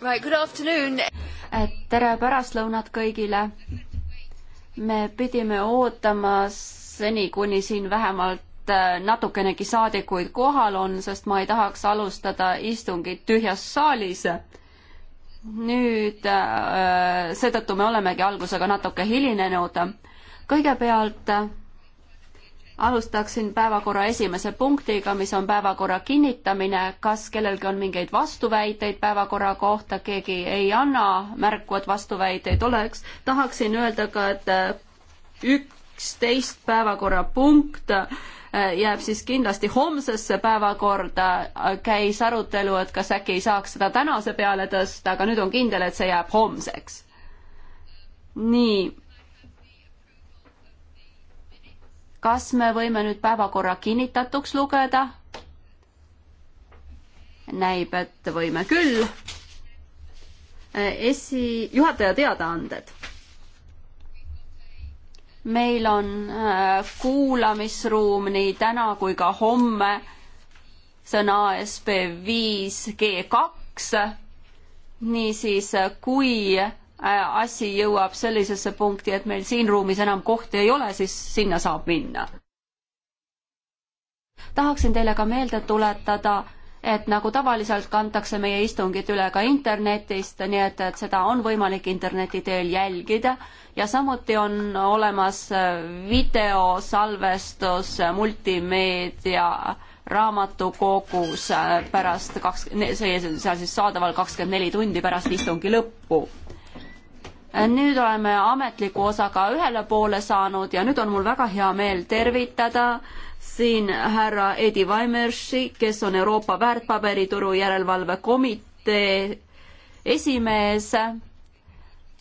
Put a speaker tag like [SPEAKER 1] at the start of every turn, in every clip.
[SPEAKER 1] Right, good afternoon. tere pärastlõunat kõigile. me pidime ootama seni, kuni siin vähemalt äh, natukenegi saadikuid kohal on, sest ma ei tahaks alustada istungit tühjas saalis. nüüd äh, seetõttu me olemegi algusega natuke hilinenud. kõigepealt alustaksin päevakorra esimese punktiga, mis on päevakorra kinnitamine. kas kellelgi on mingeid vastuväiteid päevakorra kohta, keegi ei anna märku, et vastuväiteid oleks. tahaksin öelda ka, et äh, üksteist päevakorrapunkt äh, jääb siis kindlasti homsesse päevakorda, käis arutelu, et kas äkki ei saaks seda tänase peale tõsta, aga nüüd on kindel, et see jääb homseks. nii kas me võime nüüd päevakorra kinnitatuks lugeda? näib, et võime küll. E, esi, juhataja teadaanded. meil on e, kuulamisruum nii täna kui ka homme. see on ASB viis G kaks. niisiis, kui asi jõuab sellisesse punkti, et meil siin ruumis enam kohti ei ole, siis sinna saab minna. tahaksin teile ka meelde tuletada, et nagu tavaliselt kantakse meie istungid üle ka internetist, nii et, et seda on võimalik interneti teel jälgida ja samuti on olemas äh, videosalvestus äh, multimeedia raamatukogus äh, pärast kaks, see, seal siis saadaval kakskümmend neli tundi pärast istungi lõppu nüüd oleme ametliku osaga ühele poole saanud ja nüüd on mul väga hea meel tervitada siin härra Edi Vaimersi, kes on Euroopa väärtpaberituru järelevalve komitee esimees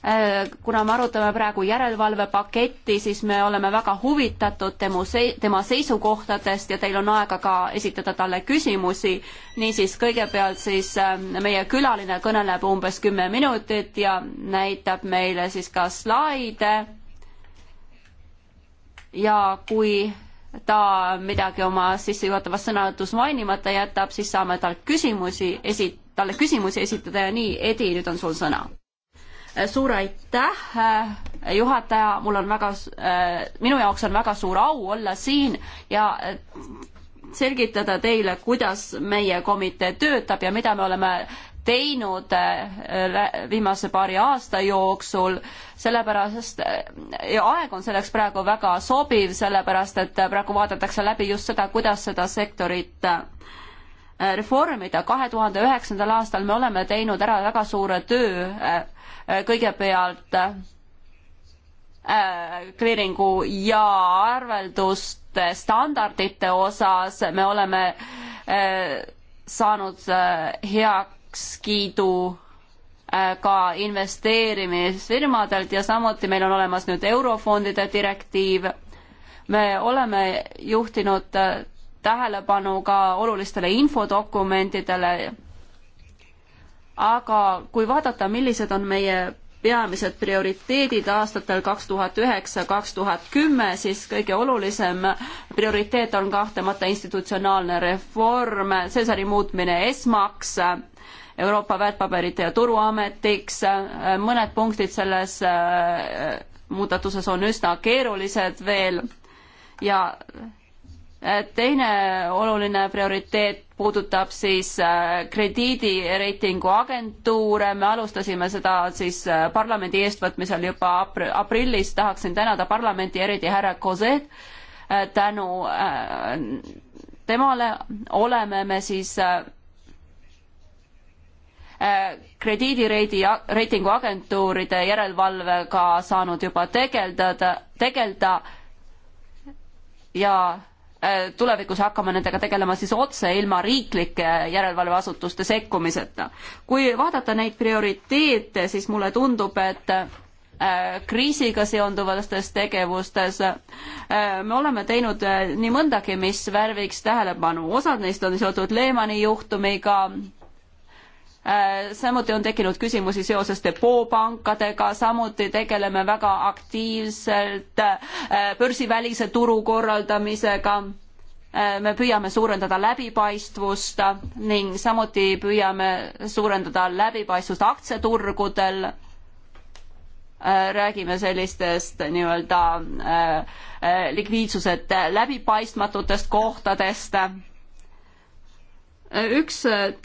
[SPEAKER 1] Äh, kuna me arutame praegu järelevalvepaketti, siis me oleme väga huvitatud temu se-, tema seisukohtadest ja teil on aega ka esitada talle küsimusi. niisiis, kõigepealt siis äh, meie külaline kõneleb umbes kümme minutit ja näitab meile siis ka slaide. ja kui ta midagi oma sissejuhatavas sõnavõtus mainimata jätab, siis saame talt küsimusi esi-, talle küsimusi esitada ja nii, Edi, nüüd on sul sõna Äh, suur aitäh, äh, juhataja, mul on väga, äh, minu jaoks on väga suur au olla siin ja selgitada teile, kuidas meie komitee töötab ja mida me oleme teinud viimase paari aasta jooksul, sellepärast ja aeg on selleks praegu väga sobiv, sellepärast et praegu vaadatakse läbi just seda, kuidas seda sektorit reformida. kahe tuhande üheksandal aastal me oleme teinud ära väga suure töö Äh, kõigepealt kliiringu äh, ja arvelduste standardite osas me oleme äh, saanud heakskiidu ka investeerimisfirmadelt ja samuti meil on olemas nüüd eurofondide direktiiv. me oleme juhtinud tähelepanu ka olulistele infodokumentidele aga kui vaadata, millised on meie peamised prioriteedid aastatel kaks tuhat üheksa, kaks tuhat kümme, siis kõige olulisem prioriteet on kahtlemata institutsionaalne reform, Cäsari muutmine esmaks, Euroopa väärtpaberite ja turuametiks, mõned punktid selles äh, muudatuses on üsna keerulised veel ja teine oluline prioriteet puudutab siis äh, krediidireitingu agentuure, me alustasime seda siis äh, parlamendi eestvõtmisel juba aprillis, tahaksin tänada parlamenti, eriti härra Kozet, äh, tänu temale oleme me siis krediidireidi, reitingu agentuuride järelevalvega saanud juba tegeldada, tegeleda ja Äh, tulevikus hakkama nendega tegelema siis otse ilma riiklike järelevalveasutuste sekkumiseta. kui vaadata neid prioriteete, siis mulle tundub, et äh, kriisiga seonduvates tegevustes äh, me oleme teinud nii mõndagi, mis värviks tähelepanu, osad neist on seotud Lehmani juhtumiga, Äh, samuti on tekkinud küsimusi seoses depoopankadega, samuti tegeleme väga aktiivselt äh, börsivälise turu korraldamisega äh, me püüame suurendada läbipaistvust ning samuti püüame suurendada läbipaistvust aktsiaturgudel. räägime sellistest nii-öelda likviidsused läbipaistmatutest kohtadest üks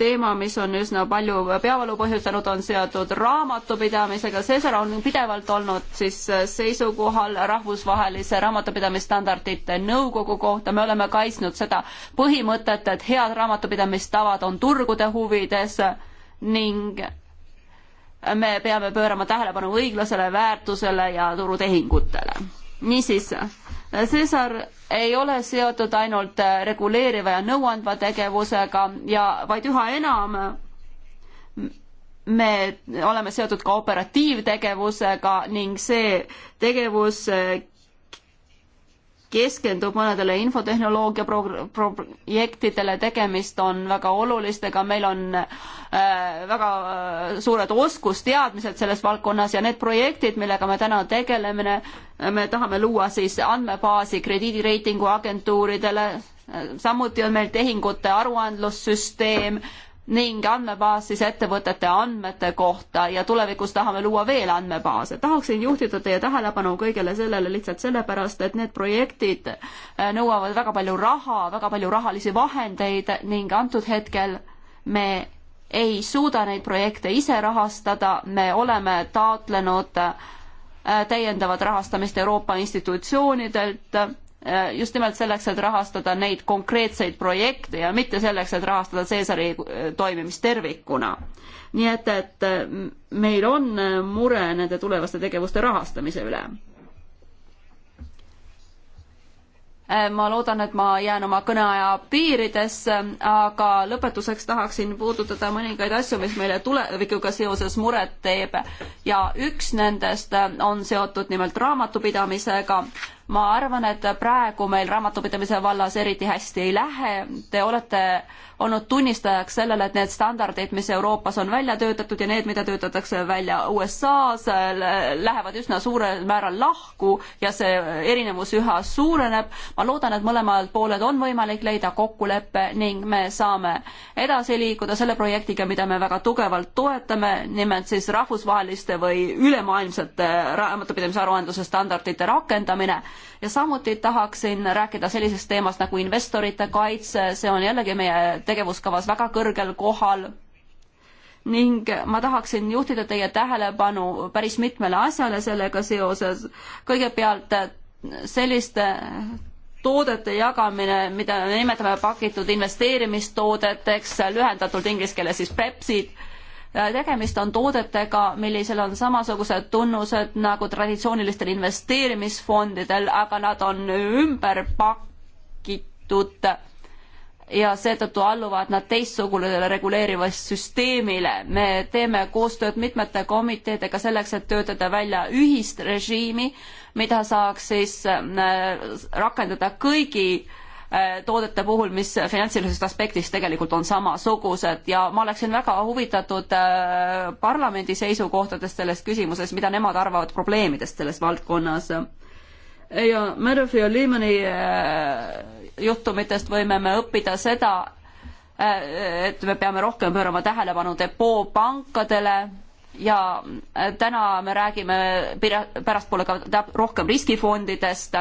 [SPEAKER 1] teema, mis on üsna palju peavalu põhjustanud, on seotud raamatupidamisega. Cesar on pidevalt olnud siis seisukohal rahvusvahelise raamatupidamisstandardite nõukogu kohta. me oleme kaitsnud seda põhimõtet, et head raamatupidamistavad on turgude huvides ning me peame pöörama tähelepanu õiglasele väärtusele ja turutehingutele. niisiis Cesar ei ole seotud ainult reguleeriva ja nõuandva tegevusega ja vaid üha enam me oleme seotud ka operatiivtegevusega ning see tegevus keskendub mõnedele infotehnoloogia pro-, projektidele, tegemist on väga olulistega, meil on äh, väga äh, suured oskusteadmised selles valdkonnas ja need projektid, millega me täna tegelemine, me tahame luua siis andmebaasi krediidireitingu agentuuridele, äh, samuti on meil tehingute aruandlussüsteem, ning andmebaas siis ettevõtete andmete kohta ja tulevikus tahame luua veel andmebaase. tahaksin juhtida teie tähelepanu kõigele sellele lihtsalt sellepärast, et need projektid äh, nõuavad väga palju raha, väga palju rahalisi vahendeid ning antud hetkel me ei suuda neid projekte ise rahastada, me oleme taotlenud äh, täiendavat rahastamist Euroopa institutsioonidelt Äh, just nimelt selleks, et rahastada neid konkreetseid projekte ja mitte selleks, et rahastada Caesari äh, toimimist tervikuna. nii et, et äh, meil on mure nende tulevaste tegevuste rahastamise üle. ma loodan, et ma jään oma kõneaja piiridesse, aga lõpetuseks tahaksin puudutada mõningaid asju, mis meile tulevikuga seoses muret teeb ja üks nendest on seotud nimelt raamatupidamisega ma arvan, et praegu meil raamatupidamise vallas eriti hästi ei lähe. Te olete olnud tunnistajaks sellele, et need standardid, mis Euroopas on välja töötatud ja need, mida töötatakse välja USA-s, lähevad üsna suurel määral lahku ja see erinevus üha suureneb. ma loodan, et mõlemad pooled on võimalik leida kokkulepe ning me saame edasi liikuda selle projektiga, mida me väga tugevalt toetame, nimelt siis rahvusvaheliste või ülemaailmsete raamatupidamise aruandluse standardite rakendamine ja samuti tahaksin rääkida sellisest teemast nagu investorite kaitse, see on jällegi meie tegevuskavas väga kõrgel kohal ning ma tahaksin juhtida teie tähelepanu päris mitmele asjale sellega seoses. kõigepealt selliste toodete jagamine, mida me nimetame pakitud investeerimistoodeteks, lühendatult inglise keeles siis PREPS-id Äh, tegemist on toodetega, millisel on samasugused tunnused nagu traditsioonilistel investeerimisfondidel, aga nad on ümber pakitud ja seetõttu alluvad nad teistsugusele reguleerimissüsteemile. me teeme koostööd mitmete komiteedega selleks, et töötada välja ühist režiimi, mida saaks siis äh, rakendada kõigi äh, Äh, toodete puhul, mis finantsilisest aspektist tegelikult on samasugused ja ma oleksin väga huvitatud äh, parlamendi seisukohtadest selles küsimuses, mida nemad arvavad probleemidest selles valdkonnas. ja Murphy ja Lehmani äh, juhtumitest võime me õppida seda, et me peame rohkem pöörama tähelepanu depoopankadele ja täna me räägime pärastpoole ka rohkem riskifondidest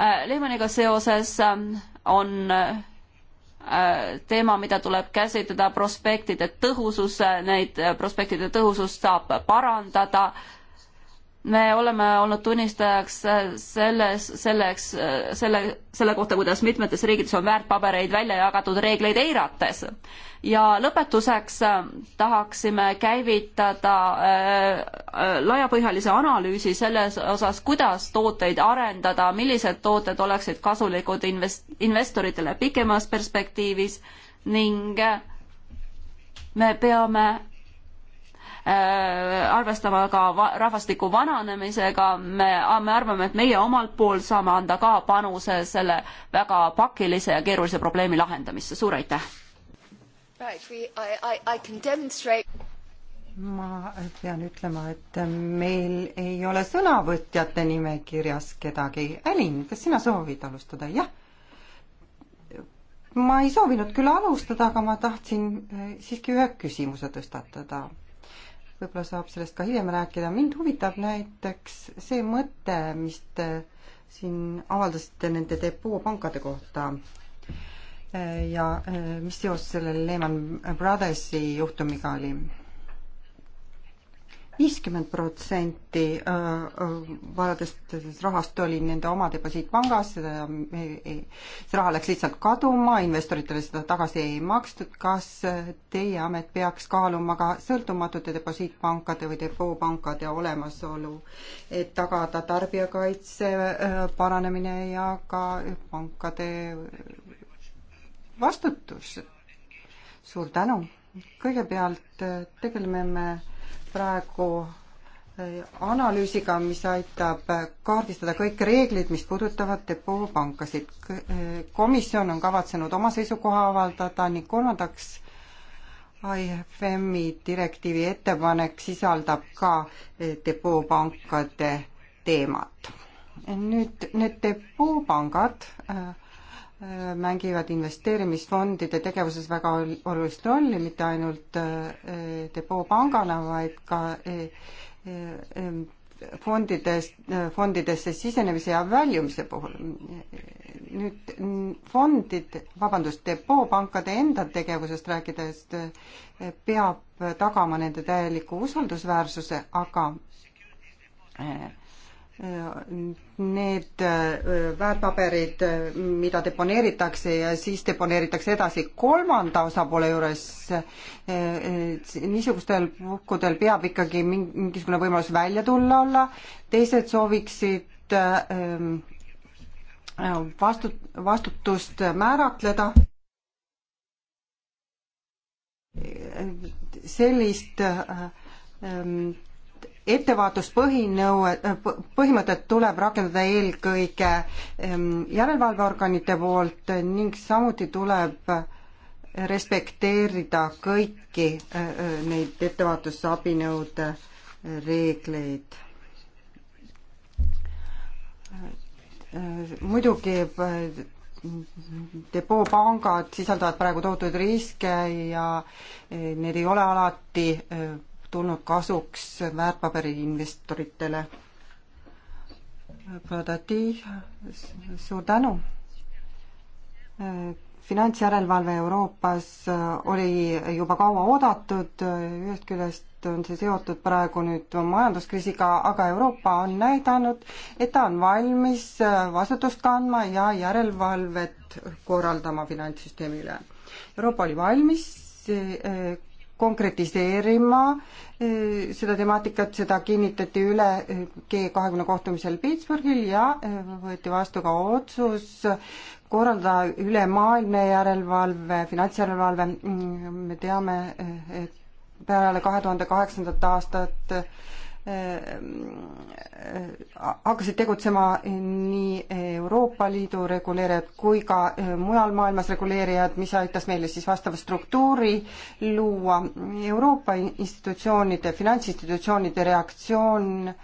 [SPEAKER 1] Äh, Lehmaniga seoses ähm, on äh, teema, mida tuleb käsitleda, prospektide tõhusus, äh, neid prospektide tõhusust saab parandada me oleme olnud tunnistajaks äh, selles, selleks, äh, selle, selle kohta, kuidas mitmetes riigides on väärtpabereid välja jagatud reegleid eirates. ja lõpetuseks äh, tahaksime käivitada laiapõhjalise analüüsi selles osas, kuidas tooteid arendada, millised tooted oleksid kasulikud invest-, investoritele pikemas perspektiivis ning me peame Äh, arvestama ka rahvastiku vananemisega, me, me arvame, et meie omalt poolt saame anda ka panuse selle väga pakilise ja keerulise probleemi lahendamisse, suur aitäh!
[SPEAKER 2] ma pean ütlema, et meil ei ole sõnavõtjate nimekirjas kedagi. Elin, kas sina soovid alustada? jah. ma ei soovinud küll alustada, aga ma tahtsin äh, siiski ühe küsimuse tõstatada võib-olla saab sellest ka hiljem rääkida, mind huvitab näiteks see mõte, mis te siin avaldasite nende depoopankade kohta ja eh, mis seos sellel Lehman Brothersi juhtumiga oli viiskümmend protsenti äh, äh, varadest rahast oli nende oma deposiitpangas, seda, see raha läks lihtsalt kaduma, investoritele seda tagasi ei makstud, kas teie amet peaks kaaluma ka sõltumatute deposiitpankade või defoopankade olemasolu, et tagada tarbijakaitse äh, paranemine ja ka pankade vastutus? suur tänu! kõigepealt tegeleme me praegu eh, analüüsiga, mis aitab kaardistada kõik reeglid, mis puudutavad depoopankasid. Eh, komisjon on kavatsenud oma seisukoha avaldada ning kolmandaks IFM-i direktiivi ettepanek sisaldab ka eh, depoopankade teemat. nüüd need depoopangad äh, mängivad investeerimisfondide tegevuses väga olulist rolli, mitte ainult eh, Depot pangana, vaid ka eh, eh, fondides, fondidesse sisenemise ja väljumise puhul. nüüd fondid, vabandust, Depot pankade enda tegevusest rääkides peab tagama nende täieliku usaldusväärsuse, aga need äh, väärtpaberid, mida deponeeritakse ja siis deponeeritakse edasi kolmanda osapoole juures, äh, niisugustel puhkudel peab ikkagi mingisugune võimalus välja tulla olla, teised sooviksid äh, vastu, vastutust määratleda sellist ähm, ettevaatuspõhinõue, põhimõtet tuleb rakendada eelkõige ehm, järelevalveorganite poolt ning samuti tuleb respekteerida kõiki eh, eh, neid ettevaatusabinõude eh, reegleid. muidugi depoopangad sisaldavad praegu tohutuid riske ja need ei ole alati tulnud kasuks väärtpaberiinvestoritele. Prodati, suur tänu! finantsjärelevalve Euroopas oli juba kaua oodatud, ühest küljest on see seotud praegu nüüd majanduskriisiga, aga Euroopa on näidanud, et ta on valmis vastutust kandma ja järelevalvet korraldama finantssüsteemi üle. Euroopa oli valmis konkretiseerima eh, seda temaatikat, seda kinnitati üle eh, G kahekümne kohtumisel Pittsburghil ja eh, võeti vastu ka otsus korraldada ülemaailmne järelevalve, finantsjärelevalve, mm, me teame, et peale kahe tuhande kaheksandat aastat Äh, äh, hakkasid tegutsema nii Euroopa Liidu reguleerijad kui ka äh, mujal maailmas reguleerijad, mis aitas meile siis vastava struktuuri luua. Euroopa institutsioonide, finantsinstitutsioonide reaktsioon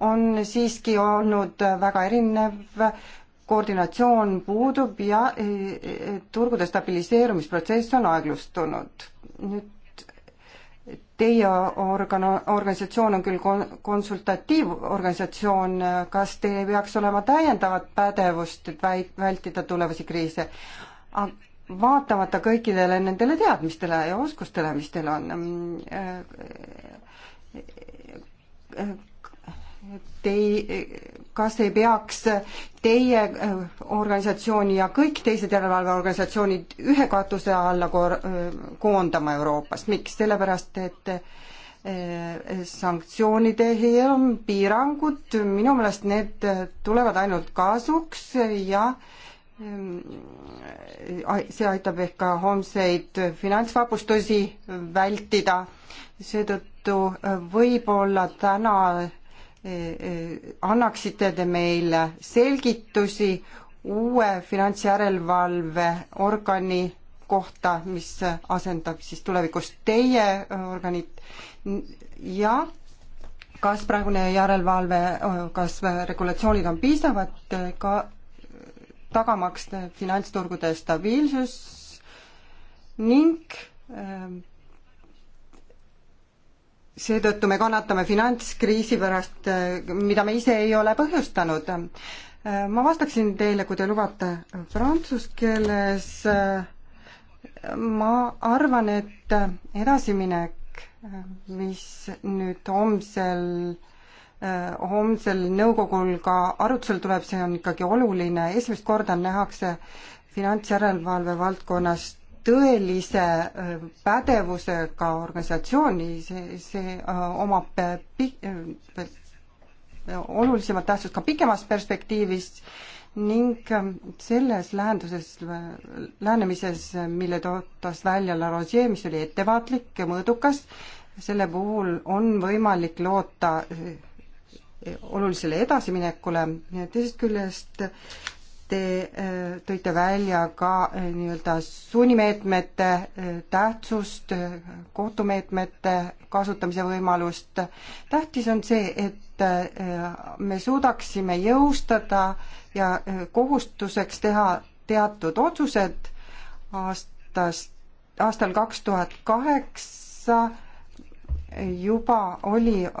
[SPEAKER 2] on siiski olnud väga erinev, koordinatsioon puudub ja turgude stabiliseerumisprotsess on aeglustunud. nüüd Teie organ-, organisatsioon on küll kon-, konsultatiivorganisatsioon, kas teil ei peaks olema täiendavat pädevust, et väi-, vältida tulevasi kriise? vaatamata kõikidele nendele teadmistele ja oskustele, mis teil on, äh, äh, äh, te ei, kas ei peaks teie äh, organisatsiooni ja kõik teised järelevalveorganisatsioonid ühe katuse alla äh, koondama Euroopas, miks? sellepärast, et äh, sanktsioonide piirangud, minu meelest need tulevad ainult kasuks ja see aitab ehk ka homseid finantsvapustusi vältida, seetõttu võib-olla täna Äh, äh, annaksite te meile selgitusi uue finantsjärelevalve organi kohta, mis asendab siis tulevikus teie äh, organit ja kas praegune järelevalve, kas regulatsioonid on piisavad ka tagamaks finantsturgude stabiilsus ning seetõttu me kannatame finantskriisi pärast, mida me ise ei ole põhjustanud. ma vastaksin teile, kui te lubate, prantsuse keeles. ma arvan, et edasiminek, mis nüüd homsel homsel nõukogul ka arutusel tuleb, see on ikkagi oluline, esimest korda nähakse finantsjärelevalve valdkonnas tõelise äh, pädevusega organisatsiooni, see, see äh, omab äh, pi-, olulisemat tähtsust ka pikemas perspektiivis ning ähm, selles lähenduses, lähenemises, mille tootas välja La Rosier, mis oli ettevaatlik ja mõõdukas, selle puhul on võimalik loota olulisele edasiminekule, teisest küljest te äh, tõite välja ka äh, nii-öelda sunnimeetmete äh, tähtsust, kohtumeetmete kasutamise võimalust. tähtis on see, et me suudaksime jõustada ja kohustuseks teha teatud otsused aastast, aastal kaks tuhat kaheksa juba oli äh,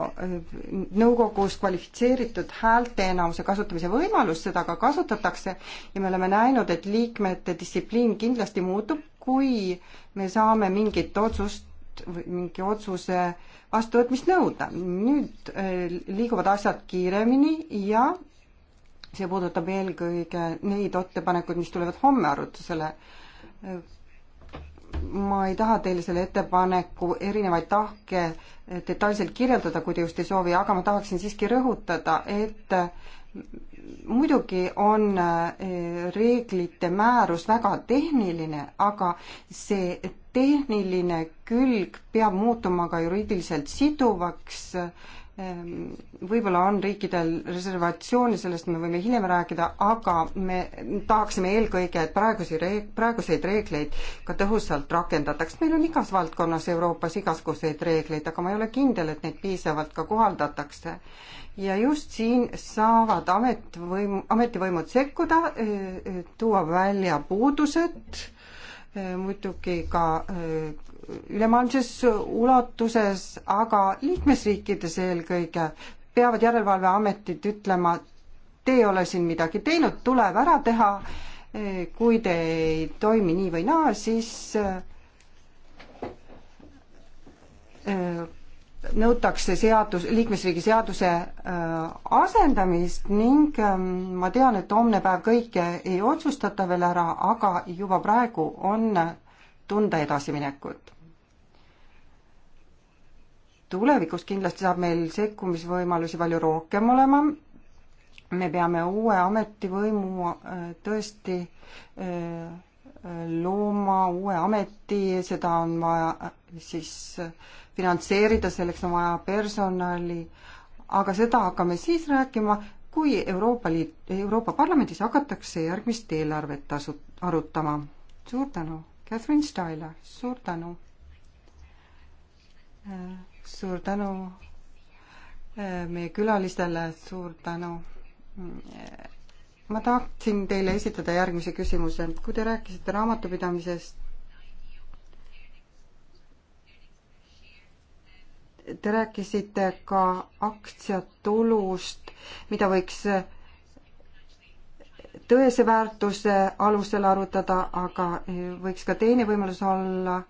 [SPEAKER 2] nõukogus kvalifitseeritud häälteenamuse kasutamise võimalus, seda ka kasutatakse ja me oleme näinud, et liikmete distsipliin kindlasti muutub, kui me saame mingit otsust, mingi otsuse vastuvõtmist nõuda. nüüd äh, liiguvad asjad kiiremini ja see puudutab eelkõige neid ettepanekuid, mis tulevad homme arutusele äh, ma ei taha teile selle ettepaneku erinevaid tahke detailselt kirjeldada, kui te just ei soovi, aga ma tahaksin siiski rõhutada, et muidugi on eh, reeglite määrus väga tehniline, aga see tehniline külg peab muutuma ka juriidiliselt siduvaks äh, Ehm, võib-olla on riikidel reservatsiooni, sellest me võime hiljem rääkida, aga me tahaksime eelkõige, et praegusi reeg-, praeguseid reegleid ka tõhusalt rakendataks. meil on igas valdkonnas Euroopas igasuguseid reegleid, aga ma ei ole kindel, et neid piisavalt ka kohaldatakse. ja just siin saavad ametivõim, ametivõimud sekkuda, eh, tuua välja puudused, eh, muidugi ka eh, ülemaailmses ulatuses, aga liikmesriikides eelkõige peavad järelevalveametid ütlema, te ei ole siin midagi teinud, tuleb ära teha, kui te ei toimi nii või naa, siis äh, nõutakse seadus, liikmesriigi seaduse äh, asendamist ning ähm, ma tean, et homne päev kõike ei otsustata veel ära, aga juba praegu on tunda edasiminekut tulevikus kindlasti saab meil sekkumisvõimalusi palju rohkem olema. me peame uue ametivõimu äh, tõesti äh, looma, uue ameti, seda on vaja äh, siis finantseerida, selleks on vaja personali, aga seda hakkame siis rääkima, kui Euroopa Liit, Euroopa Parlamendis hakatakse järgmist eelarvet asu-, arutama. suur tänu, Catherine Styler, suur tänu äh suur tänu eh, meie külalistele, suur tänu. Mm, eh, ma tahtsin teile esitada järgmise küsimuse, kui te rääkisite raamatupidamisest, Te rääkisite ka aktsiatulust, mida võiks eh, tõese väärtuse alusel arvutada, aga võiks ka teine võimalus olla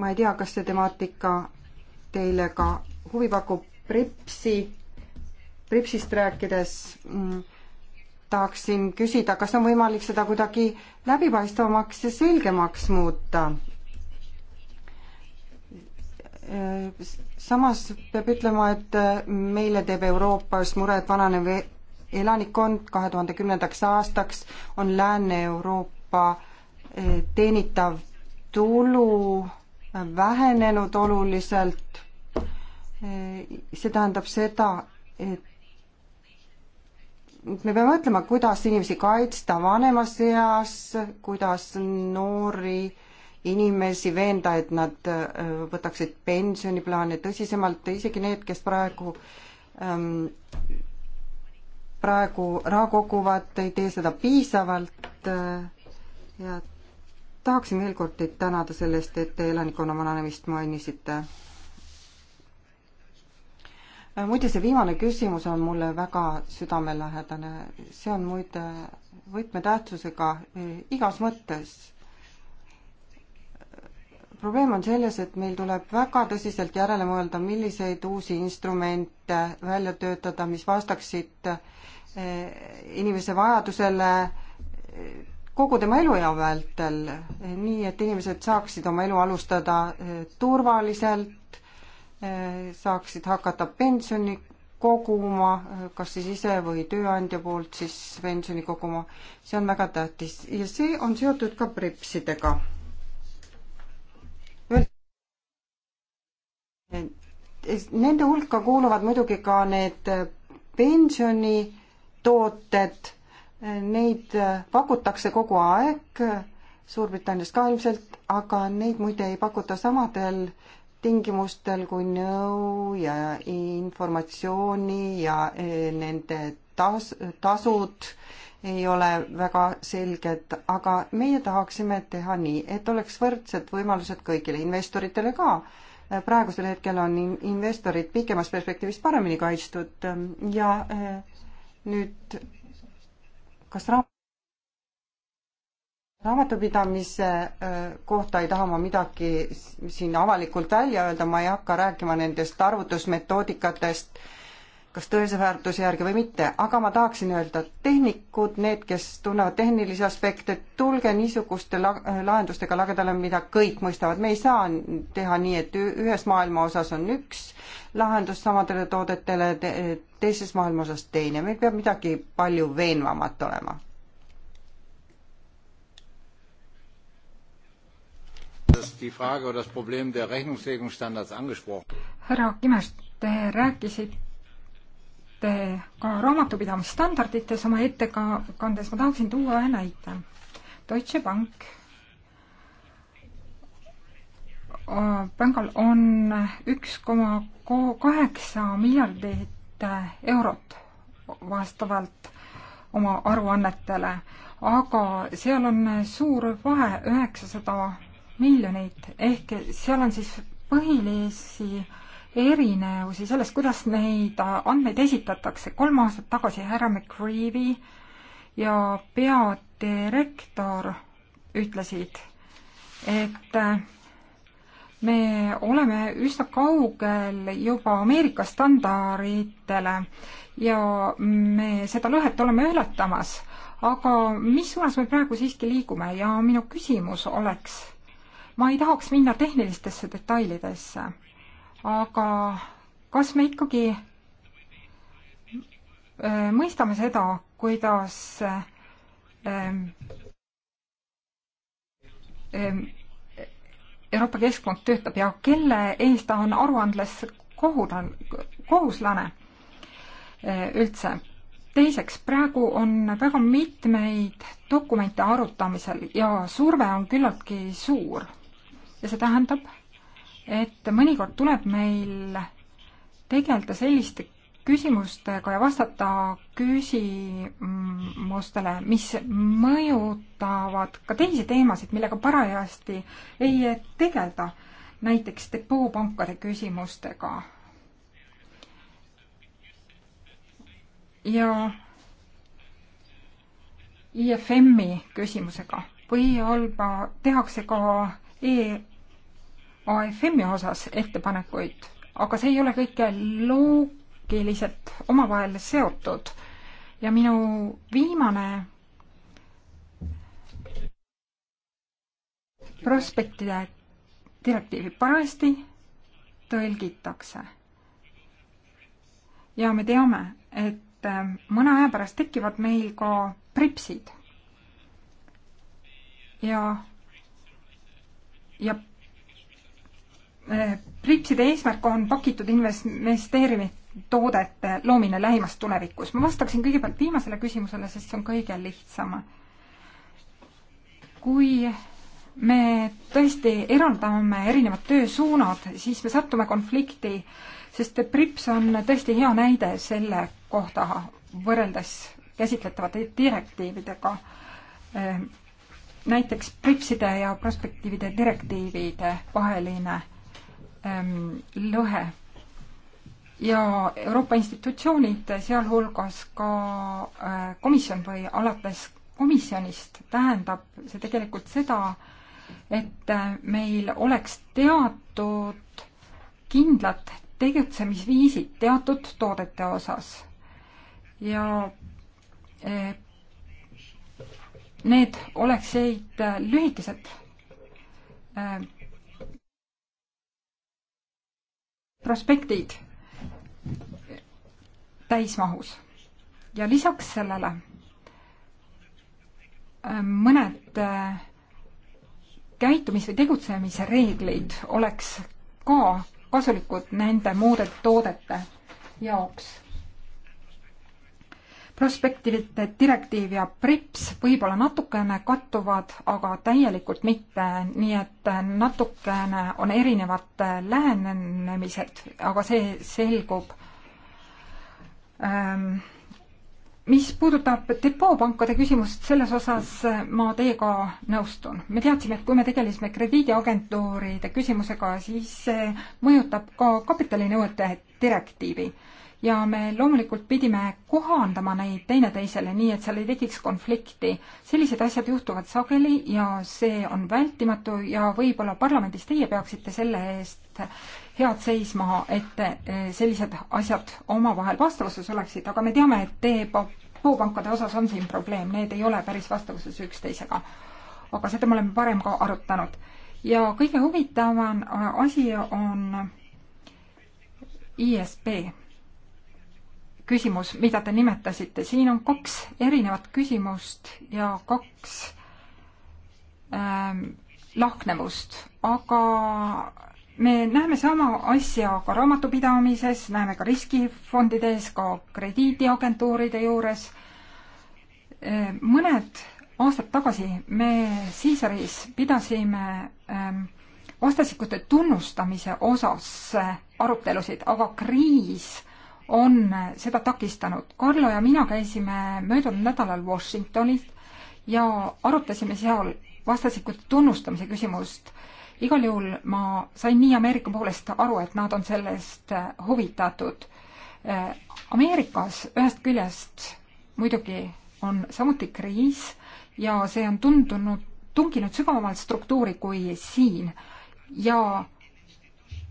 [SPEAKER 2] ma ei tea, kas see temaatika teile ka huvi pakub, Pripsi, Pripsist rääkides mm, tahaksin küsida, kas on võimalik seda kuidagi läbipaistvamaks ja selgemaks muuta? samas peab ütlema, et meile teeb Euroopas muret vananev elanikkond kahe tuhande kümnendaks aastaks on Lääne-Euroopa eh, teenitav tulu vähenenud oluliselt. see tähendab seda, et me peame mõtlema, kuidas inimesi kaitsta vanemas eas, kuidas noori inimesi veenda, et nad äh, võtaksid pensioniplaane tõsisemalt, isegi need, kes praegu ähm, praegu raha koguvad, ei tee seda piisavalt äh, ja tahaksin veel kord teid tänada selle eest, et te elanikkonna vananemist mainisite. muide, see viimane küsimus on mulle väga südamelähedane, see on muide võtmetähtsusega igas mõttes. probleem on selles, et meil tuleb väga tõsiselt järele mõelda, milliseid uusi instrumente välja töötada, mis vastaksid eh, inimese vajadusele kogu tema eluea vältel, nii et inimesed saaksid oma elu alustada eh, turvaliselt, eh, saaksid hakata pensioni koguma, eh, kas siis ise või tööandja poolt siis pensioni koguma, see on väga tähtis ja see on seotud ka pripsidega. Nende hulka kuuluvad muidugi ka need pensionitooted Neid äh, pakutakse kogu aeg äh, Suurbritannias ka ilmselt, aga neid muide ei pakuta samadel tingimustel kui nõu ja informatsiooni ja äh, nende tas-, tasud ei ole väga selged, aga meie tahaksime teha nii, et oleks võrdsed võimalused kõigile, investoritele ka praegusel hetkel on in-, investorid pikemas perspektiivis paremini kaitstud ja nüüd kas ra-, raamatupidamise äh, kohta ei taha ma midagi siin avalikult välja öelda, ma ei hakka rääkima nendest arvutusmetoodikatest, kas tõese väärtuse järgi või mitte, aga ma tahaksin öelda, et tehnikud, need, kes tunnevad tehnilisi aspekte, tulge niisuguste la lahendustega lagedale, mida kõik mõistavad, me ei saa teha nii, et ühes maailma osas on üks lahendus samadele toodetele te, teises maailma osas teine, meil peab midagi palju veenvamat olema.
[SPEAKER 3] härra Kimest, te rääkisite rääkisite ka raamatupidamisstandardites oma ettekandes, ma tahaksin tuua ühe näite. Deutsche Bank, äh, pangal on üks koma kaheksa miljardit äh, eurot vastavalt oma aruannetele, aga seal on suur vahe, üheksasada miljonit, ehk seal on siis põhilisi äh, erinevusi selles, kuidas neid andmeid esitatakse. kolm aastat tagasi härra McCreevy ja peadirektor ütlesid, et me oleme üsna kaugel juba Ameerika standarditele ja me seda lõhet oleme ületamas, aga mis suunas me praegu siiski liigume ja minu küsimus oleks, ma ei tahaks minna tehnilistesse detailidesse aga kas me ikkagi äh, mõistame seda, kuidas ähm, ähm, Euroopa Keskpank töötab ja kelle ees ta on aruandles kohudan-, kohuslane äh, üldse. teiseks, praegu on väga mitmeid dokumente arutamisel ja surve on küllaltki suur. ja see tähendab, et mõnikord tuleb meil tegeleda selliste küsimustega ja vastata küsimustele, mis mõjutavad ka teisi teemasid, millega parajasti ei tegelda, näiteks depoopankade küsimustega. ja IFM-i küsimusega või olba, tehakse ka e AFM-i osas ettepanekuid, aga see ei ole kõike loogiliselt omavahel seotud. ja minu viimane prospektide direktiivi parajasti tõlgitakse. ja me teame, et äh, mõne aja pärast tekivad meil ka pripsid. ja, ja Pripside eesmärk on pakitud investeerimistoodete loomine lähimas tulevikus. ma vastaksin kõigepealt viimasele küsimusele, sest see on kõige lihtsam. kui me tõesti eraldame erinevad töösuunad, siis me sattume konflikti, sest Prips on tõesti hea näide selle kohta võrreldes käsitletavate direktiividega. näiteks Pripside ja prospektiivide direktiivide vaheline ähm, lõhe. ja Euroopa institutsioonid, sealhulgas ka äh, komisjon või alates komisjonist, tähendab see tegelikult seda, et äh, meil oleks teatud kindlad tegutsemisviisid teatud toodete osas ja äh, need oleksid äh, lühikesed äh, prospektid täismahus. ja lisaks sellele äh, mõned äh, käitumis- või tegutsemise reeglid oleks ka kasulikud nende muude toodete jaoks prospektide direktiiv ja PRIPS võib-olla natukene kattuvad, aga täielikult mitte, nii et natukene on erinevad lähenemised, aga see selgub ähm, mis puudutab depoopankade küsimust, selles osas ma teiega nõustun. me teadsime, et kui me tegelesime krediidiagentuuride küsimusega, siis see mõjutab ka kapitalinõuete direktiivi ja me loomulikult pidime kohandama neid teineteisele, nii et seal ei tekiks konflikti. sellised asjad juhtuvad sageli ja see on vältimatu ja võib-olla parlamendis teie peaksite selle eest head seisma, et eh, sellised asjad omavahel vastavuses oleksid, aga me teame, et teepankade osas on siin probleem, need ei ole päris vastavuses üksteisega. aga seda me oleme varem ka arutanud. ja kõige huvitavam asi on ISP küsimus, mida te nimetasite, siin on kaks erinevat küsimust ja kaks ähm, lahknevust, aga me näeme sama asja ka raamatupidamises, näeme ka riskifondides, ka krediidiagentuuride juures. Ähm, mõned aastad tagasi me Caesaris pidasime ähm, vastastikute tunnustamise osas äh, arutelusid, aga kriis on seda takistanud. Carlo ja mina käisime möödunud nädalal Washingtonis ja arutasime seal vastastikute tunnustamise küsimust. igal juhul ma sain nii Ameerika poolest aru, et nad on sellest äh, huvitatud. Äh, Ameerikas ühest küljest muidugi on samuti kriis ja see on tundunud, tunginud sügavamalt struktuuri kui siin ja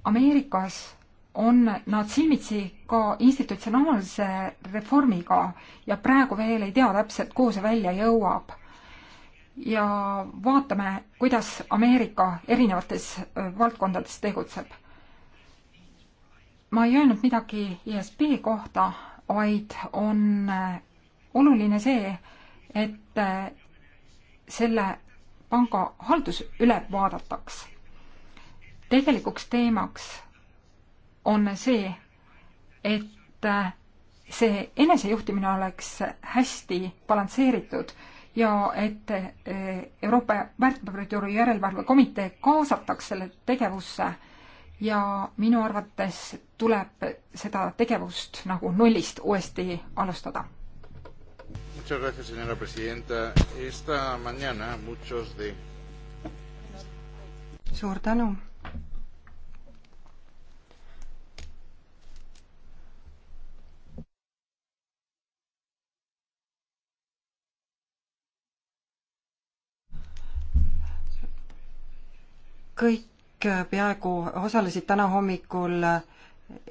[SPEAKER 3] Ameerikas on nad silmitsi ka institutsionaalse reformiga ja praegu veel ei tea täpselt, kuhu see välja jõuab. ja vaatame, kuidas Ameerika erinevates valdkondades tegutseb. ma ei öelnud midagi ISP e kohta, vaid on oluline see, et selle panga haldus üle vaadataks. tegelikuks teemaks on see, et äh, see enesejuhtimine oleks hästi balansseeritud ja et äh, Euroopa väärtpaberituru järelevalve komitee kaasataks selle tegevusse ja minu arvates tuleb seda tegevust nagu nullist uuesti alustada.
[SPEAKER 2] Muchas gracias, señora presidenta. Esta mañana muchos de...
[SPEAKER 3] Suur tänu
[SPEAKER 2] kõik äh, peaaegu osalesid täna hommikul äh,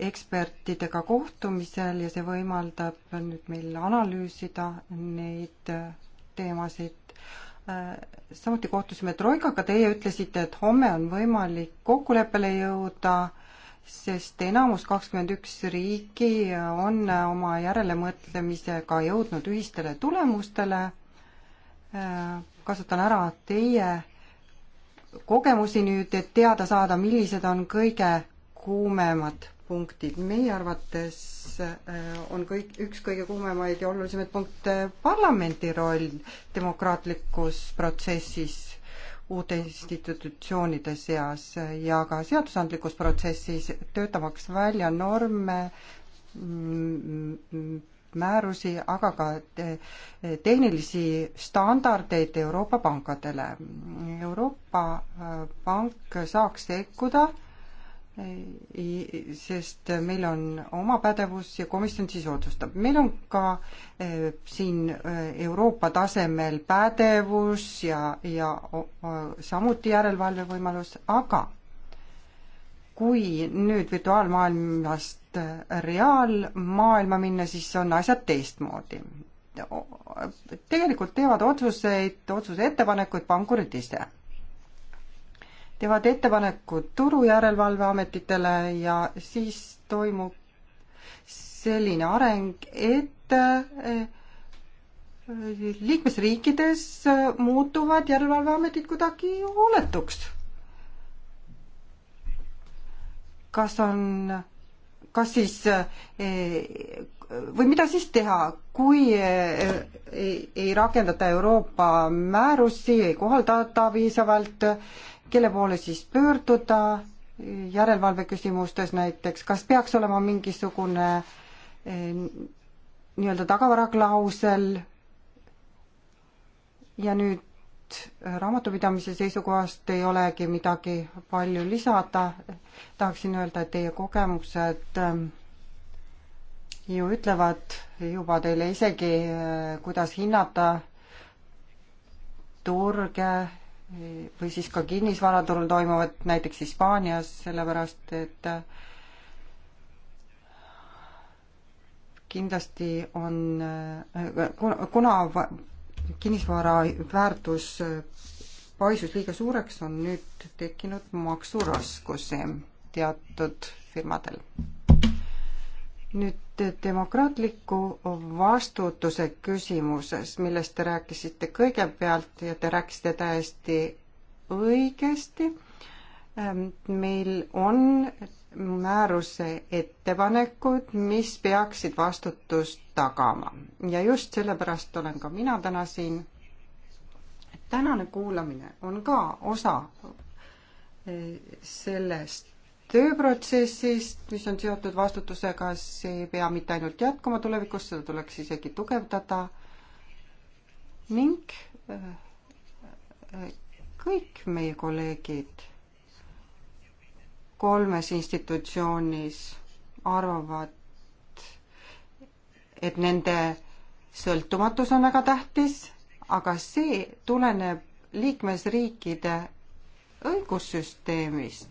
[SPEAKER 2] ekspertidega kohtumisel ja see võimaldab nüüd meil analüüsida neid äh, teemasid. samuti kohtusime Troikaga, teie ütlesite, et homme on võimalik kokkuleppele jõuda, sest enamus kakskümmend üks riiki on oma järelemõtlemisega jõudnud ühistele tulemustele. kasutan ära teie kogemusi nüüd, et teada saada, millised on kõige kuumemad punktid. meie arvates äh, on kõik, üks kõige kuumemaid ja olulisemaid punkte parlamendi roll demokraatlikus protsessis uute institutsioonide seas ja ka seadusandlikus protsessis, töötamaks välja norme, määrusi, aga ka tehnilisi standardeid Euroopa pankadele. Euroopa äh, Pank saaks sekkuda, sest meil on oma pädevus ja komisjon siis otsustab. meil on ka äh, siin äh, Euroopa tasemel pädevus ja, ja samuti järelevalve võimalus, aga kui nüüd virtuaalmaailmast reaalmaailma minna, siis on asjad teistmoodi. tegelikult teevad otsuseid, otsuse ettepanekuid pankurid ise. teevad ettepanekud Turujärelevalveametitele ja siis toimub selline areng, et eh, liikmesriikides muutuvad järelevalveametid kuidagi hooletuks. kas on kas siis eh, või mida siis teha, kui eh, ei, ei rakendata Euroopa määrusi, ei kohaldata piisavalt, kelle poole siis pöörduda järelevalve küsimustes näiteks, kas peaks olema mingisugune eh, nii-öelda tagavaraklausel ja nüüd Äh, raamatupidamise seisukohast ei olegi midagi palju lisada. tahaksin öelda, et teie kogemused ähm, ju ütlevad juba teile isegi, äh, kuidas hinnata turge äh, või siis ka kinnisvaraturul toimuvat, näiteks Hispaanias, sellepärast et kindlasti on, kuna kinnisvara väärtus paisus liiga suureks, on nüüd tekkinud maksuraskusi teatud firmadel nüüd demokraatliku vastutuse küsimuses, millest te rääkisite kõigepealt ja te rääkisite täiesti õigesti, meil on määruse ettepanekud, mis peaksid vastutust tagama. ja just sellepärast olen ka mina täna siin. tänane kuulamine on ka osa eh, sellest tööprotsessist, mis on seotud vastutusega, see ei pea mitte ainult jätkuma tulevikus, seda tuleks isegi tugevdada ning eh, eh, kõik meie kolleegid kolmes institutsioonis arvavad, et nende sõltumatus on väga tähtis, aga see tuleneb liikmesriikide õigussüsteemist.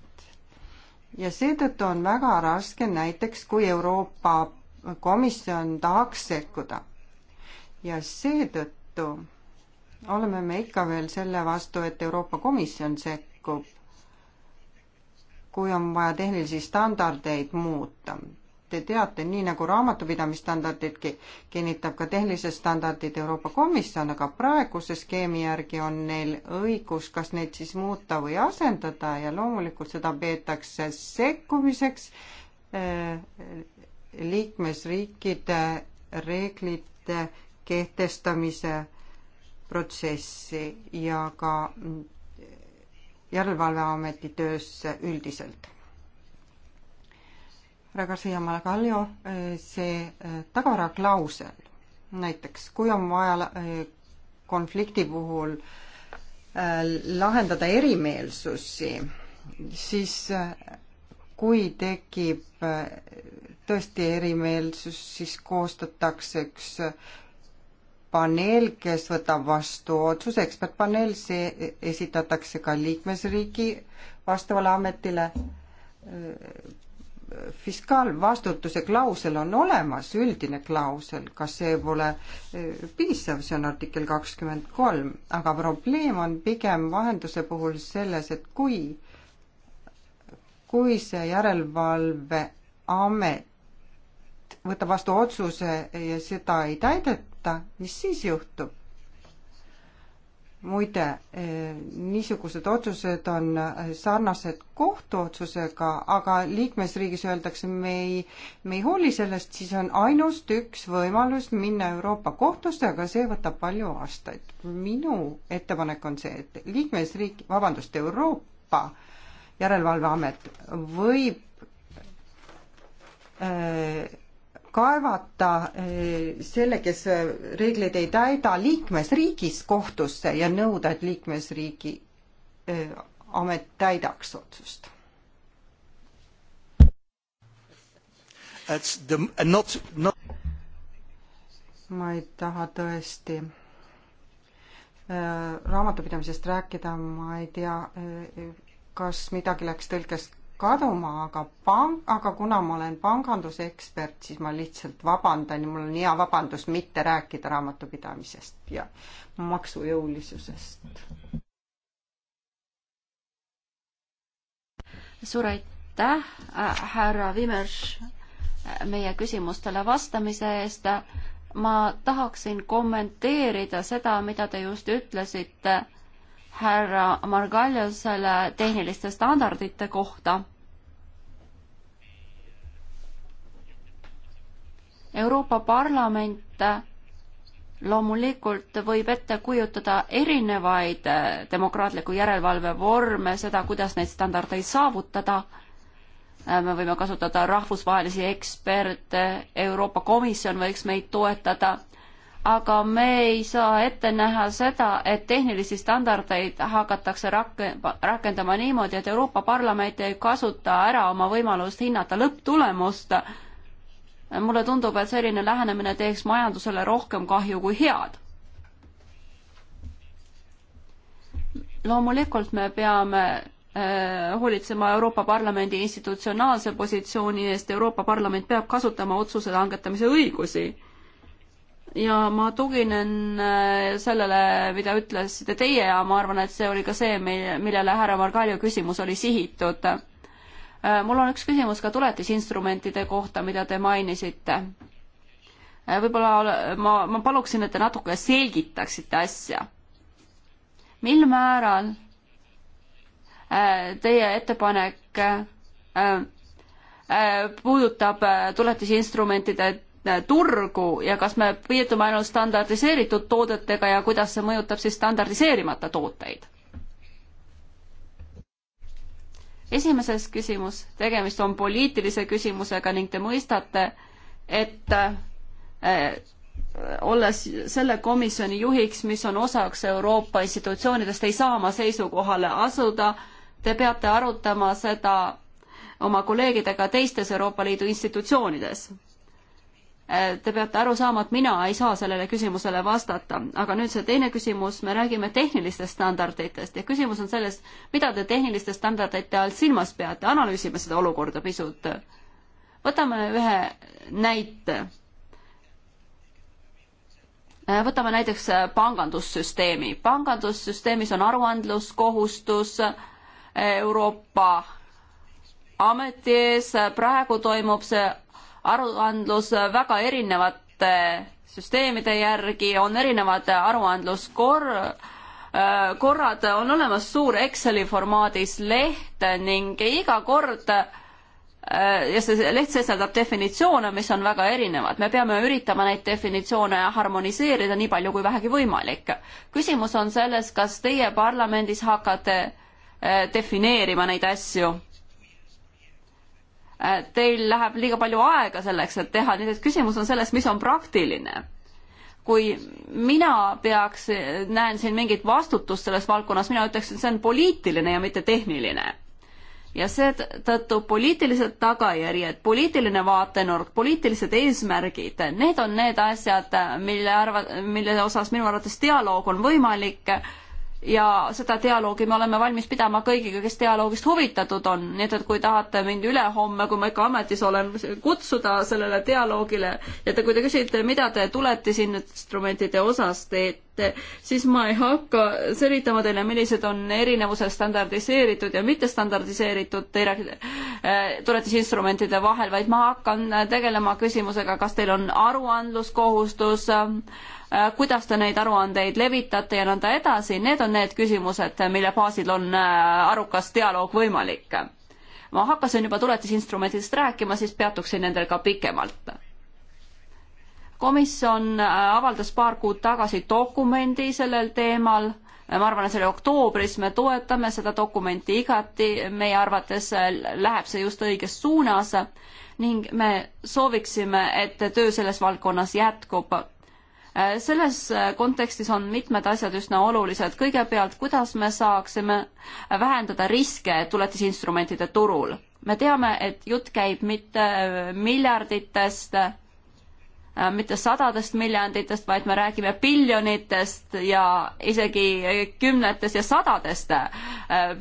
[SPEAKER 2] ja seetõttu on väga raske näiteks, kui Euroopa Komisjon tahaks sekkuda. ja seetõttu oleme me ikka veel selle vastu, et Euroopa Komisjon sekkub kui on vaja tehnilisi standardeid muuta. Te teate, nii nagu raamatupidamisstandardidki kinnitab ka tehnilised standardid Euroopa Komisjon, aga praeguse skeemi järgi on neil õigus kas neid siis muuta või asendada ja loomulikult seda peetakse sekkumiseks äh, liikmesriikide reeglite kehtestamise protsessi ja ka Järelevalveameti töösse üldiselt. härra Garcia Malagallo, eh, see eh, tagavaraklausel näiteks, kui on vaja eh, konflikti puhul lahendada erimeelsusi, siis kui tekib tõesti erimeelsus, siis koostatakse üks paneel, kes võtab vastu otsuse, ekspertpaneel, see esitatakse ka liikmesriigi vastavale ametile. fiskaalvastutuse klausel on olemas, üldine klausel, kas see pole piisav, see on artikkel kakskümmend kolm, aga probleem on pigem vahenduse puhul selles, et kui, kui see järelevalveamet võtab vastu otsuse ja seda ei täideta, võtta, mis siis juhtub? muide, e, niisugused otsused on e, sarnased kohtuotsusega, aga liikmesriigis öeldakse, me ei, me ei hooli sellest, siis on ainust üks võimalus minna Euroopa kohtusse, aga see võtab palju aastaid. minu ettepanek on see, et liikmesriik, vabandust, Euroopa Järelevalveamet võib äh, kaevata eh, selle, kes eh, reegleid ei täida, liikmesriigis kohtusse ja nõuda, et liikmesriigi eh, amet täidaks otsust.
[SPEAKER 3] Not, not...
[SPEAKER 2] ma ei taha tõesti raamatupidamisest rääkida, ma ei tea, kas midagi läks tõlkes kaduma, aga pang-, aga kuna ma olen pangandusekspert, siis ma lihtsalt vabandan ja mul on hea vabandus mitte rääkida raamatupidamisest ja maksujõulisusest.
[SPEAKER 1] suur aitäh, härra Vimers, meie küsimustele vastamise eest. ma tahaksin kommenteerida seda, mida te just ütlesite härra Margaljusele tehniliste standardite kohta. Euroopa Parlament loomulikult võib ette kujutada erinevaid demokraatliku järelevalve vorme, seda, kuidas neid standardeid saavutada. me võime kasutada rahvusvahelisi eksperte, Euroopa Komisjon võiks meid toetada aga me ei saa ette näha seda, et tehnilisi standardeid hakatakse rak-, rakendama niimoodi, et Euroopa Parlament ei kasuta ära oma võimalust hinnata lõpptulemust. mulle tundub, et selline lähenemine teeks majandusele rohkem kahju kui head loomulikult me peame äh, hoolitsema Euroopa Parlamendi institutsionaalse positsiooni eest, Euroopa Parlament peab kasutama otsuse langetamise õigusi ja ma tuginen äh, sellele, mida ütlesite teie ja ma arvan, et see oli ka see, millele härra Margalju küsimus oli sihitud. Äh, mul on üks küsimus ka tuletisinstrumentide kohta, mida te mainisite. Äh, võib-olla ma, ma paluksin, et te natuke selgitaksite asja. mil määral teie ettepanek puudutab tuletisinstrumentide turgu ja kas me piirdume ainult standardiseeritud toodetega ja kuidas see mõjutab siis standardiseerimata tooteid? esimeses küsimus, tegemist on poliitilise küsimusega ning te mõistate, et eh, olles selle komisjoni juhiks, mis on osaks Euroopa institutsioonidest, ei saa ma seisukohale asuda. Te peate arutama seda oma kolleegidega teistes Euroopa Liidu institutsioonides Te peate aru saama, et mina ei saa sellele küsimusele vastata, aga nüüd see teine küsimus, me räägime tehnilistest standarditest ja küsimus on selles, mida te tehniliste standardite all silmas peate, analüüsime seda olukorda pisut. võtame ühe näite. võtame näiteks pangandussüsteemi. pangandussüsteemis on aruandluskohustus Euroopa ameti ees, praegu toimub see aruandlus väga erinevate süsteemide järgi, on erinevad aruandluskor-, korrad, on olemas suur Exceli formaadis leht ning iga kord äh, ja see leht sisaldab definitsioone, mis on väga erinevad. me peame üritama neid definitsioone harmoniseerida nii palju kui vähegi võimalik. küsimus on selles, kas teie parlamendis hakkate äh, defineerima neid asju Äh, teil läheb liiga palju aega selleks, et teha, nii et küsimus on selles, mis on praktiline. kui mina peaks, äh, näen siin mingit vastutust selles valdkonnas, mina ütleksin, see on poliitiline ja mitte tehniline. ja seetõttu poliitilised tagajärjed, poliitiline vaatenurk, poliitilised eesmärgid, need on need asjad, mille arva-, mille osas minu arvates dialoog on võimalik ja seda dialoogi me oleme valmis pidama kõigiga, kes dialoogist huvitatud on, nii et, et kui tahate mind ülehomme, kui ma ikka ametis olen, kutsuda sellele dialoogile ja te, kui te küsite, mida te tulete siin instrumentide osas teete, siis ma ei hakka selgitama teile, millised on erinevused standardiseeritud ja mittestandardiseeritud äh, tuletisinstrumentide vahel, vaid ma hakkan tegelema küsimusega, kas teil on aruandluskohustus äh, Äh, kuidas te neid aruandeid levitate ja nõnda edasi, need on need küsimused, mille baasil on äh, arukas dialoog võimalik. ma hakkasin juba tuletisinstrumentidest rääkima, siis peatuksin nendel ka pikemalt. komisjon äh, avaldas paar kuud tagasi dokumendi sellel teemal, ma arvan, et see oli oktoobris, me toetame seda dokumenti igati, meie arvates läheb see just õiges suunas ning me sooviksime, et töö selles valdkonnas jätkub Äh, selles äh, kontekstis on mitmed asjad üsna olulised. kõigepealt, kuidas me saaksime äh, vähendada riske tuletisinstrumentide turul? me teame, et jutt käib mitte miljarditest Äh, mitte sadadest miljarditest, vaid me räägime biljonitest ja isegi kümnetest ja sadadest äh,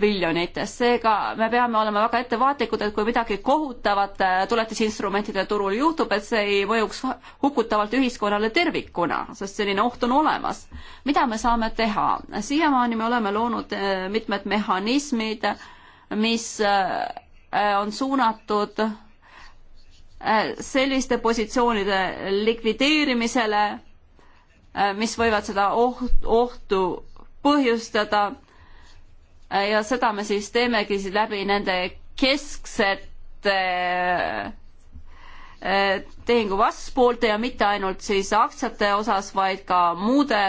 [SPEAKER 1] biljonitest. seega me peame olema väga ettevaatlikud, et kui midagi kohutavat äh, tuletisinstrumentide turul juhtub, et see ei mõjuks hukutavalt ühiskonnale tervikuna, sest selline oht on olemas. mida me saame teha? siiamaani me oleme loonud mitmed mehhanismid, mis on suunatud Äh, selliste positsioonide likvideerimisele, äh, mis võivad seda oht, ohtu põhjustada. Äh, ja seda me siis teemegi siis läbi nende kesksete tehingu vastpoolte ja mitte ainult siis aktsiate osas, vaid ka muude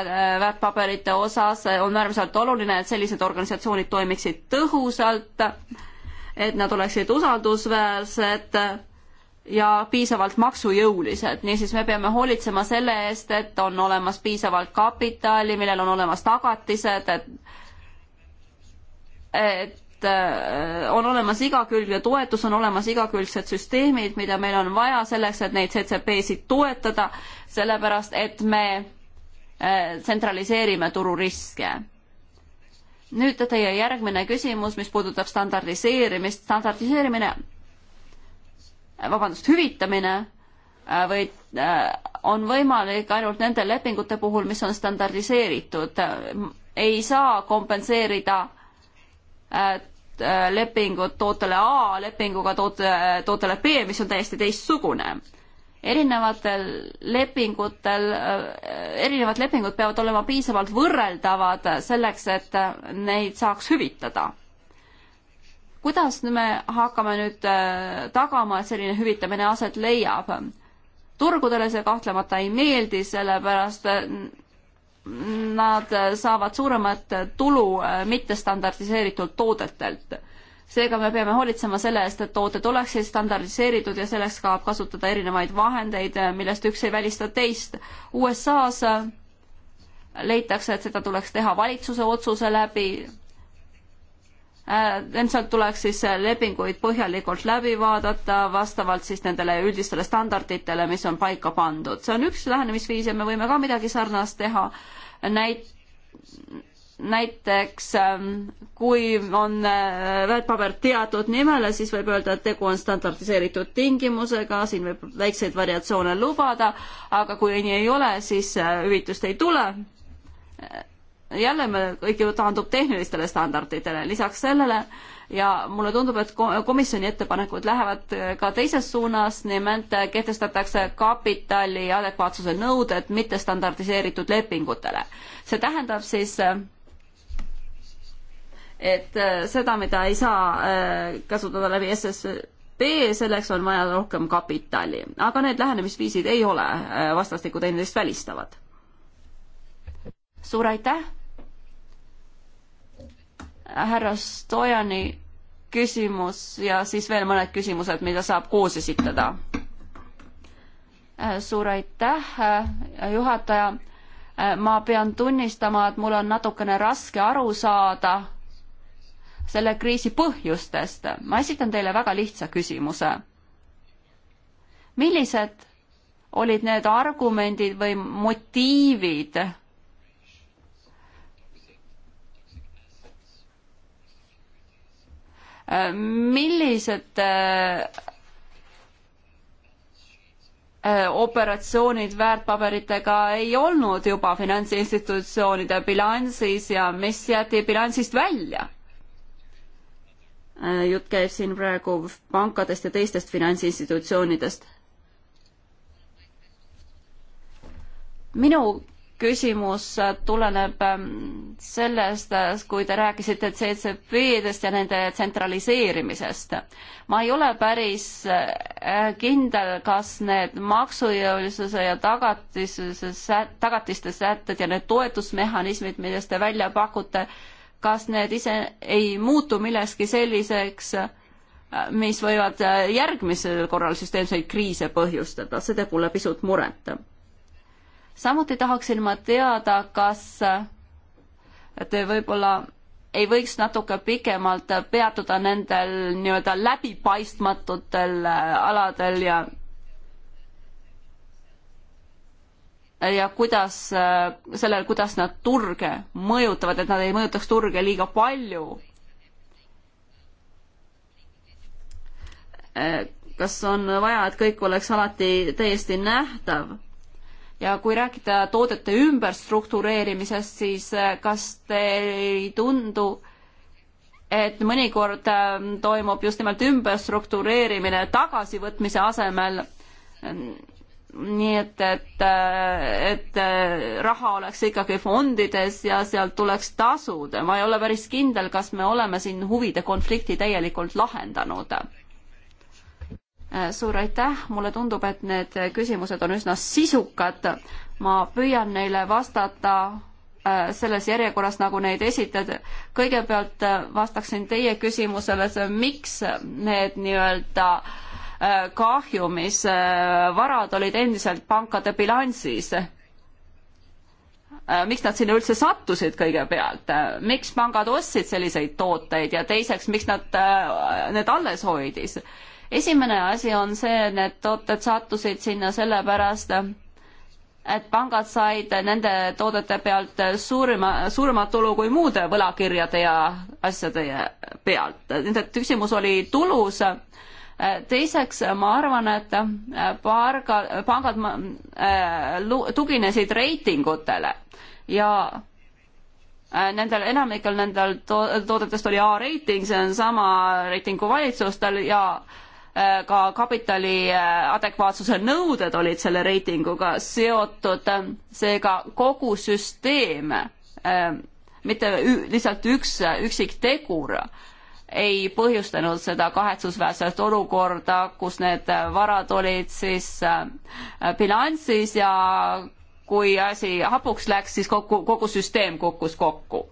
[SPEAKER 1] väärtpaberite osas on äärmiselt oluline, et sellised organisatsioonid toimiksid tõhusalt, et nad oleksid usaldusväärsed ja piisavalt maksujõulised, niisiis me peame hoolitsema selle eest, et on olemas piisavalt kapitali, millel on olemas tagatised, et et äh, on olemas igakülgne toetus, on olemas igakülgsed süsteemid, mida meil on vaja selleks, et neid CCP-sid toetada, sellepärast et me äh, tsentraliseerime tururiske nüüd teie järgmine küsimus, mis puudutab standardiseerimist. standardiseerimine Äh, vabandust, hüvitamine äh, või äh, on võimalik ainult nende lepingute puhul, mis on standardiseeritud. ei saa kompenseerida lepingut tootele A lepinguga toote, tootele B, mis on täiesti teistsugune. erinevatel lepingutel, erinevad lepingud peavad olema piisavalt võrreldavad selleks, et neid saaks hüvitada kuidas me hakkame nüüd äh, tagama, et selline hüvitamine aset leiab? turgudele see kahtlemata ei meeldi, sellepärast äh, nad äh, saavad suuremat tulu mittestandardiseeritud toodetelt. seega me peame hoolitsema selle eest, et tooted oleksid standardiseeritud ja selleks ka kasutada erinevaid vahendeid, millest üks ei välista teist. USA-s leitakse, et seda tuleks teha valitsuse otsuse läbi Äh, ilmselt tuleks siis äh, lepinguid põhjalikult läbi vaadata vastavalt siis nendele üldistele standarditele, mis on paika pandud. see on üks lähenemisviis ja me võime ka midagi sarnast teha. näit-, näiteks ähm, kui on äh, väärtpaber teatud nimele, siis võib öelda, et tegu on standardiseeritud tingimusega, siin võib väikseid variatsioone lubada, aga kui nii ei ole, siis hüvitust ei tule jälle me, kõik ju taandub tehnilistele standarditele, lisaks sellele ja mulle tundub, et komisjoni ettepanekud lähevad äh, ka teises suunas, nimelt äh, kehtestatakse kapitali adekvaatsuse nõuded mittestandardiseeritud lepingutele. see tähendab siis äh, et seda, mida ei saa kasutada läbi SSB, selleks on vaja rohkem kapitali, aga need lähenemisviisid ei ole vastastikku teineteist välistavad. suur aitäh! härra Stojani küsimus ja siis veel mõned küsimused, mida saab koos esitada. Äh, suur aitäh, äh, juhataja. Äh, ma pean tunnistama, et mul on natukene raske aru saada selle kriisi põhjustest. ma esitan teile väga lihtsa küsimuse. millised olid need argumendid või motiivid, millised äh, äh, operatsioonid väärtpaberitega ei olnud juba finantsinstitutsioonide bilansis ja mis jäeti bilansist välja? Äh, jutt käib siin praegu pankadest ja teistest finantsinstitutsioonidest. minu küsimus tuleneb ähm, sellest, äh, kui te rääkisite CCP-dest ja nende tsentraliseerimisest. ma ei ole päris äh, kindel, kas need maksujõulisuse ja tagatise, tagatiste sätted ja need toetusmehhanismid, millest te välja pakute, kas need ise ei muutu milleski selliseks, äh, mis võivad järgmisel korral süsteemseid kriise põhjustada, see teeb mulle pisut muret samuti tahaksin ma teada, kas te võib-olla ei võiks natuke pikemalt peatuda nendel nii-öelda läbipaistmatutel äh, aladel ja ja kuidas, äh, sellel, kuidas nad turge mõjutavad, et nad ei mõjutaks turge liiga palju. Äh, kas on vaja, et kõik oleks alati täiesti nähtav? ja kui rääkida toodete ümberstruktureerimisest, siis äh, kas teil ei tundu, et mõnikord ähm, toimub just nimelt ümberstruktureerimine tagasivõtmise asemel? Ähm, nii et, et, äh, et äh, raha oleks ikkagi fondides ja sealt tuleks tasud. ma ei ole päris kindel, kas me oleme siin huvide konflikti täielikult lahendanud Äh, suur aitäh, mulle tundub, et need küsimused on üsna sisukad. ma püüan neile vastata äh, selles järjekorras, nagu neid esitad. kõigepealt äh, vastaksin teie küsimusele, miks need nii-öelda kahjumisvarad olid endiselt pankade bilansis miks nad sinna üldse sattusid kõigepealt, miks pangad ostsid selliseid tooteid ja teiseks, miks nad need alles hoidis esimene asi on see, et need tooted sattusid sinna sellepärast, et pangad said nende toodete pealt suurima, suuremat tulu kui muude võlakirjade ja asjade pealt. nii et küsimus oli tulus. teiseks, ma arvan, et parga, pangad äh, tuginesid reitingutele ja äh, Nendel enamikel nendel to toodetest oli A reiting, see on sama reiting kui valitsustel ja äh, Äh, ka kapitali äh, adekvaatsuse nõuded olid selle reitinguga seotud, seega kogu süsteem, äh, mitte lihtsalt üks üksik tegur, ei põhjustanud seda kahetsusväärset olukorda, kus need varad olid siis bilansis ja kui asi hapuks läks, siis kogu, kogu süsteem kukkus kokku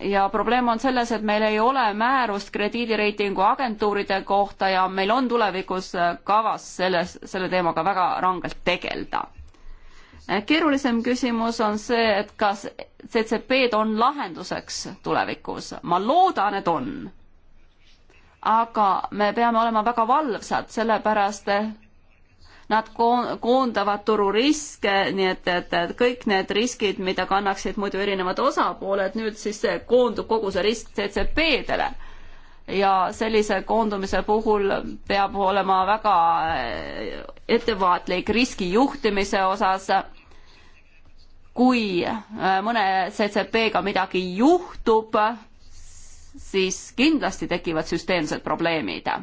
[SPEAKER 1] ja probleem on selles, et meil ei ole määrust krediidireitingu agentuuride kohta ja meil on tulevikus äh, kavas selles, selle teemaga väga rangelt tegeleda. Äh, keerulisem küsimus on see, et kas CCP-d on lahenduseks tulevikus. ma loodan, et on. aga me peame olema väga valvsad, sellepärast Nad koondavad tururiske, nii et, et, et kõik need riskid, mida kannaksid muidu erinevad osapooled, nüüd siis koondub kogu see risk CCP-dele ja sellise koondumise puhul peab olema väga eh, ettevaatlik riski juhtimise osas. kui eh, mõne CCP-ga midagi juhtub, siis kindlasti tekivad süsteemsed probleemid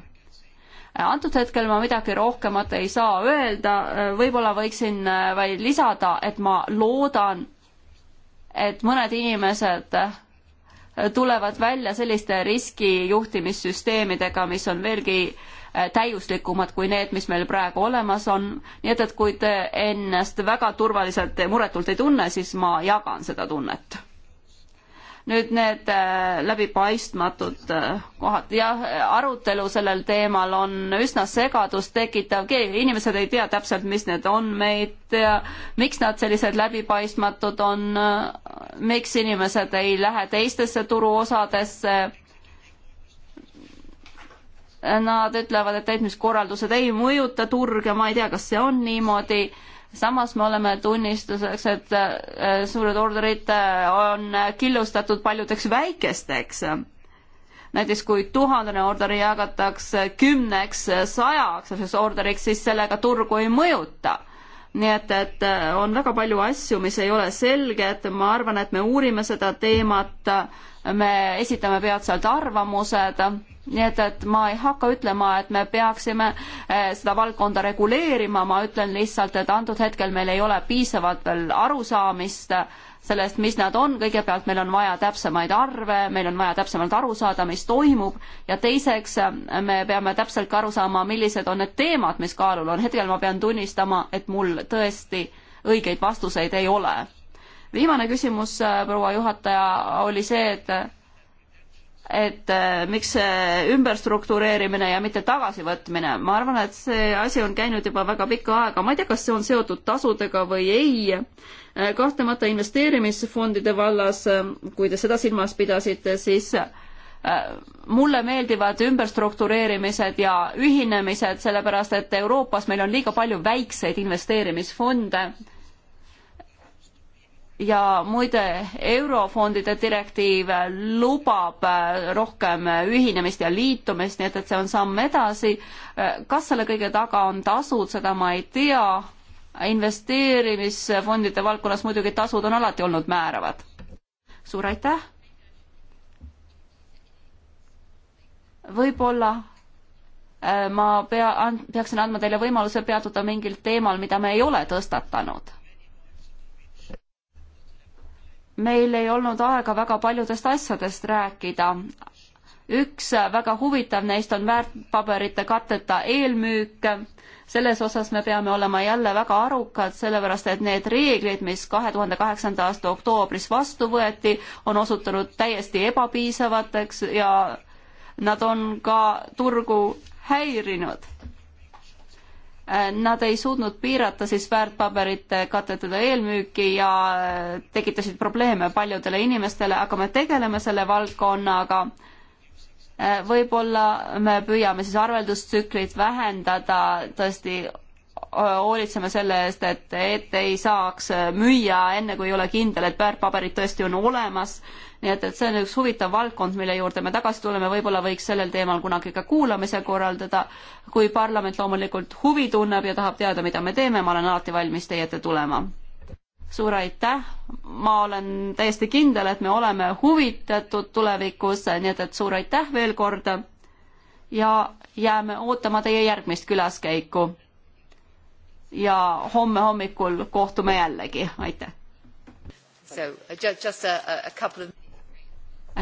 [SPEAKER 1] antud hetkel ma midagi rohkemat ei saa öelda, võib-olla võiksin äh, vaid lisada, et ma loodan, et mõned inimesed äh, tulevad välja selliste riskijuhtimissüsteemidega, mis on veelgi äh, täiuslikumad kui need, mis meil praegu olemas on. nii et, et kui te ennast väga turvaliselt ja muretult ei tunne, siis ma jagan seda tunnet nüüd need äh, läbipaistmatud äh, kohad, jah, arutelu sellel teemal on üsna segadust tekitav, keegi, inimesed ei tea täpselt, mis need on, me ei tea, miks nad sellised läbipaistmatud on, äh, miks inimesed ei lähe teistesse turuosadesse. Nad ütlevad, et täitmiskorraldused ei mõjuta turge, ma ei tea, kas see on niimoodi samas me oleme tunnistuseks, et äh, suured orderid äh, on killustatud paljudeks väikesteks. näiteks kui tuhandene order jagatakse kümneks äh, sajaks orderiks, siis sellega turgu ei mõjuta nii et, et on väga palju asju, mis ei ole selged, ma arvan, et me uurime seda teemat, me esitame peatselt arvamused nii et, et ma ei hakka ütlema, et me peaksime eh, seda valdkonda reguleerima, ma ütlen lihtsalt, et antud hetkel meil ei ole piisavalt veel arusaamist sellest, mis nad on, kõigepealt meil on vaja täpsemaid arve, meil on vaja täpsemalt aru saada, mis toimub, ja teiseks eh, me peame täpselt ka aru saama, millised on need teemad, mis kaalul on, hetkel ma pean tunnistama, et mul tõesti õigeid vastuseid ei ole. viimane küsimus, eh, proua juhataja, oli see, et et äh, miks see ümberstruktureerimine ja mitte tagasivõtmine, ma arvan, et see asi on käinud juba väga pikka aega, ma ei tea, kas see on seotud tasudega või ei. Äh, kahtlemata investeerimisfondide vallas, äh, kui te seda silmas pidasite, siis mulle meeldivad ümberstruktureerimised ja ühinemised, sellepärast et Euroopas meil on liiga palju väikseid investeerimisfonde ja muide, eurofondide direktiiv lubab äh, rohkem äh, ühinemist ja liitumist, nii et, et see on samm edasi. Äh, kas selle kõige taga on tasud, seda ma ei tea. investeerimisfondide valdkonnas muidugi tasud on alati olnud määravad. suur aitäh. võib-olla ma pea, peaksin andma teile võimaluse peatuda mingil teemal, mida me ei ole tõstatanud meil ei olnud aega väga paljudest asjadest rääkida. üks väga huvitav neist on väärtpaberite katteta eelmüük. selles osas me peame olema jälle väga arukad, sellepärast et need reeglid, mis kahe tuhande kaheksanda aasta oktoobris vastu võeti, on osutunud täiesti ebapiisavateks ja nad on ka turgu häirinud Äh, nad ei suutnud piirata siis väärtpaberite katetud eelmüüki ja äh, tekitasid probleeme paljudele inimestele, aga me tegeleme selle valdkonnaga. Äh, võib-olla me püüame siis arveldustsüklit vähendada, tõesti hoolitseme selle eest, et ette ei saaks müüa, enne kui ei ole kindel, et väärtpaberid tõesti on olemas. nii et, et see on üks huvitav valdkond, mille juurde me tagasi tuleme, võib-olla võiks sellel teemal kunagi ka kuulamise korraldada. kui parlament loomulikult huvi tunneb ja tahab teada, mida me teeme, ma olen alati valmis teie ette tulema. suur aitäh, ma olen täiesti kindel, et me oleme huvitatud tulevikus, nii et, et suur aitäh veel kord ja jääme ootama teie järgmist külaskäiku ja homme hommikul kohtume jällegi, aitäh. Uh,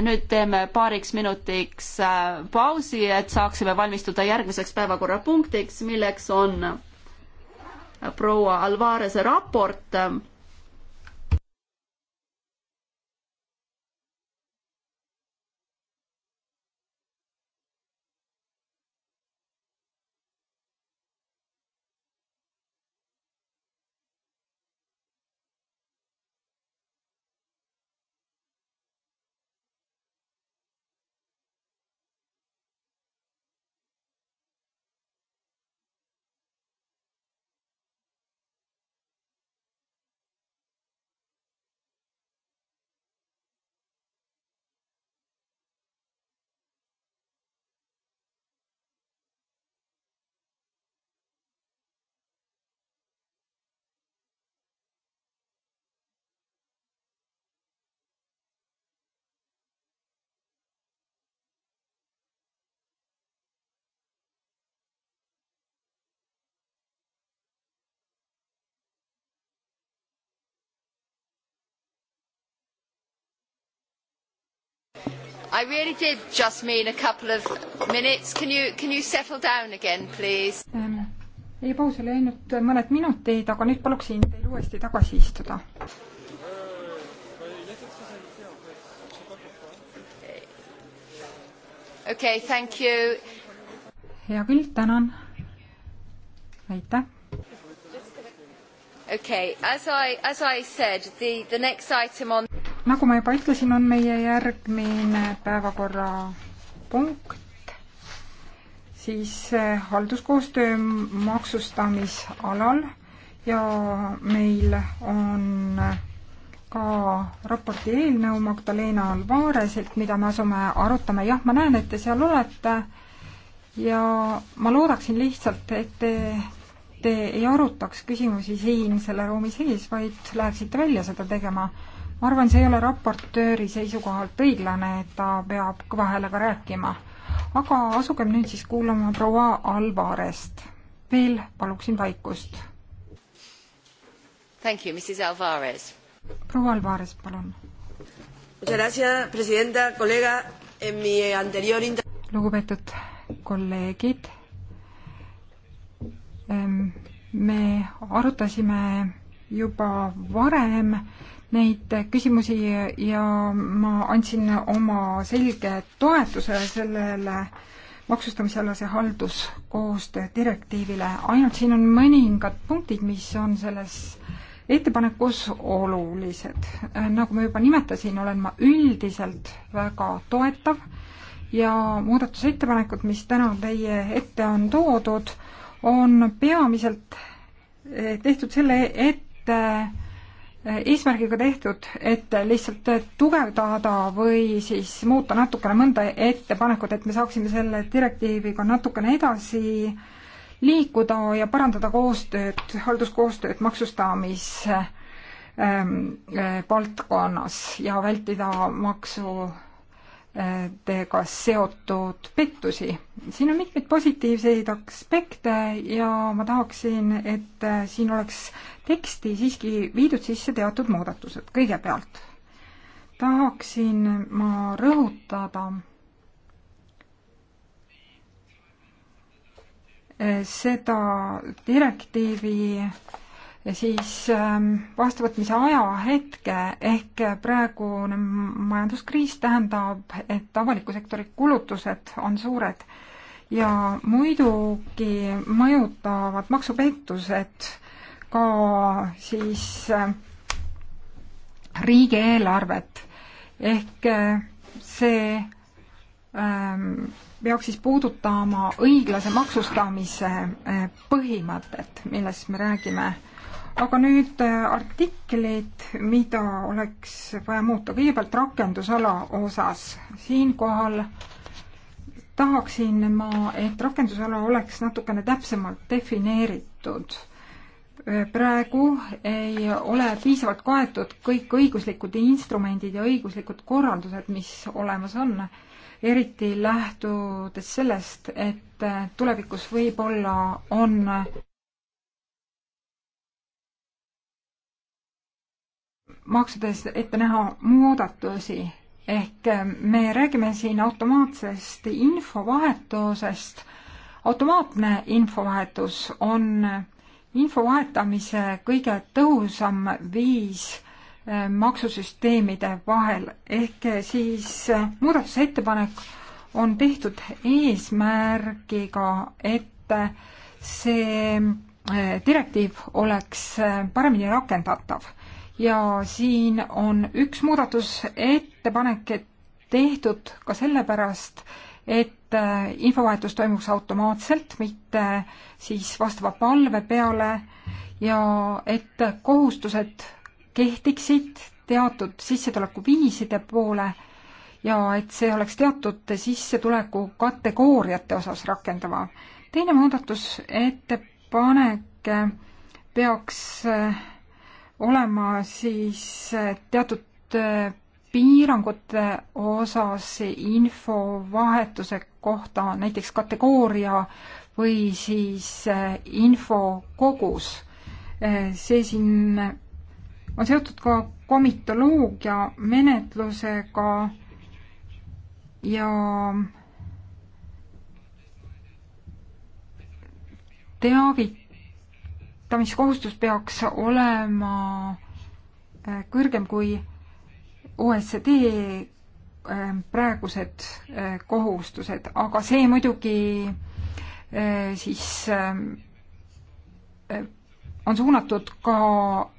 [SPEAKER 1] nüüd teeme paariks minutiks äh, pausi, et saaksime valmistuda järgmiseks päevakorrapunktiks, milleks on äh, proua Alvarese raport äh, I really did just mean a couple of minutes. Can you, can you settle down again, please
[SPEAKER 3] um,? ei, paus oli ainult mõned minutid, aga nüüd paluksin teil uuesti tagasi istuda.
[SPEAKER 1] okei okay,, thank you.
[SPEAKER 3] hea küll, tänan. aitäh.
[SPEAKER 1] Okay, as I, as I said, the, the next item on
[SPEAKER 3] nagu ma juba ütlesin, on meie järgmine päevakorrapunkt siis eh, halduskoostöö maksustamisalal ja meil on eh, ka raporti eelnõu Magdalena Alvareselt, mida me asume arutama. jah, ma näen, et te seal olete ja ma loodaksin lihtsalt, et te, te ei arutaks küsimusi siin selle ruumi sees, vaid läheksite välja seda tegema ma arvan, see ei ole raportööri seisukohalt õiglane, et ta peab kõva häälega rääkima. aga asugem nüüd siis kuulama proua Alvarest. veel paluksin vaikust. proua Alvarez, palun. lugupeetud kolleegid, me arutasime juba varem neid küsimusi ja ma andsin oma selge toetuse sellele maksustamisalase halduskoostöö direktiivile, ainult siin on mõningad punktid, mis on selles ettepanekus olulised. nagu ma juba nimetasin, olen ma üldiselt väga toetav ja muudatusettepanekud, mis täna teie ette on toodud, on peamiselt eh, tehtud selle ette äh, eesmärgiga tehtud, et lihtsalt tugevdada või siis muuta natukene mõnda ettepanekut, et me saaksime selle direktiiviga natukene edasi liikuda ja parandada koostööd, halduskoostööd maksustamise ähm, äh, valdkonnas ähm, ja vältida maksudega seotud pettusi. siin on mitmeid positiivseid aspekte ja ma tahaksin, et äh, siin oleks äh, teksti siiski viidud sisse teatud muudatused. kõigepealt tahaksin ma rõhutada eh, seda direktiivi eh, siis ehm, vastuvõtmise ajahetke ehk praegune majanduskriis tähendab, et avaliku sektori kulutused on suured ja muidugi mõjutavad maksupettused ka siis äh, riigieelarvet ehk äh, see ähm, peaks siis puudutama õiglase maksustamise äh, põhimõtet, millest me räägime. aga nüüd artiklid, mida oleks vaja muuta. kõigepealt rakendusala osas. siinkohal tahaksin ma, et rakendusala oleks natukene täpsemalt defineeritud praegu ei ole piisavalt kaetud kõik õiguslikud instrumendid ja õiguslikud korraldused, mis olemas on, eriti lähtudes sellest, et tulevikus võib-olla on maksudes ette näha muudatusi, ehk me räägime siin automaatsest infovahetusest, automaatne infovahetus on info vahetamise kõige tõhusam viis äh, maksusüsteemide vahel, ehk siis äh, muudatusettepanek on tehtud eesmärgiga, et äh, see direktiiv oleks paremini rakendatav. ja siin on üks muudatusettepanek tehtud ka sellepärast, et äh, infovahetus toimuks automaatselt, mitte äh, siis vastava palve peale ja et kohustused kehtiksid teatud sissetulekuviiside poole ja et see oleks teatud sissetuleku kategooriate osas rakendama. teine muudatusettepanek äh, peaks olema siis teatud piirangute osas infovahetuse kohta näiteks kategooria või siis eh, info kogus. Eh, see siin on seotud ka komitoloogia menetlusega ja teavitamiskohustus peaks olema eh, kõrgem kui OECD ähm, praegused äh, kohustused, aga see muidugi äh, siis ähm, äh, on suunatud ka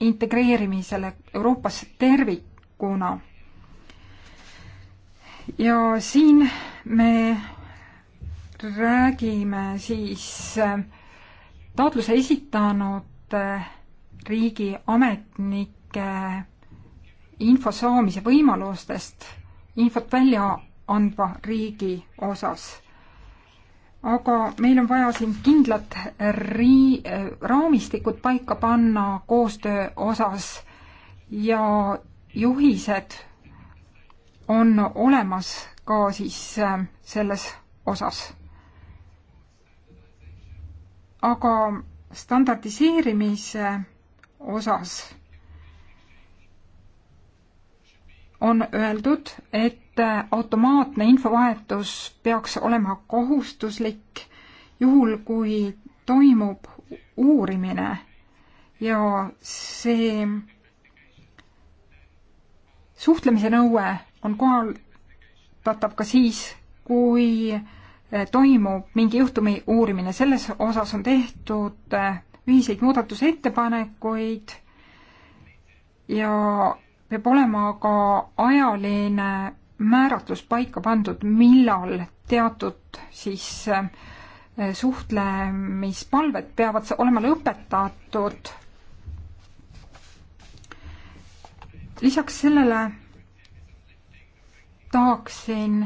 [SPEAKER 3] integreerimisele Euroopas tervikuna. ja siin me räägime siis taotluse esitanud riigi ametnike info saamise võimalustest infot välja andva riigi osas. aga meil on vaja siin kindlat rii-, raamistikut paika panna koostöö osas ja juhised on olemas ka siis äh, selles osas. aga standardiseerimise osas on öeldud, et automaatne infovahetus peaks olema kohustuslik juhul, kui toimub uurimine ja see suhtlemise nõue on kohaldatav ka siis, kui toimub mingi juhtumi uurimine, selles osas on tehtud ühiseid muudatusettepanekuid ja peab olema ka ajaline määratlus paika pandud, millal teatud siis eh, suhtlemispalved peavad olema lõpetatud. lisaks sellele tahaksin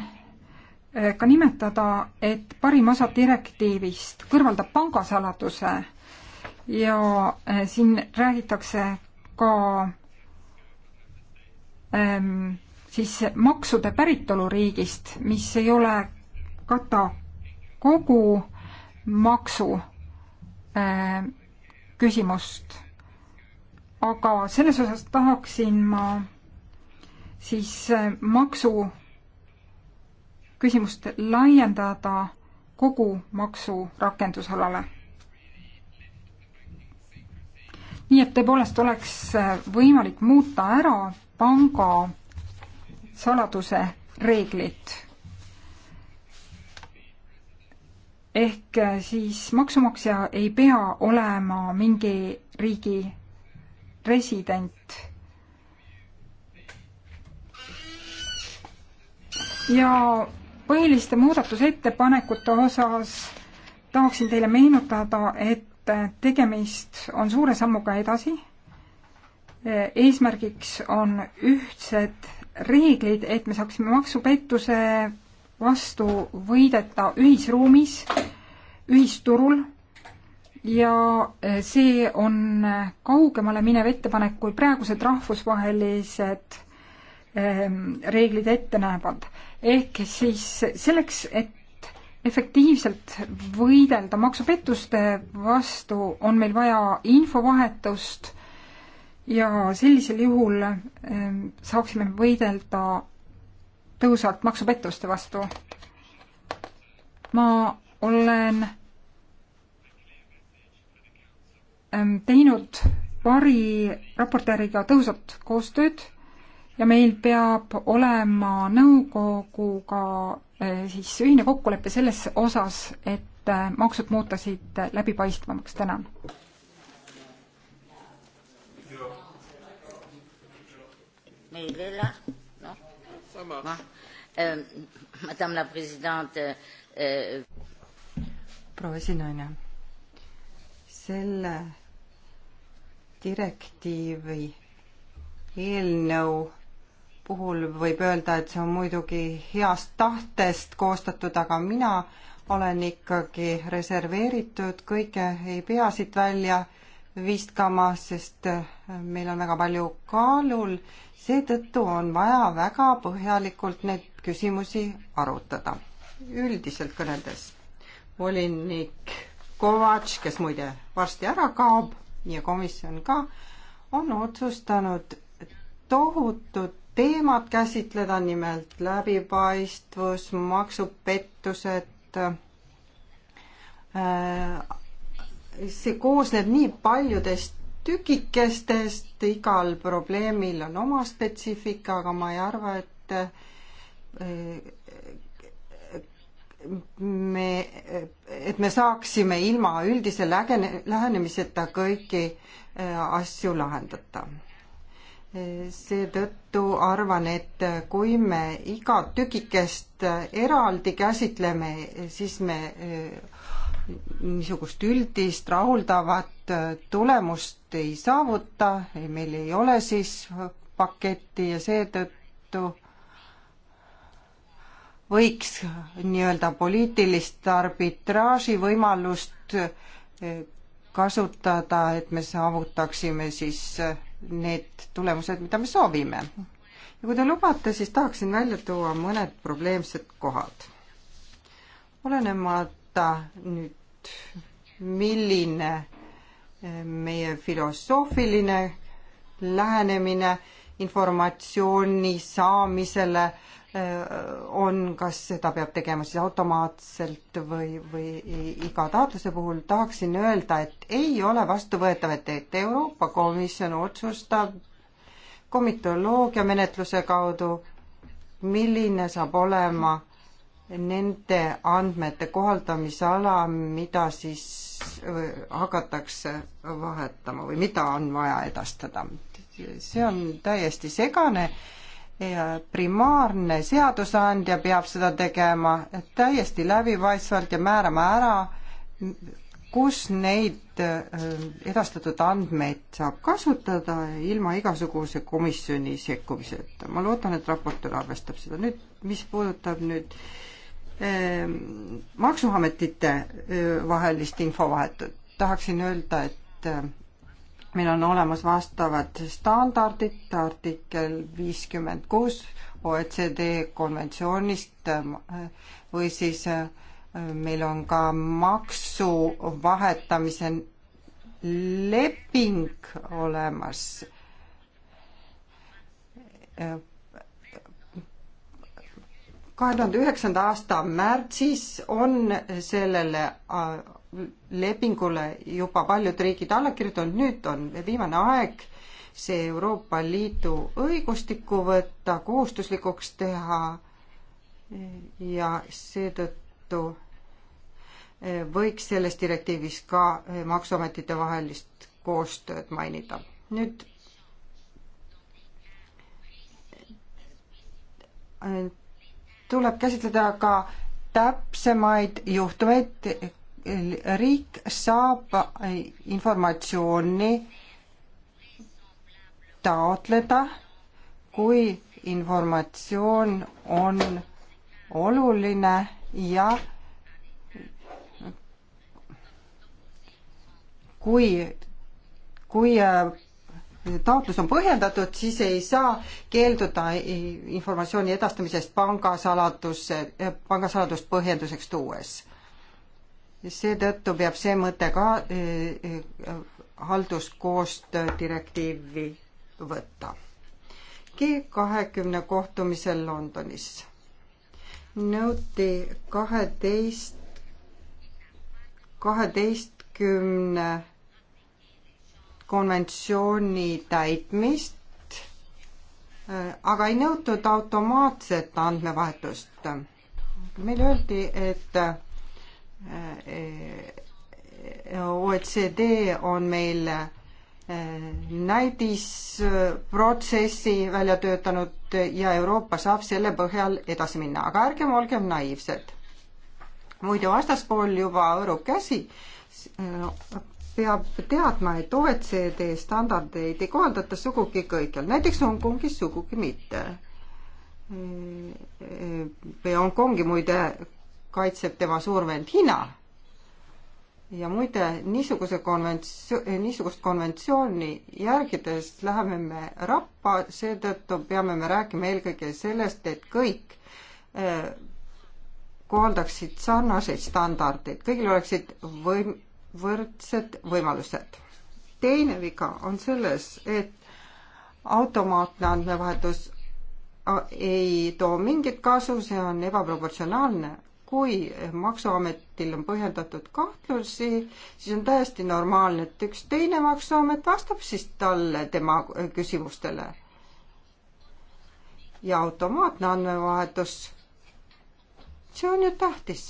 [SPEAKER 3] eh, ka nimetada, et parim osa direktiivist kõrvaldab pangasaladuse ja eh, siin räägitakse ka Ähm, siis maksude päritoluriigist, mis ei ole kata kogu maksu ähm, küsimust. aga selles osas tahaksin ma siis äh, maksu küsimust laiendada kogu maksu rakendusalale nii et tõepoolest oleks äh, võimalik muuta ära panga saladuse reeglid. ehk äh, siis maksumaksja ei pea olema mingi riigi resident. ja põhiliste muudatusettepanekute osas tahaksin teile meenutada, et et tegemist on suure sammuga edasi. eesmärgiks on ühtsed reeglid, et me saaksime maksupettuse vastu võideta ühisruumis, ühisturul ja see on kaugemale minev ettepanek, kui praegused rahvusvahelised ehm, reeglid ette näevad. ehk siis selleks, et efektiivselt võidelda maksupettuste vastu, on meil vaja infovahetust ja sellisel juhul ehm, saaksime võidelda tõhusalt maksupettuste vastu. ma olen ehm, teinud paari raportööriga tõhusat koostööd ja meil peab olema nõukoguga eh, siis ühine kokkulepe selles osas, et eh, maksud muutusid läbipaistvamaks, tänan. meil ei ole, noh, ma, ähm, madame la president äh, äh,.
[SPEAKER 2] proua esinaine, selle direktiivi eelnõu puhul võib öelda, et see on muidugi heast tahtest koostatud, aga mina olen ikkagi reserveeritud, kõike ei pea siit välja viskama, sest äh, meil on väga palju kaalul. seetõttu on vaja väga põhjalikult neid küsimusi arutada. üldiselt kõneldes volinik Kovatš, kes muide varsti ära kaob ja komisjon ka, on otsustanud tohutut teemat käsitleda, nimelt läbipaistvus, maksupettused. Äh, see koosneb nii paljudest tükikestest, igal probleemil on oma spetsiifika, aga ma ei arva, et äh, me, et me saaksime ilma üldise lägene, lähenemiseta kõiki äh, asju lahendada seetõttu arvan, et kui me iga tükikest eraldi käsitleme, siis me eh, niisugust üldist rahuldavat eh, tulemust ei saavuta, meil ei ole siis paketti ja seetõttu võiks nii-öelda poliitilist arbitraaži võimalust eh, kasutada, et me saavutaksime siis need tulemused, mida me soovime. ja kui te lubate, siis tahaksin välja tuua mõned probleemsed kohad. olenemata nüüd, milline eh, meie filosoofiline lähenemine informatsiooni saamisele Äh, on, kas seda peab tegema siis automaatselt või, või iga taotluse puhul, tahaksin öelda, et ei ole vastuvõetav, et, et Euroopa Komisjon otsustab komitoloogia menetluse kaudu, milline saab olema nende andmete kohaldamisala, mida siis äh, hakatakse vahetama või mida on vaja edastada. see on täiesti segane primaarne seadusandja peab seda tegema täiesti läbipaistvalt ja määrama ära, kus neid äh, edastatud andmeid saab kasutada ilma igasuguse komisjoni sekkumiseta. ma loodan, et raportöör arvestab seda. nüüd, mis puudutab nüüd eh, maksuametite äh, vahelist infovahetut, tahaksin öelda, et äh, meil on olemas vastavad standardid, artikkel viiskümmend kuus OECD konventsioonist äh, või siis äh, meil on ka maksu vahetamise leping olemas. kahe tuhande üheksanda aasta märtsis on sellele äh, lepingule juba paljud riigid alla kirjutanud, nüüd on viimane aeg see Euroopa Liidu õigustikku võtta, kohustuslikuks teha ja seetõttu eh, võiks selles direktiivis ka eh, Maksuametite vahelist koostööd mainida. nüüd eh, tuleb käsitleda ka täpsemaid juhtumeid, riik saab informatsiooni taotleda, kui informatsioon on oluline ja kui, kui äh, taotlus on põhjendatud, siis ei saa keelduda informatsiooni edastamisest pangasaladusse, pangasaladust põhjenduseks tuues seetõttu peab see mõte ka eh, eh, halduskoostöö direktiivi võtta. G kahekümne kohtumisel Londonis nõuti kaheteist, kaheteistkümne konventsiooni täitmist, eh, aga ei nõutud automaatset andmevahetust. meile öeldi, et OECD on meil eh, näidisprotsessi välja töötanud ja Euroopa saab selle põhjal edasi minna, aga ärgem olgem naiivsed. muide, vastaspool juba hõõrub käsi, peab teadma, et OECD standardeid ei kohaldata sugugi kõikjal, näiteks Hongkongis sugugi mitte. Eh, eh, Hongkongi muide kaitseb tema suurvend Hiina. ja muide, niisuguse konventsioon, niisugust konventsiooni järgides läheme me rappa, seetõttu peame me rääkima eelkõige sellest, et kõik eh, kohaldaksid sarnaseid standardeid, kõigil oleksid võim-, võrdsed võimalused. teine viga on selles, et automaatne andmevahetus ei too mingit kasu, see on ebaproportsionaalne, kui Maksuametil on põhjendatud kahtlusi, siis on täiesti normaalne, et üks teine Maksuamet vastab siis talle tema küsimustele. ja automaatne andmevahetus. see on ju tähtis,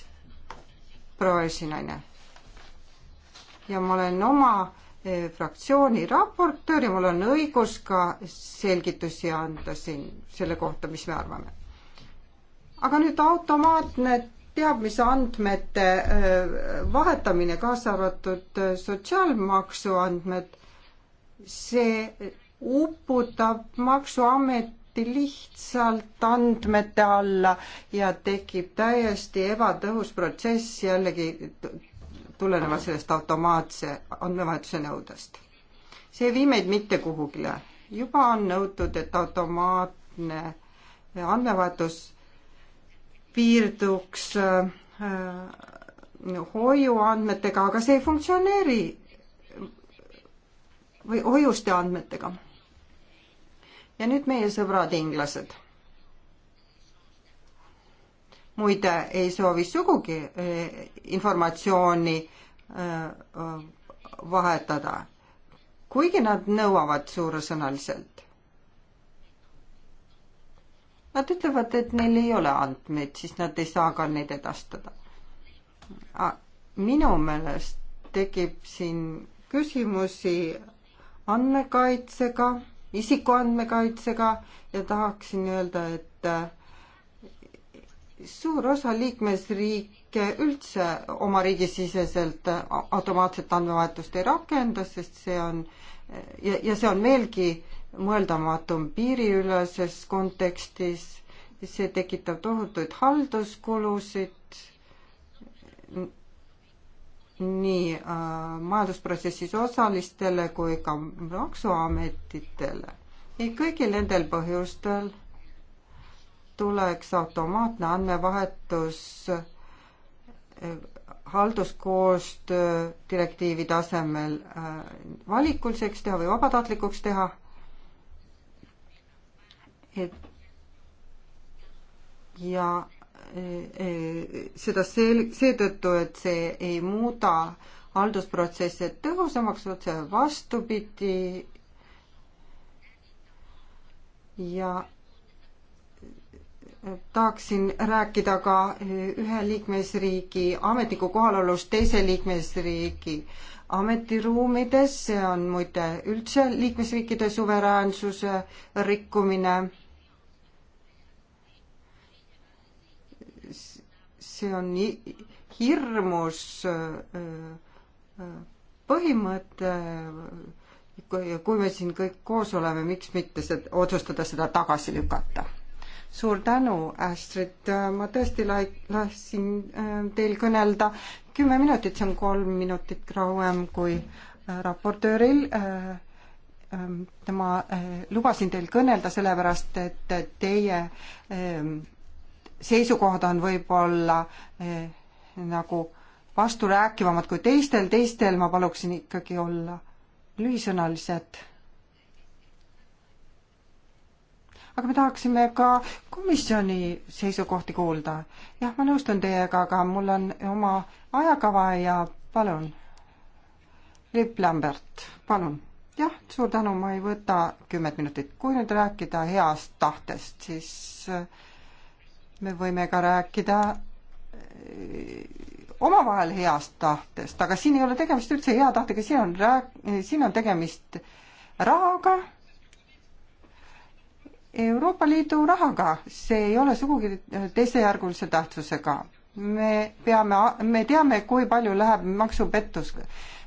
[SPEAKER 2] proua esinaine. ja ma olen oma eh, fraktsiooni raportöör ja mul on õigus ka selgitusi anda siin selle kohta, mis me arvame. aga nüüd automaatne teab mis andmete vahetamine, kaasa arvatud sotsiaalmaksu andmed, see uputab Maksuameti lihtsalt andmete alla ja tekib täiesti ebatõhus protsess jällegi tuleneva sellest automaatse andmevahetuse nõudest. see ei vii meid mitte kuhugile. juba on nõutud, et automaatne andmevahetus piirduks äh, äh, hoiuandmetega, aga see ei funktsioneeri või hoiuste andmetega. ja nüüd meie sõbrad inglased. muide, ei soovi sugugi äh, informatsiooni vahetada, kuigi nad nõuavad suuresõnaliselt. Nad ütlevad, et neil ei ole andmeid, siis nad ei saa ka neid edastada. minu meelest tekib siin küsimusi andmekaitsega, isikuandmekaitsega ja tahaksin öelda, et äh, suur osa liikmesriike üldse oma riigisiseselt automaatset andmevahetust ei rakenda, sest see on ja, ja see on veelgi mõeldamatum piiriüleses kontekstis, see tekitab tohutuid halduskulusid nii äh, majandusprotsessis osalistele kui ka maksuametitele. ning kõigil nendel põhjustel tuleks automaatne andmevahetus äh, halduskoostöö direktiivi tasemel äh, valikuliseks teha või vabatahtlikuks teha et ja e, e, seda sel-, seetõttu, et see ei muuda haldusprotsesse tõhusamaks, otse vastupidi. ja tahaksin rääkida ka ühe liikmesriigi ametniku kohalolust teise liikmesriigi ametiruumides, see on muide üldse liikmesriikide suveräänsuse rikkumine see on hirmus äh, äh, põhimõte. kui me siin kõik koos oleme, miks mitte seda, otsustada seda tagasi lükata? suur tänu, Astrid, ma tõesti lasin äh, teil kõnelda kümme minutit, see on kolm minutit kauem kui raportööril ähm, ma lubasin teil kõnelda, sellepärast et teie ähm, seisukohad on võib-olla eh, nagu vasturääkivamad kui teistel, teistel ma paluksin ikkagi olla lühisõnalised. aga me tahaksime ka komisjoni seisukohti kuulda. jah, ma nõustun teiega, aga mul on oma ajakava ja palun. Lipp Lambert, palun jah, suur tänu, ma ei võta kümmet minutit. kui nüüd rääkida heast tahtest, siis me võime ka rääkida eh, omavahel heast tahtest, aga siin ei ole tegemist üldse hea tahtega, siin on rääk-, siin on tegemist rahaga, Euroopa Liidu rahaga, see ei ole sugugi teisejärgulise tähtsusega. me peame, me teame, kui palju läheb maksupettus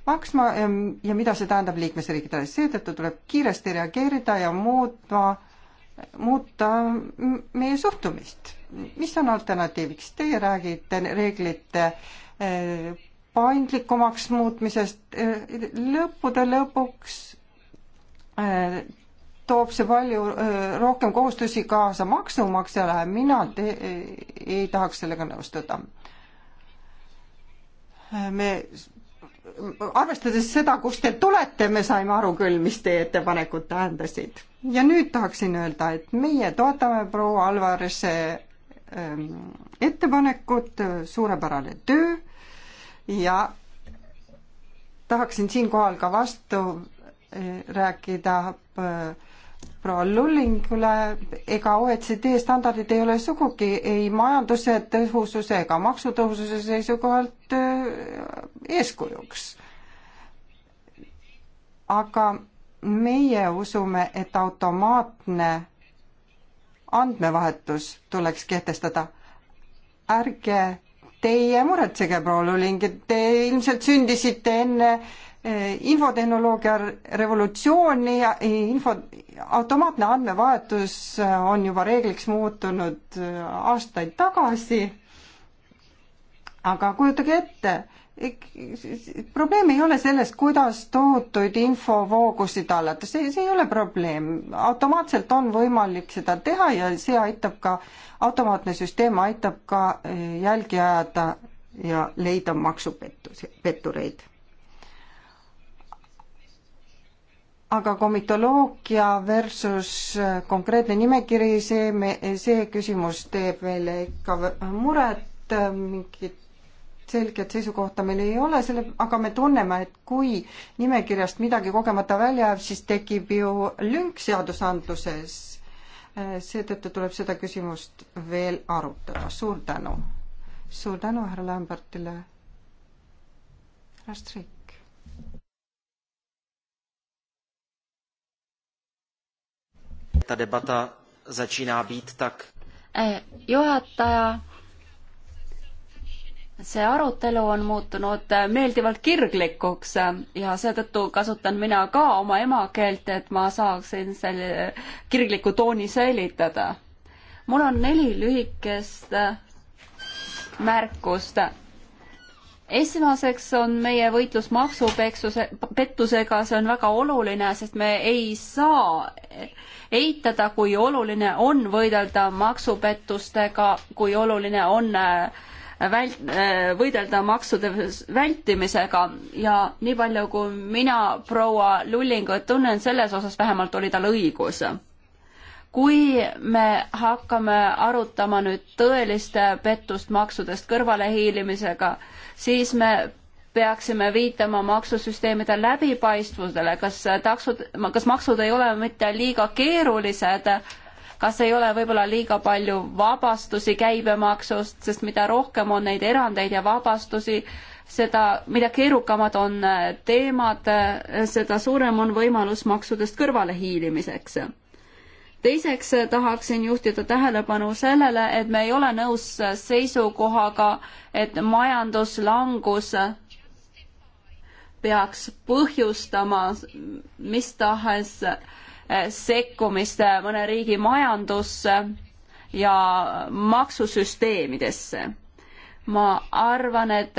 [SPEAKER 2] maksma ehm, ja mida see tähendab liikmesriikidele, seetõttu tuleb kiiresti reageerida ja muutma äh, muuta meie suhtumist. mis on alternatiiviks? Teie räägite reeglite eh, paindlikumaks muutmisest, eh, lõppude lõpuks eh, toob see palju rohkem kohustusi kaasa maksumaksjale, mina te, ei tahaks sellega nõustuda. me arvestades seda, kust te tulete, me saime aru küll, mis teie ettepanekud tähendasid. ja nüüd tahaksin öelda, et meie toetame proua Alvarese ähm, ettepanekut, äh, suurepärane töö ja tahaksin siinkohal ka vastu äh, rääkida äh, proua Lullingule, ega OECD standardid ei ole sugugi ei majanduse tõhususe ega maksutõhususe seisukohalt äh, eeskujuks. aga meie usume, et automaatne andmevahetus tuleks kehtestada. ärge teie muretsege, proua Luling, et te ilmselt sündisite enne Eh, infotehnoloogia revolutsiooni ja eh, info, automaatne andmevahetus eh, on juba reegliks muutunud aastaid tagasi. aga kujutage ette, probleem ei ole selles, kuidas tohutuid infovoogusid hallata, see, see ei ole probleem, automaatselt on võimalik seda teha ja see aitab ka, automaatne süsteem aitab ka jälgi ajada ja leida maksupettusi, pettureid aga komitoloogia versus konkreetne nimekiri, see me, see küsimus teeb meile ikka muret, mingit selget seisukohta meil ei ole, selle, aga me tunneme, et kui nimekirjast midagi kogemata välja jääb, siis tekib ju lünk seadusandluses. seetõttu tuleb seda küsimust veel arutada, suur tänu. suur tänu härra Lambertile. härra Streik.
[SPEAKER 1] ta debata
[SPEAKER 3] začíná být tak.
[SPEAKER 1] E, juhataja, see arutelu on muutunud meeldivalt kirglikuks ja seetõttu kasutan mina ka oma emakeelt, et ma saaksin selle kirgliku tooni säilitada. mul on neli lühikest märkust esmaseks on meie võitlus maksupeksuse, pettusega, see on väga oluline, sest me ei saa eitada, kui oluline on võidelda maksupettustega, kui oluline on äh, vält-, äh, võidelda maksude vältimisega ja nii palju, kui mina proua Lullingut tunnen, selles osas vähemalt oli tal õigus kui me hakkame arutama nüüd tõelist pettust maksudest kõrvalehiilimisega, siis me peaksime viitama maksusüsteemide läbipaistvusele, kas taksud, kas maksud ei ole mitte liiga keerulised, kas ei ole võib-olla liiga palju vabastusi käibemaksust, sest mida rohkem on neid erandeid ja vabastusi, seda, mida keerukamad on teemad, seda suurem on võimalus maksudest kõrvalehiilimiseks teiseks eh, tahaksin juhtida tähelepanu sellele, et me ei ole nõus eh, seisukohaga, et majanduslangus eh, peaks põhjustama mis tahes sekkumist mõne riigi majandusse ja maksusüsteemidesse. ma arvan, et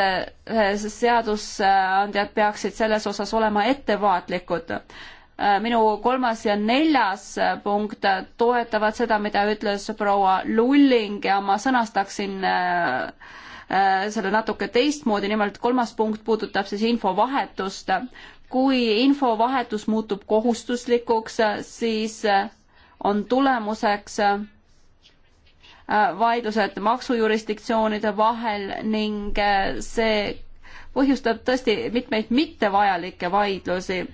[SPEAKER 1] seadusandjad peaksid selles osas olema ettevaatlikud Äh, minu kolmas ja neljas äh, punkt äh, toetavad seda, mida ütles proua Lulling ja ma sõnastaksin selle natuke teistmoodi, nimelt kolmas punkt puudutab siis infovahetust. kui infovahetus muutub kohustuslikuks, siis on tulemuseks vaidlused maksujurisdiktsioonide vahel ning see põhjustab tõesti mitmeid mittevajalikke vaidlusi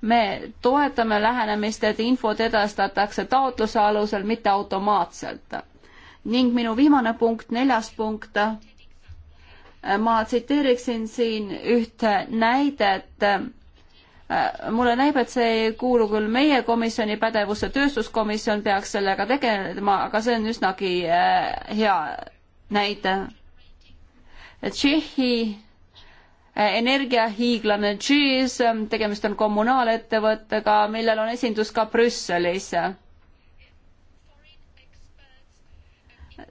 [SPEAKER 1] me toetame lähenemist, et infot edastatakse taotluse alusel, mitte automaatselt. ning minu viimane punkt, neljas punkt. ma tsiteeriksin siin ühte näidet. mulle näib, et see ei kuulu küll meie komisjoni pädevusse, tööstuskomisjon peaks sellega tegelema, aga see on üsnagi äh, hea näide. Tšehhi Äh, energiahiiglane Cheese, ähm, tegemist on kommunaalettevõttega, millel on esindus ka Brüsselis.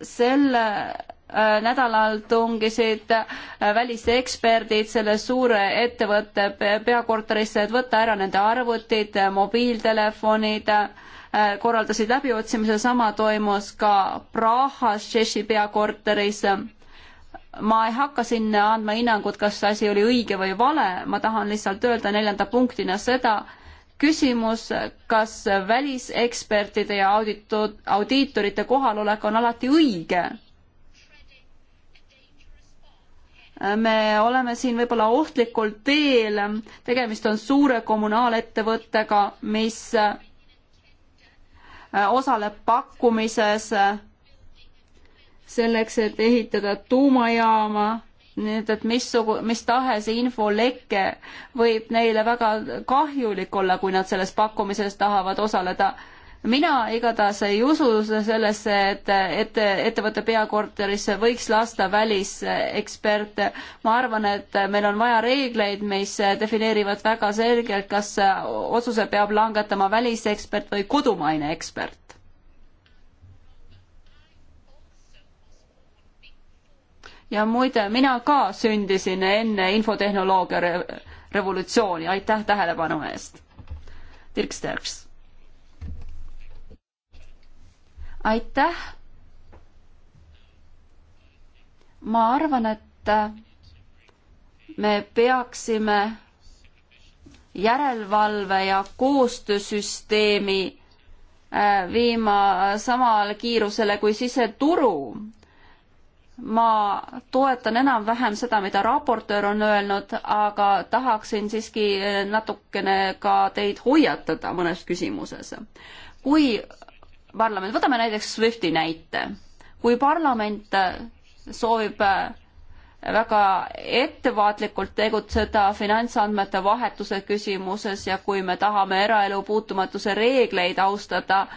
[SPEAKER 1] selle äh, nädalal tungisid äh, väliseksperdid selle suure ettevõtte peakorterisse, et võtta ära nende arvutid, mobiiltelefonid, korraldasid läbiotsimise, sama toimus ka Prahas, Tšehhi peakorteris ma ei hakka sinna andma hinnangut, kas asi oli õige või vale, ma tahan lihtsalt öelda neljanda punktina seda, küsimus, kas välisekspertide ja auditud, audiitorite kohalolek on alati õige? me oleme siin võib-olla ohtlikul teel, tegemist on suure kommunaalettevõttega, mis osaleb pakkumises äh, selleks, et ehitada tuumajaama, nii et, et missugu-, mis tahes infoleke võib neile väga kahjulik olla, kui nad selles pakkumises tahavad osaleda. mina igatahes ei usu sellesse, et, et ettevõtte peakorterisse võiks lasta väliseksperte. ma arvan, et meil on vaja reegleid, mis defineerivad väga selgelt, kas otsuse peab langetama välisekspert või kodumaine ekspert ja muide, mina ka sündisin enne infotehnoloogia re revolutsiooni, aitäh tähelepanu eest. Dirk Sterks. aitäh. ma arvan, et me peaksime järelevalve ja koostöösüsteemi äh, viima samale kiirusele kui siseturu ma toetan enam-vähem seda, mida raportöör on öelnud, aga tahaksin siiski eh, natukene ka teid hoiatada mõnes küsimuses. kui parlament, võtame näiteks SWIFTi näite, kui parlament eh, soovib eh, väga ettevaatlikult tegutseda finantsandmete vahetuse küsimuses ja kui me tahame eraelu puutumatuse reegleid austada,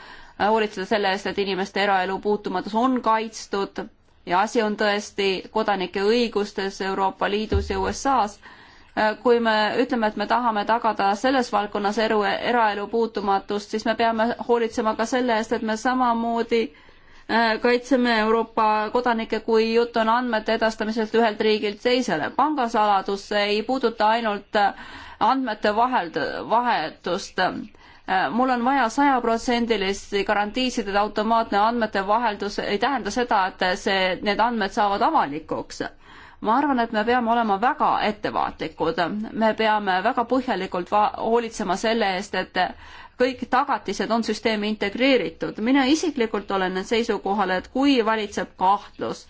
[SPEAKER 1] hoolitseda selle eest, et inimeste eraelu puutumatus on kaitstud ja asi on tõesti kodanike õigustes Euroopa Liidus ja USA-s. Äh, kui me ütleme, et me tahame tagada selles valdkonnas eru, eraelu puutumatust, siis me peame hoolitsema ka selle eest, et me samamoodi äh, kaitseme Euroopa kodanikke, kui jutt on andmete edastamisest ühelt riigilt teisele. pangasaladus ei puuduta ainult äh, andmete vahel, vahetust Äh, mul on vaja sajaprotsendilist garantiisid, et automaatne andmete vaheldus ei tähenda seda, et see, need andmed saavad avalikuks. ma arvan, et me peame olema väga ettevaatlikud, me peame väga põhjalikult hoolitsema selle eest, et kõik tagatised on süsteemi integreeritud. mina isiklikult olen seisukohal, et kui valitseb kahtlus,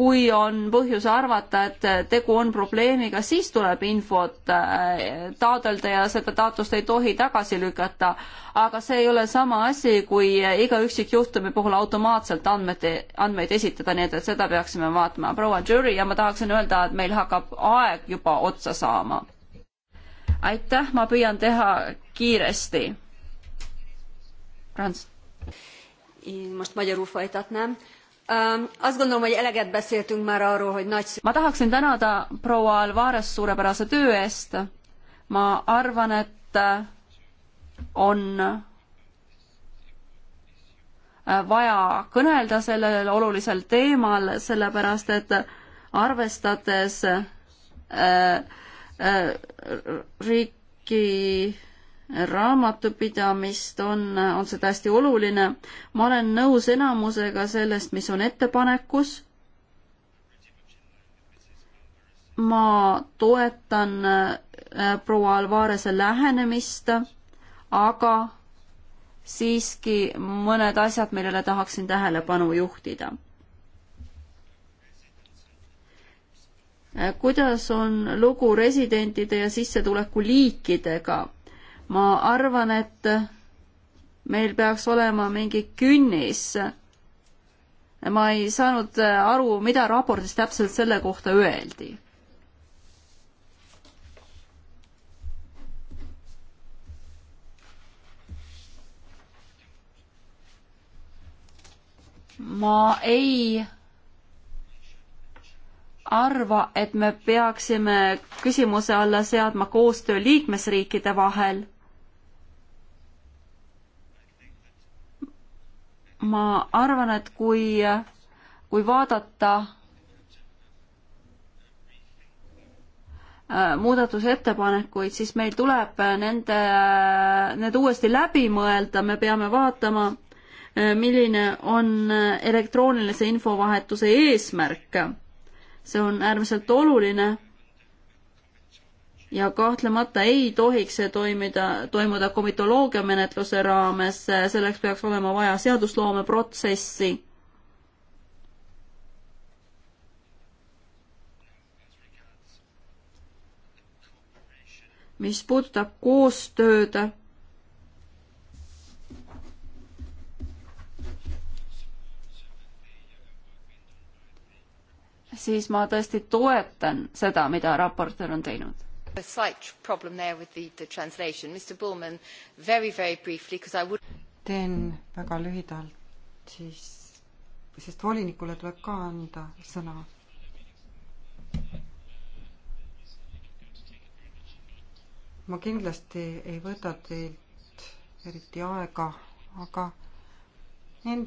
[SPEAKER 1] kui on põhjus arvata, et tegu on probleemiga, siis tuleb infot äh, taotleda ja seda taotlust ei tohi tagasi lükata. aga see ei ole sama asi, kui iga üksikjuhtumi puhul automaatselt andmete, andmeid esitada, nii et, et seda peaksime vaatama. proua Jüri ja ma tahaksin öelda, et meil hakkab aeg juba otsa saama. aitäh, ma püüan teha kiiresti. Franz. Most magyarul folytatnám ma tahaksin tänada proua Alvarez suurepärase töö eest. ma arvan, et äh, on äh, vaja kõnelda sellel olulisel teemal, sellepärast et arvestades äh, äh, riiki raamatupidamist on, on see täiesti oluline. ma olen nõus enamusega sellest, mis on ettepanekus. ma toetan äh, proua Alvarese lähenemist, aga siiski mõned asjad, millele tahaksin tähelepanu juhtida. Äh, kuidas on lugu residentide ja sissetuleku liikidega? ma arvan, et meil peaks olema mingi künnis. ma ei saanud aru, mida raportis täpselt selle kohta öeldi. ma ei arva, et me peaksime küsimuse alla seadma koostöö liikmesriikide vahel ma arvan, et kui, kui vaadata äh, muudatusettepanekuid, siis meil tuleb nende, need uuesti läbi mõelda, me peame vaatama, äh, milline on äh, elektroonilise infovahetuse eesmärk. see on äärmiselt oluline ja kahtlemata ei tohiks see toimida, toimuda komitoloogia menetluse raames, selleks peaks olema vaja seadusloome protsessi. mis puudutab koostööd siis ma tõesti toetan seda, mida raportöör on teinud. A slight problem there with the, the translation. Mr Bullman, very, very briefly, because I would teen väga lühidalt
[SPEAKER 2] siis, sest volinikule tuleb ka anda sõna. ma kindlasti ei võta teilt eriti aega, aga en-,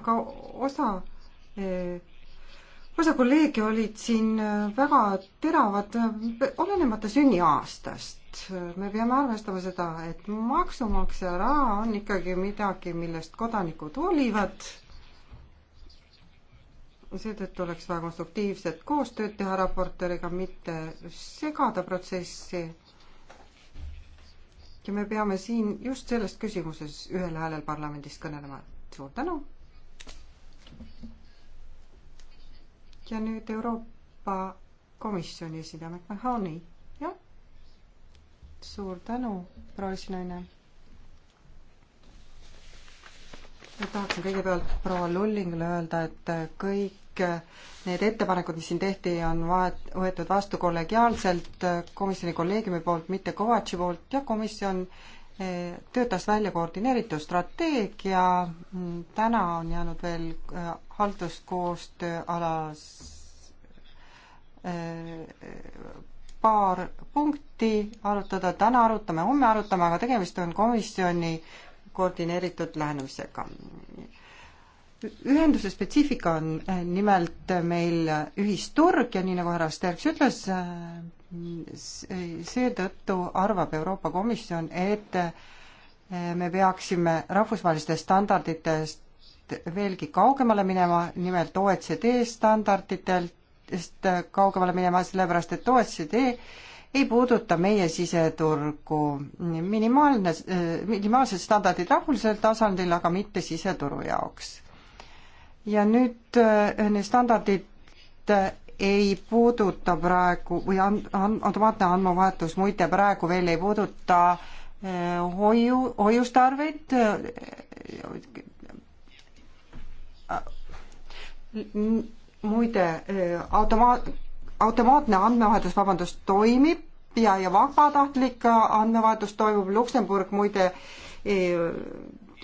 [SPEAKER 2] aga osa eh, osa kolleege olid siin äh, väga teravad, äh, olenemata sünniaastast. me peame arvestama seda, et maksumaksja raha on ikkagi midagi, millest kodanikud hoolivad. seetõttu oleks vaja konstruktiivset koostööd teha raportööriga, mitte segada protsessi. ja me peame siin just selles küsimuses ühel häälel parlamendis kõnelema. suur tänu ja nüüd Euroopa Komisjoni esindaja McMahoni, jah. suur tänu, proua esinaine. tahaksin kõigepealt proua Lullingule öelda, et kõik need ettepanekud, mis siin tehti, on vahet, võetud vastu kollegiaalselt komisjoni kolleegiumi poolt, mitte Kovatši poolt ja komisjon äh, töötas välja koordineeritud strateegia, täna on jäänud veel äh, halduskoostöö alas äh, paar punkti arutada, täna arutame, homme arutame, aga tegemist on komisjoni koordineeritud lähenemisega. ühenduse spetsiifika on äh, nimelt meil ühisturg ja nii nagu härra Sterks ütles, seetõttu arvab Euroopa Komisjon, et eh, me peaksime rahvusvahelistest standarditest veelgi kaugemale minema, nimelt OECD standarditest kaugemale minema, sellepärast et OECD ei puuduta meie siseturgu. minimaalne, eh, minimaalsed standardid rahvusel tasandil, aga mitte siseturu jaoks. ja nüüd eh, need standardid ei puuduta praegu või on, on automaatne andmevahetus muide praegu veel ei puuduta eh, hoiu, hoiustarveid. Eh, muide, eh, automaat, automaatne andmevahetus, vabandust, toimib ja, ja vabatahtlik andmevahetus toimub, Luksemburg muide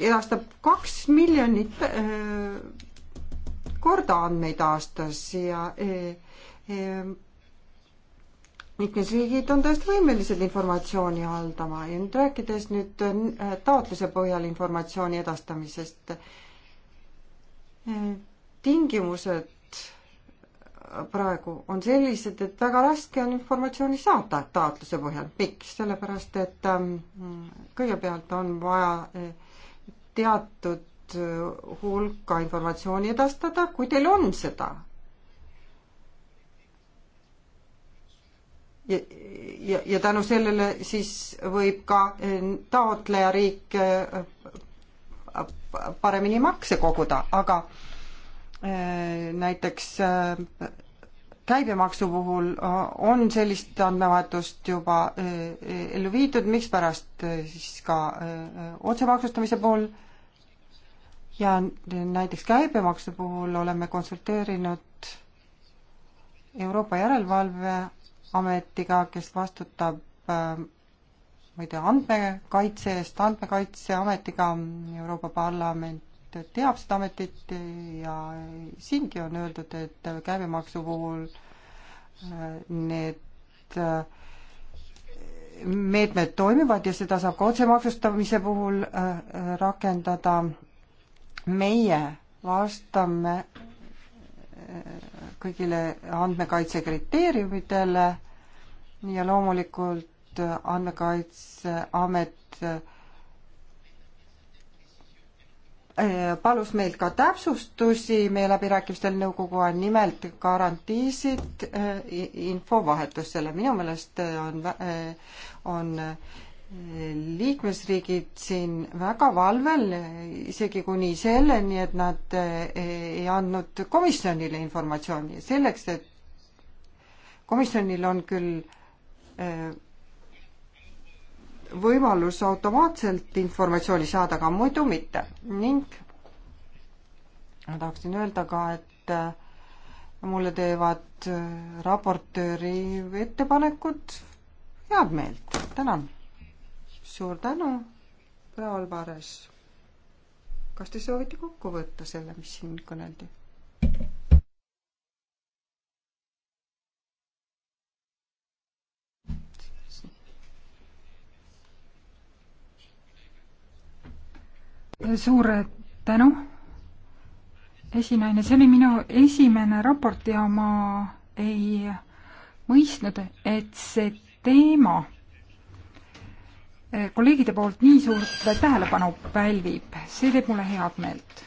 [SPEAKER 2] edastab kaks miljonit korda andmeid aastas ja e, e, liikmesriigid on tõesti võimelised informatsiooni haldama ja nüüd rääkides nüüd e, taotluse põhjal informatsiooni edastamisest, e, tingimused praegu on sellised, et väga raske on informatsiooni saada taotluse põhjal. miks? sellepärast, et e, kõigepealt on vaja teatud Äh, hulka informatsiooni edastada, kui teil on seda. ja, ja, ja tänu sellele siis võib ka äh, taotlejariik äh, paremini makse koguda, aga näiteks käibemaksu puhul on sellist andmevahetust juba ellu viidud, mikspärast siis ka otsemaksustamise puhul ja näiteks käibemaksu puhul oleme konsulteerinud Euroopa Järelevalveametiga, kes vastutab äh, ma ei tea, andmekaitse eest, Andmekaitseametiga Euroopa Parlament teab seda ametit ja siingi on öeldud, et käibemaksu puhul äh, need äh, meetmed toimivad ja seda saab ka otsemaksustamise puhul rakendada meie vastame äh, kõigile andmekaitse kriteeriumidele ja loomulikult Andmekaitseamet äh, palus meilt ka täpsustusi meie läbirääkimistel nõukoguga, nimelt garantiisid äh, infovahetusele. minu meelest on, on liikmesriigid siin väga valvel, isegi kuni selleni, et nad eh, ei andnud komisjonile informatsiooni. selleks, et komisjonil on küll eh, võimalus automaatselt informatsiooni saada, aga muidu mitte. ning ma tahaksin öelda ka, et eh, mulle teevad raportööri ettepanekud head meelt. tänan suur tänu, proua Alvares. kas te soovite kokku võtta selle, mis siin kõneldi?
[SPEAKER 3] suur tänu, esinaine, see oli minu esimene raport ja ma ei mõistnud, et see teema Eh, kolleegide poolt nii suurt tähelepanu pälvib, see teeb mulle head meelt.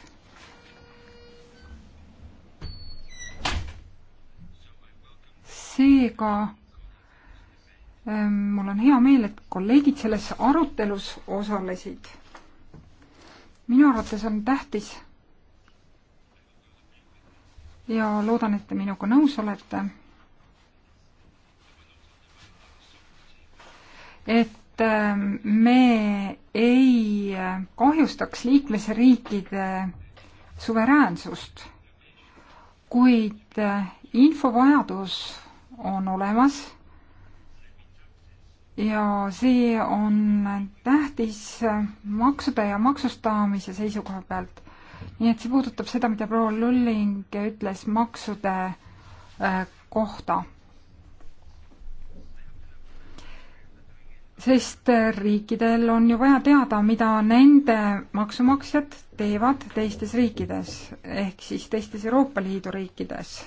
[SPEAKER 3] seega ehm, mul on hea meel, et kolleegid selles arutelus osalesid. minu arvates on tähtis ja loodan, et te minuga nõus olete, et Äh, me ei äh, kahjustaks liikmesriikide suveräänsust, kuid äh, infovajadus on olemas ja see on tähtis maksude ja maksustamise seisukoha pealt. nii et see puudutab seda, mida proua Lulling ütles maksude kohta sest riikidel on ju vaja teada, mida nende maksumaksjad teevad teistes riikides, ehk siis teistes Euroopa Liidu riikides.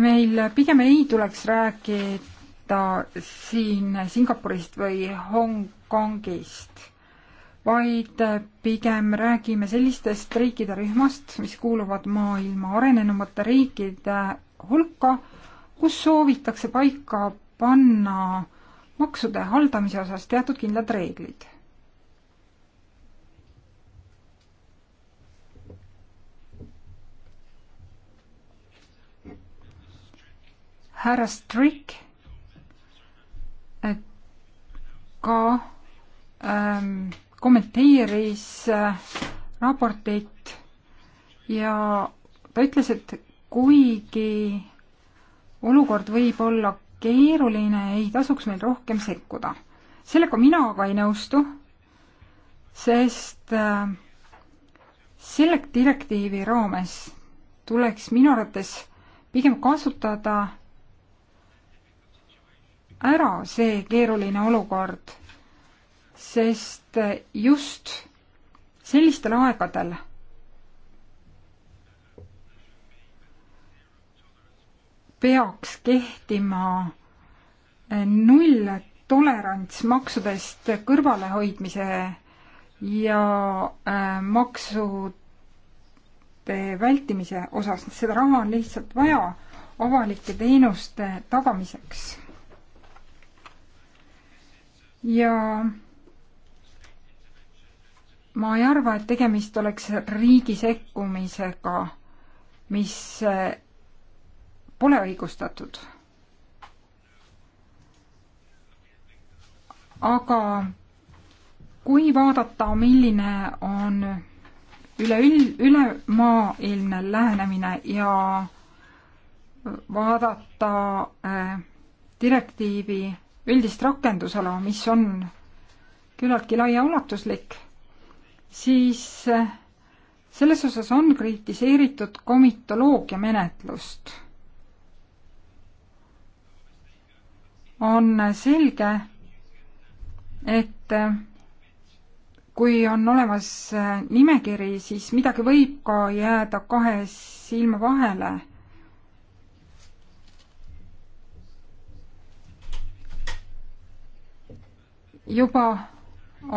[SPEAKER 3] meil pigem ei tuleks rääkida siin Singapurist või Hongkongist, vaid pigem räägime sellistest riikide rühmast, mis kuuluvad maailma arenenumate riikide hulka kus soovitakse paika panna maksude haldamise osas teatud kindlad reeglid. härra Strick ka ähm, kommenteeris äh, raportit ja ta ütles, et kuigi olukord võib olla keeruline, ei tasuks meil rohkem sekkuda. sellega mina aga ei nõustu, sest äh, selle direktiivi raames tuleks minu arvates pigem kasutada ära see keeruline olukord, sest äh, just sellistel aegadel peaks kehtima nulltolerants maksudest kõrvalehoidmise ja äh, maksude vältimise osas, seda raha on lihtsalt vaja avalike teenuste tagamiseks. ja ma ei arva, et tegemist oleks riigi sekkumisega, mis äh, pole õigustatud. aga kui vaadata, milline on üleüld-, ülemaailmne lähenemine ja vaadata äh, direktiivi üldist rakendusala, mis on küllaltki laiaulatuslik, siis äh, selles osas on kritiseeritud komitoloogia menetlust on selge, et kui on olemas nimekiri, siis midagi võib ka jääda kahe silma vahele. juba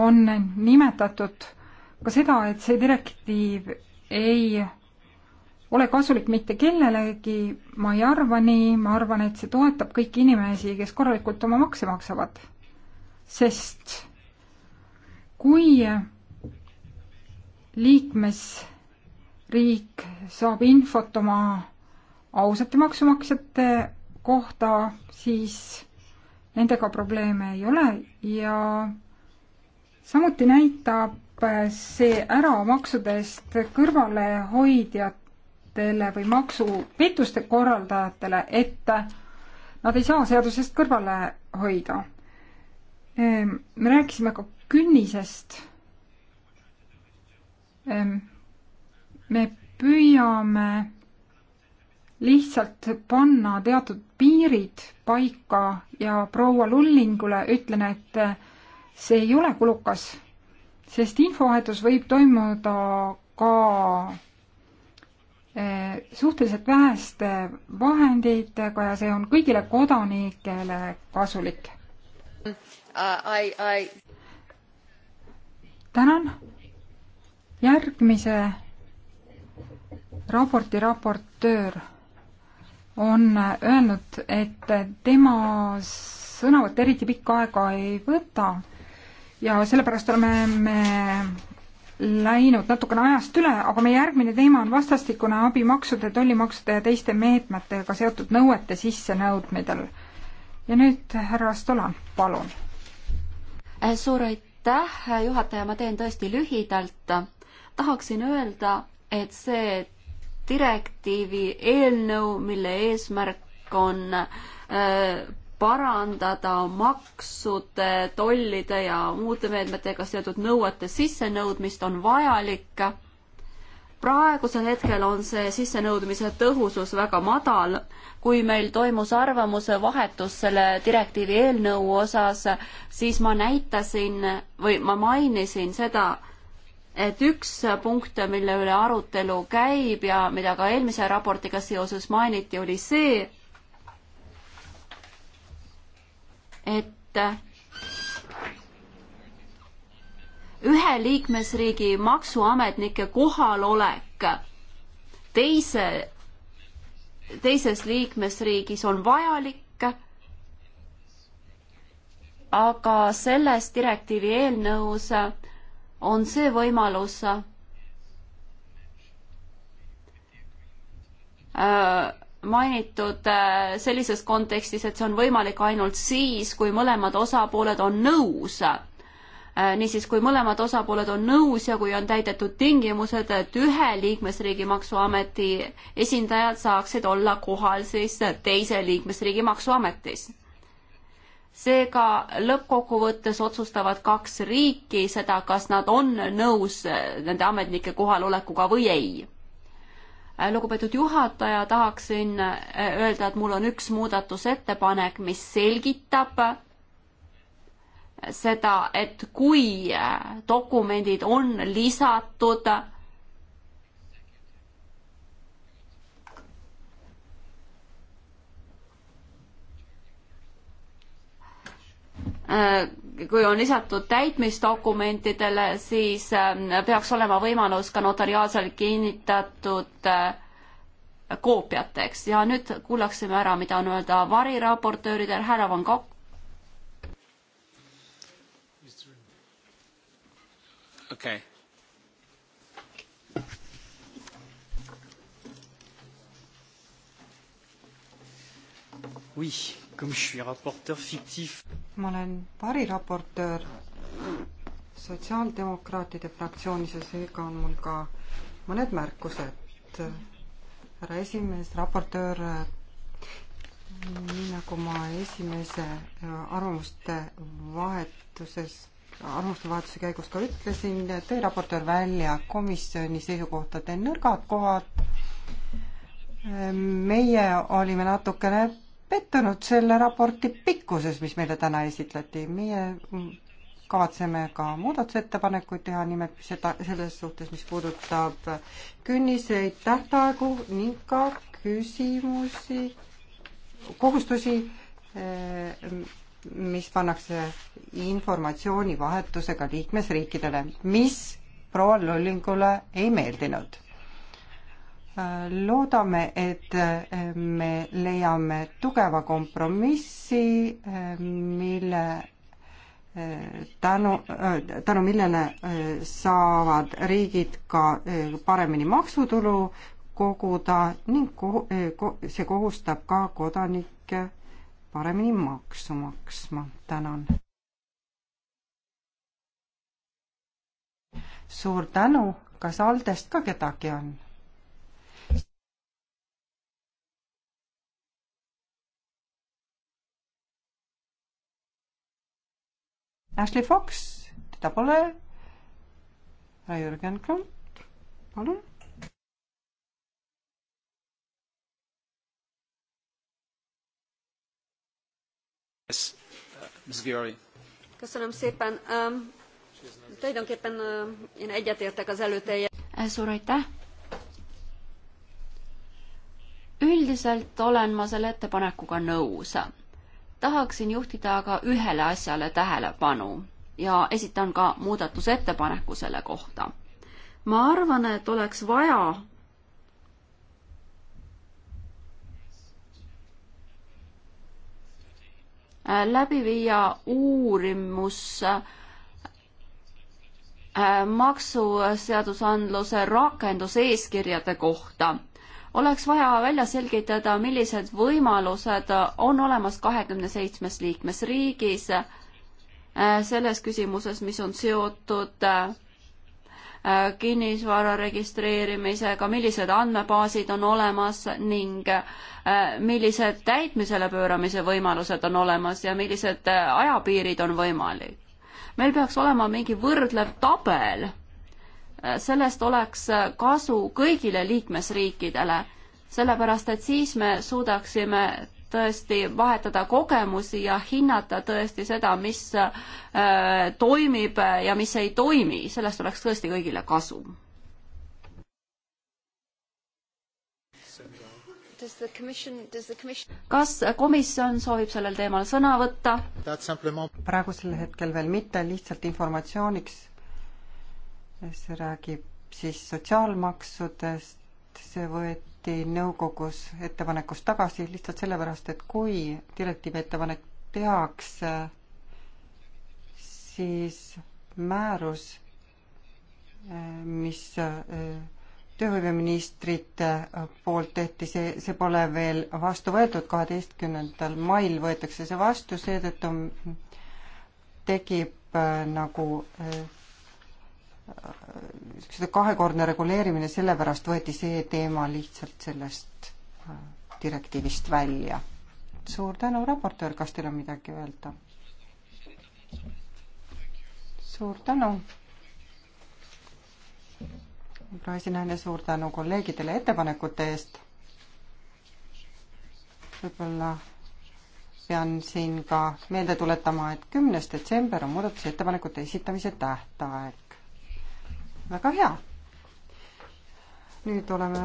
[SPEAKER 3] on nimetatud ka seda, et see direktiiv ei ole kasulik mitte kellelegi, ma ei arva nii, ma arvan, et see toetab kõiki inimesi, kes korralikult oma makse maksavad. sest kui liikmesriik saab infot oma ausate maksumaksjate kohta, siis nendega probleeme ei ole ja samuti näitab see ära maksudest kõrvalehoidjate maksjatele või maksupettuste korraldajatele, et nad ei saa seadusest kõrvale hoida. Ehm, me rääkisime ka künnisest. Ehm, me püüame lihtsalt panna teatud piirid paika ja proua Lullingule ütlen, et see ei ole kulukas, sest infovahetus võib toimuda ka Eh, suhteliselt väheste eh, vahenditega eh, ja see on kõigile kodanikele kasulik.
[SPEAKER 1] Uh, I, I...
[SPEAKER 3] tänan. järgmise raporti raportöör on öelnud, et tema sõnavõtt eriti pikka aega ei võta ja sellepärast oleme me läinud natukene ajast üle, aga meie järgmine teema on vastastikune abi maksude, tollimaksude ja teiste meetmetega seotud nõuete sissenõudmidel. ja nüüd härra Stolan, palun.
[SPEAKER 1] Äh, suur aitäh, juhataja, ma teen tõesti lühidalt. tahaksin öelda, et see direktiivi eelnõu, mille eesmärk on äh, parandada maksude, tollide ja muude meetmetega seotud nõuete sissenõudmist, on vajalik. praegusel hetkel on see sissenõudmise tõhusus väga madal. kui meil toimus arvamuse vahetus selle direktiivi eelnõu osas, siis ma näitasin või ma mainisin seda, et üks punkte, mille üle arutelu käib ja mida ka eelmise raportiga seoses mainiti, oli see, et ühe liikmesriigi maksuametnike kohalolek teise, teises liikmesriigis on vajalik, aga selles direktiivi eelnõus on see võimalus äh, mainitud äh, sellises kontekstis, et see on võimalik ainult siis, kui mõlemad osapooled on nõus. Äh, niisiis, kui mõlemad osapooled on nõus ja kui on täidetud tingimused, et ühe liikmesriigi maksuameti esindajad saaksid olla kohal siis teise liikmesriigi maksuametis seega lõppkokkuvõttes otsustavad kaks riiki seda, kas nad on nõus nende ametnike kohalolekuga või ei Äh, lugupeetud juhataja, tahaksin äh, öelda, et mul on üks muudatusettepanek, mis selgitab äh, seda, et kui dokumendid on lisatud äh, kui on lisatud täitmisdokumentidele, siis ähm, peaks olema võimalus ka notariaalselt kinnitatud äh, koopiateks ja nüüd kuulaksime ära, mida on öelda variraportööridel, härra Van Kokk.
[SPEAKER 2] okei okay.. Oui ma olen variraportöör sotsiaaldemokraatide fraktsioonis ja seega on mul ka mõned märkused. härra esimees, raportöör, nii nagu ma esimese arvamuste vahetuses, arvamuste vahetuse käigus ka ütlesin, tõi raportöör välja komisjoni seisukohtade nõrgad kohad. meie olime natukene pettunud selle raporti pikkuses, mis meile täna esitleti. meie kavatseme ka muudatusettepanekuid teha nimelt seda, selles suhtes, mis puudutab künniseid, tähtaegu ning ka küsimusi, kohustusi, eh, mis pannakse informatsioonivahetusega liikmesriikidele, mis proua Lullingule ei meeldinud loodame, et eh, me leiame tugeva kompromissi, eh, mille eh, tänu, tänu millele saavad riigid ka paremini maksutulu koguda ning ko-, ko-, see kohustab ka kodanikke paremini maksu maksma. tänan. suur tänu, kas Aldest ka kedagi on? Ashley Fox, teda pole. Jürgen Klump, palun.
[SPEAKER 1] Köszönöm szépen. Um, tulajdonképpen uh, én egyetértek az előtelje. Suur aitäh! Üldiselt olen ma selle ettepanekuga nõus tahaksin juhtida aga ühele asjale tähelepanu ja esitan ka muudatusettepaneku selle kohta. ma arvan, et oleks vaja läbi viia uurimus äh, maksuseadusandluse rakenduseeskirjade kohta oleks vaja välja selgitada, millised võimalused on olemas kahekümne seitsmes liikmesriigis äh, selles küsimuses, mis on seotud äh, äh, kinnisvara registreerimisega, millised andmebaasid on olemas ning millised täitmisele pööramise võimalused on olemas ja millised ajapiirid on võimalik. meil peaks olema mingi võrdlev tabel sellest oleks kasu kõigile liikmesriikidele, sellepärast et siis me suudaksime tõesti vahetada kogemusi ja hinnata tõesti seda, mis äh, toimib ja mis ei toimi, sellest oleks tõesti kõigile kasu. kas komisjon soovib sellel teemal sõna võtta? praegusel hetkel veel mitte, lihtsalt
[SPEAKER 2] informatsiooniks see räägib siis sotsiaalmaksudest, see võeti nõukogus ettepanekust tagasi lihtsalt sellepärast, et kui direktiivi ettepanek tehakse, siis määrus, mis eh, tööhõiveministrite poolt tehti, see, see pole veel vastu võetud, kaheteistkümnendal mail võetakse see vastu, seetõttu tekib eh, nagu äh, seda kahekordne reguleerimine, sellepärast võeti see teema lihtsalt sellest äh, direktiivist välja. suur tänu, raportöör, kas teil on midagi öelda? suur tänu. Raisinaine, suur tänu kolleegidele ettepanekute eest. võib-olla pean siin ka meelde tuletama, et kümnes detsember on muudatusettepanekute esitamise tähtaeg väga hea. nüüd oleme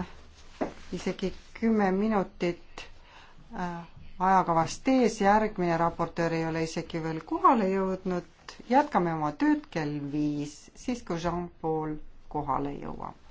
[SPEAKER 2] isegi kümme minutit äh, ajakavast ees, järgmine raportöör ei ole isegi veel kohale jõudnud, jätkame oma tööd kell viis, siis kui Jean-Paul kohale jõuab.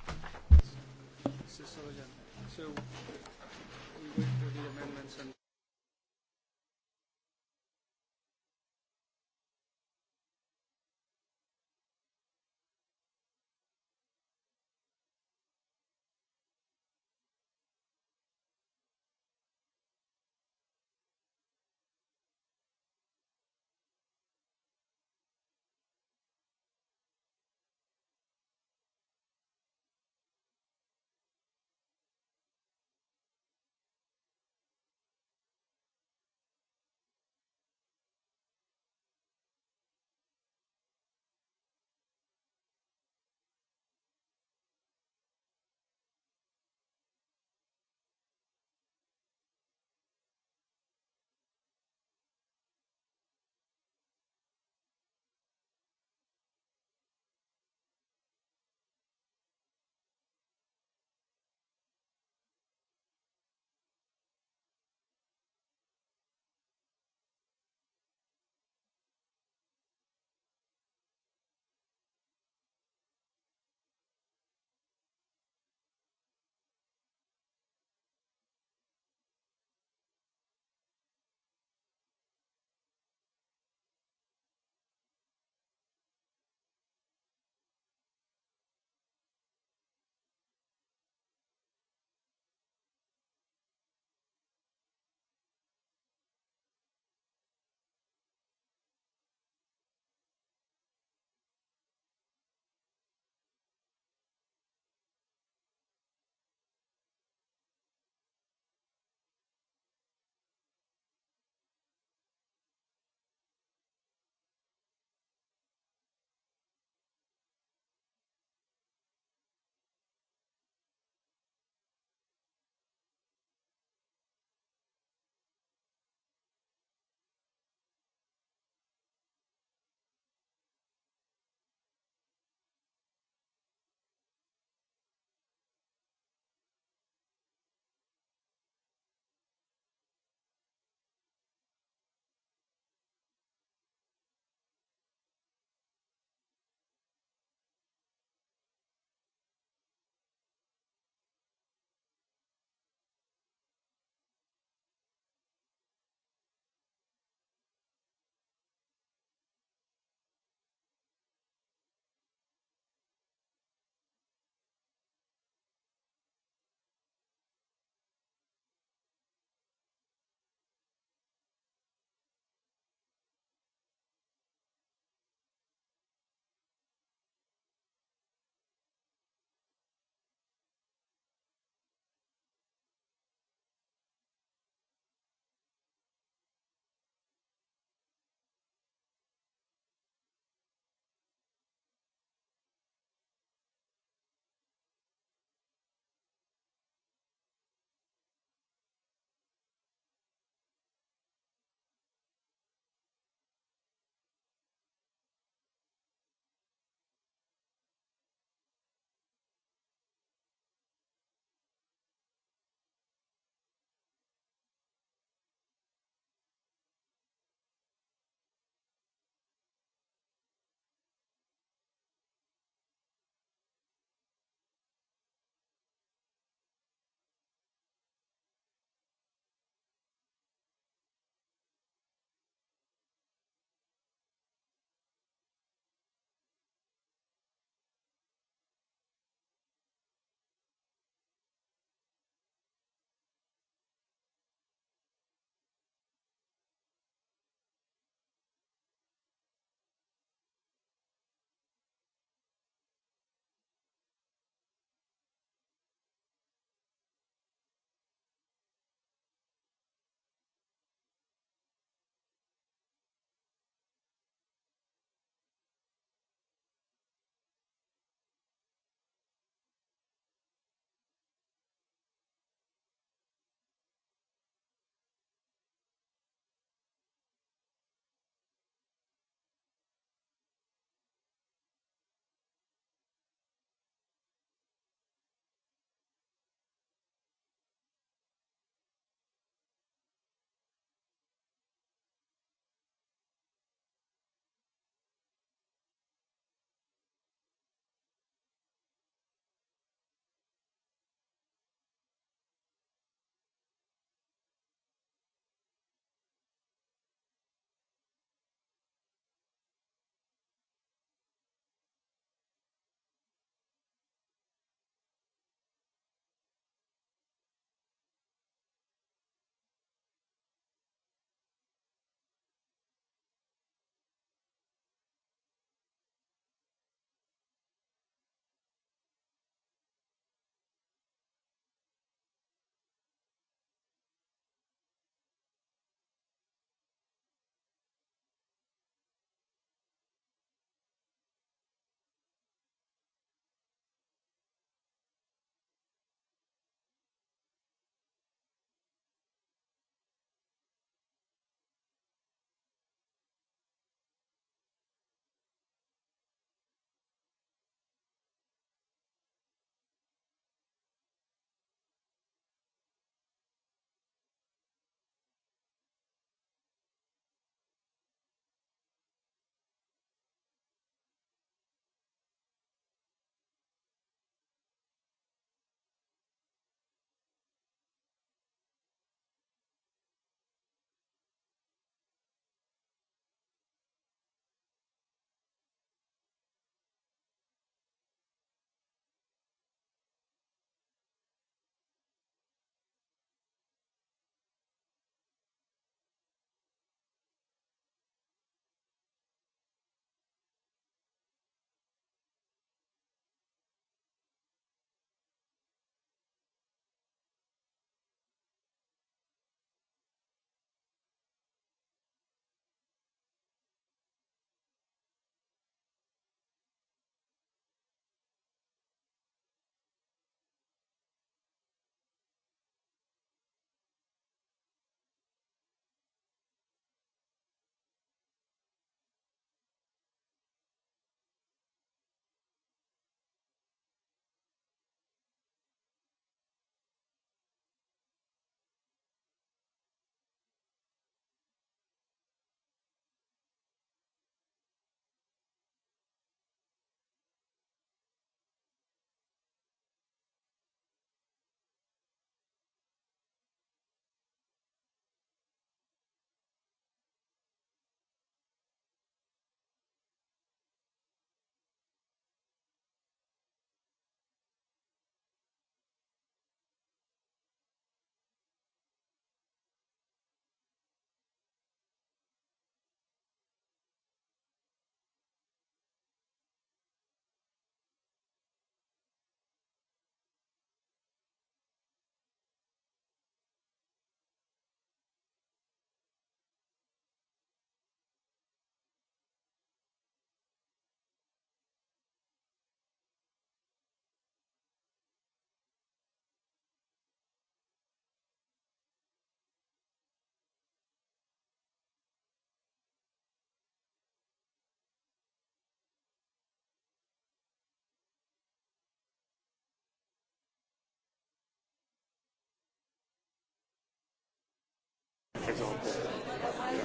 [SPEAKER 1] example. Yeah.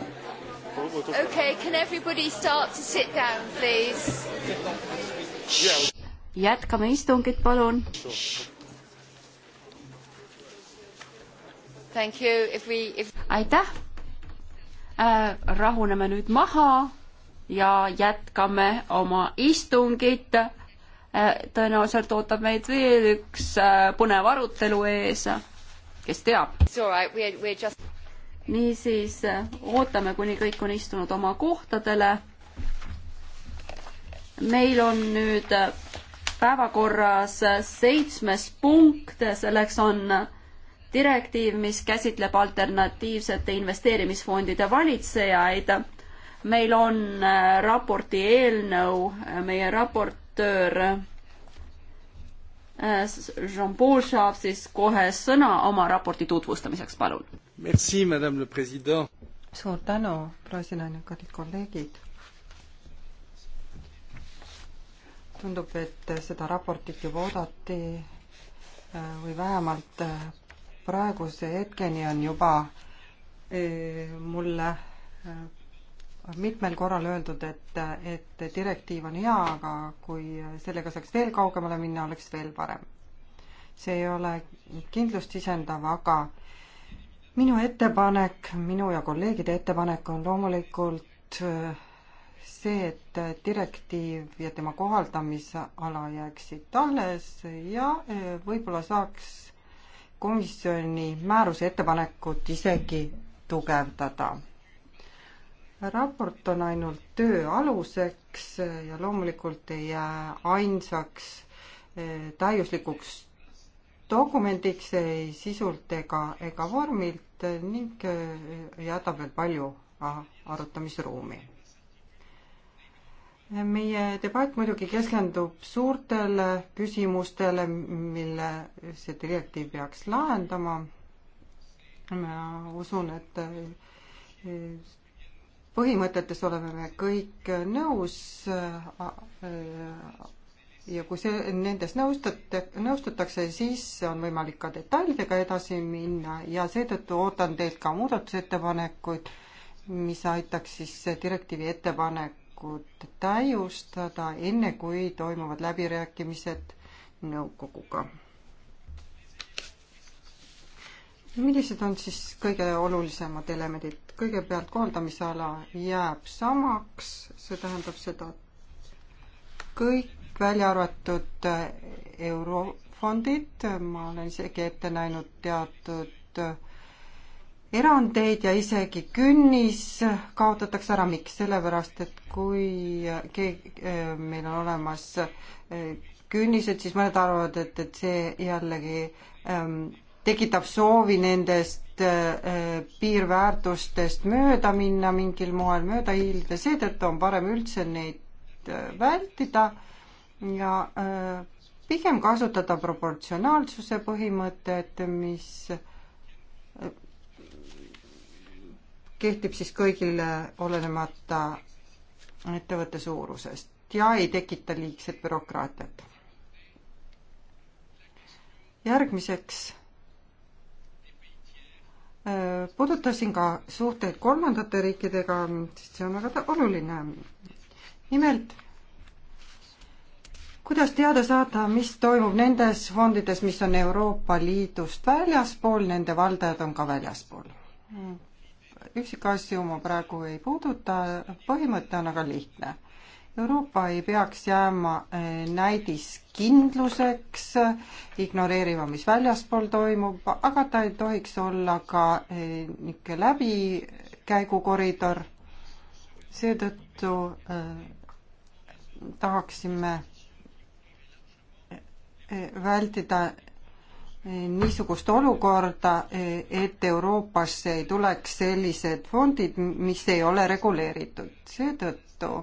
[SPEAKER 1] We'll, we'll okay, can everybody start to sit down, please? Yeah. jätkame istungit, palun. Thank you, if we, if... aitäh äh,. rahuneme nüüd maha ja jätkame oma istungit äh,. tõenäoliselt ootab meid veel üks äh, põnev arutelu ees kes teab? Right. Just niisiis ootame, kuni kõik on istunud oma kohtadele. meil on nüüd päevakorras seitsmes punkt, selleks on direktiiv, mis käsitleb alternatiivsete investeerimisfondide valitsejaid. meil on raporti eelnõu, meie raportöör Äh, Jean-Paul saab siis kohe sõna oma raporti tutvustamiseks, palun.
[SPEAKER 2] suur tänu, Brasiiliani
[SPEAKER 1] kallid kolleegid.
[SPEAKER 2] tundub, et seda raportit juba oodati äh, või vähemalt äh, praeguse hetkeni on juba mulle mitmel korral öeldud, et, et direktiiv on hea, aga kui sellega saaks veel kaugemale minna, oleks veel parem. see ei ole kindlust sisendav, aga minu ettepanek, minu ja kolleegide ettepanek on loomulikult äh, see, et direktiiv ja tema kohaldamisala jääksid alles ja äh, võib-olla saaks komisjoni määruse ettepanekut isegi tugevdada raport on ainult töö aluseks ja loomulikult ei jää ainsaks eh, täiuslikuks dokumendiks ei sisult ega, ega vormilt ning eh, jätab veel palju arutamisruumi. meie debatt muidugi keskendub suurtele küsimustele, mille see direktiiv peaks lahendama. ma usun, et eh, põhimõtetes oleme me kõik nõus ja kui see, nendes nõustate, nõustutakse, siis on võimalik ka detailidega edasi minna ja seetõttu ootan teilt ka muudatusettepanekuid, mis aitaks siis direktiivi ettepanekut täiustada, enne kui toimuvad läbirääkimised nõukoguga millised on siis kõige olulisemad elemendid? kõigepealt kohaldamisala jääb samaks, see tähendab seda, et kõik välja arvatud äh, eurofondid, ma olen isegi ette näinud teatud äh, erandeid ja isegi künnis kaotatakse ära, miks? sellepärast, et kui äh, keegi, meil on olemas künnised, siis mõned arvavad, et, et see jällegi ähm, tekitab soovi nendest äh, piirväärtustest mööda minna mingil moel, mööda hiilida, seetõttu on parem üldse neid äh, vältida ja äh, pigem kasutada proportsionaalsuse põhimõtet, mis kehtib siis kõigile, olenemata ettevõtte suurusest ja ei tekita liigset bürokraatiat. järgmiseks Äh, puudutasin ka suhteid kolmandate riikidega, sest see on väga oluline. nimelt, kuidas teada saada, mis toimub nendes fondides, mis on Euroopa Liidust väljaspool, nende valdajad on ka väljaspool? üksikasju ma praegu ei puuduta, põhimõte on aga lihtne Euroopa ei peaks jääma eh, näidiskindluseks, ignoreerima, mis väljaspool toimub, aga ta ei tohiks olla ka eh, niisugune läbikäigukoridor. seetõttu eh, tahaksime vältida niisugust olukorda, et Euroopasse ei tuleks sellised fondid, mis ei ole reguleeritud. seetõttu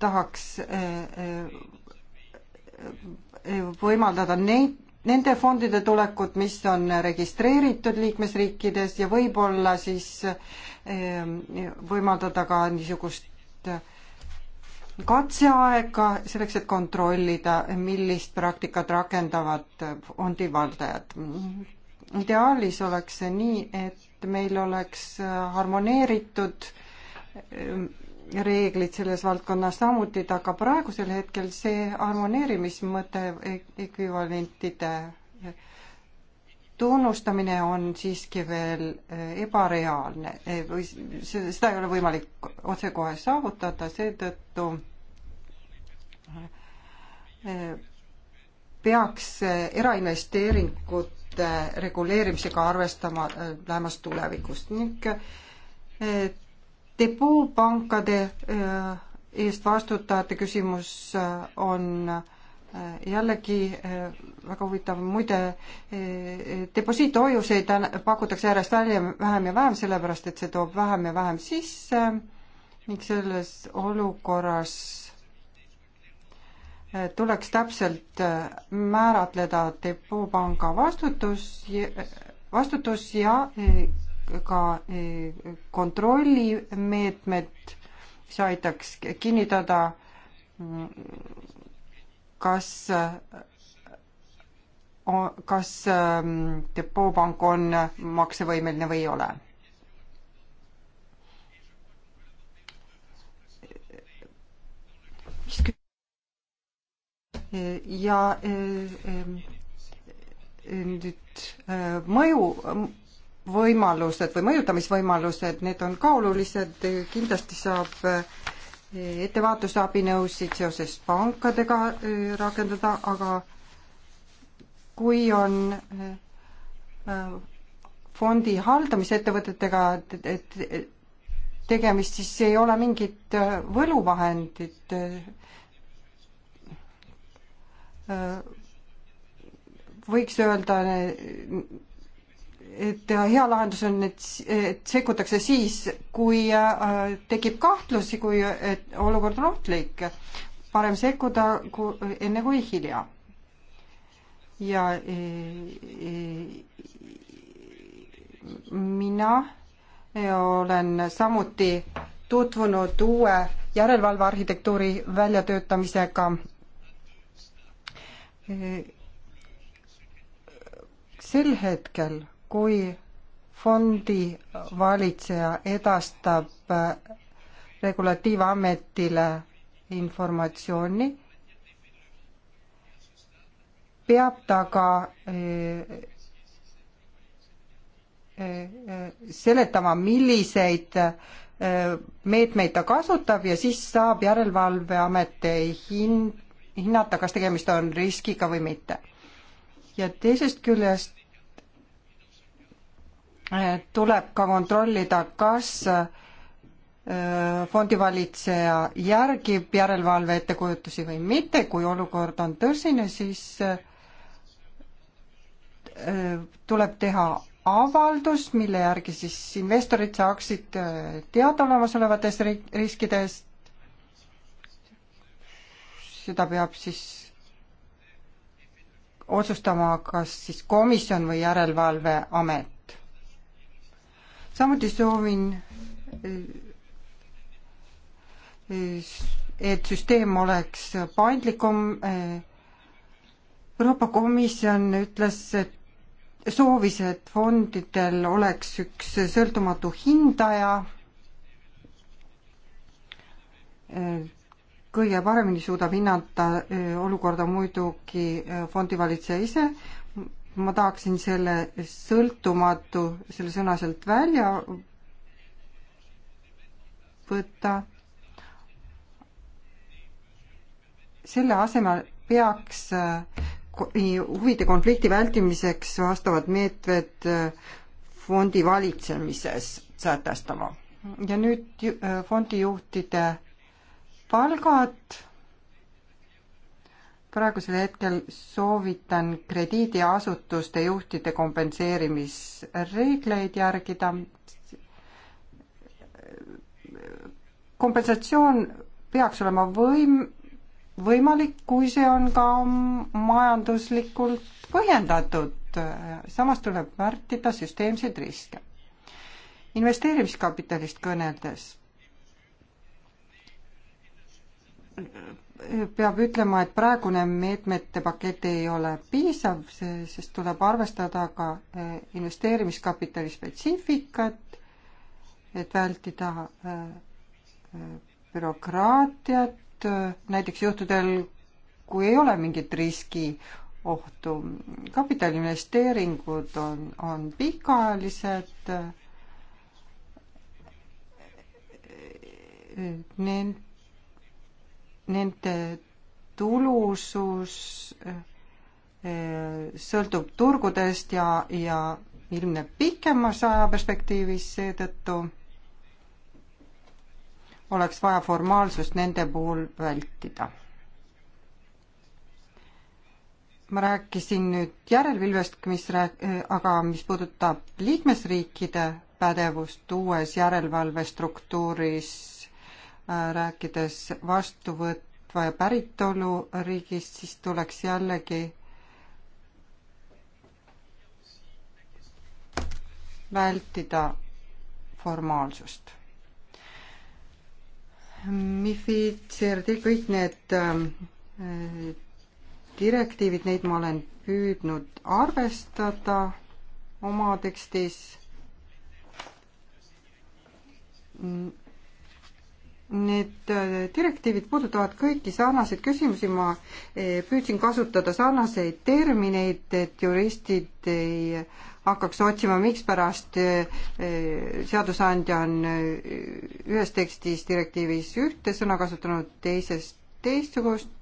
[SPEAKER 2] tahaks eh, eh, võimaldada neid, nende fondide tulekut, mis on registreeritud liikmesriikides ja võib-olla siis eh, võimaldada ka niisugust katseaega selleks, et kontrollida, millist praktikat rakendavad fondivaldajad. ideaalis oleks see nii, et meil oleks harmoneeritud äh, Äh, reeglid selles valdkonnas samuti tagab praegusel hetkel see harmoneerimismõte e-, ekvivalentide tunnustamine on siiski veel äh, ebareaalne e-, või seda ei ole võimalik otsekohe saavutada, seetõttu äh, peaks erainvesteeringute reguleerimisega arvestama lähemas tulevikus ning depoopankade äh, eest vastutajate küsimus äh, on äh, jällegi väga huvitav, muide deposiithoiuseid pakutakse järjest välja vähem ja vähem, sellepärast et see toob vähem ja vähem sisse ning selles olukorras tuleks täpselt määratleda depoopanga vastutus, vastutus ja ka e, kontrollimeetmed, mis aitaks kinnitada, kas, kas depoopank on maksevõimeline või ei ole ja e, e, nüüd mõju, võimalused või mõjutamisvõimalused, need on ka olulised, kindlasti saab eh, ettevaatusabinõusid seoses pankadega eh, rakendada, aga kui on eh, fondi haldamisettevõtetega tegemist, siis ei ole mingit võluvahendit. võiks öelda et äh, hea lahendus on, et, et sekkutakse siis, kui äh, tekib kahtlusi, kui et olukord on ohtlik. parem sekkuda kui, enne kui hilja. ja e, e, mina e, olen samuti tutvunud uue järelevalvearhitektuuri väljatöötamisega e, sel hetkel kui fondi valitseja edastab äh, regulatiivametile informatsiooni, peab ta ka äh, äh, seletama, milliseid meetmeid ta kasutab ja siis saab Järelevalveamet hin-, hinnata, kas tegemist on riskiga või mitte. ja teisest küljest tuleb ka kontrollida, kas äh, fondivalitseja järgib järelevalve ettekujutusi või mitte, kui olukord on tõsine, siis äh, tuleb teha avaldus, mille järgi siis investorid saaksid äh, teada olemasolevatest riskidest. seda peab siis otsustama kas siis komisjon või järelevalveamet samuti soovin, et süsteem oleks paindlikum. Euroopa Komisjon ütles, et soovis, et fondidel oleks üks sõltumatu hindaja kõige paremini suudab hinnata olukorda muidugi fondivalitseja ise, ma tahaksin selle sõltumatu, selle sõna sealt välja võtta. selle asemel peaks äh, huvide konflikti vältimiseks vastavad meetmed äh, fondi valitsemises sätestama. ja nüüd äh, fondijuhtide palgad praegusel hetkel soovitan krediidiasutuste juhtide kompenseerimisreegleid järgida. kompensatsioon peaks olema võim, võimalik, kui see on ka majanduslikult põhjendatud. samas tuleb vältida süsteemseid riske. investeerimiskapitalist kõneldes peab ütlema, et praegune meetmete pakett ei ole piisav, sest tuleb arvestada ka eh, investeerimiskapitali spetsiifikat, et vältida eh, eh, bürokraatiat, näiteks juhtudel, kui ei ole mingit riskiohtu. kapitaliinvesteeringud on, on pikaajalised, need nende tulusus eh, sõltub turgudest ja, ja ilmneb pikemas ajaperspektiivis, seetõttu oleks vaja formaalsust nende puhul vältida. ma rääkisin nüüd järelevalvest, mis rääk-, eh, aga mis puudutab liikmesriikide pädevust uues järelevalvestruktuuris rääkides vastuvõtva ja päritoluriigist, siis tuleks jällegi vältida formaalsust. MIFID, CRD, kõik need äh, direktiivid, neid ma olen püüdnud arvestada oma tekstis Need äh, direktiivid puudutavad kõiki sarnaseid küsimusi, ma äh, püüdsin kasutada sarnaseid termineid, et juristid ei hakkaks otsima, mikspärast äh, seadusandja on ühes tekstis direktiivis ühte sõna kasutanud, teises teistsugust.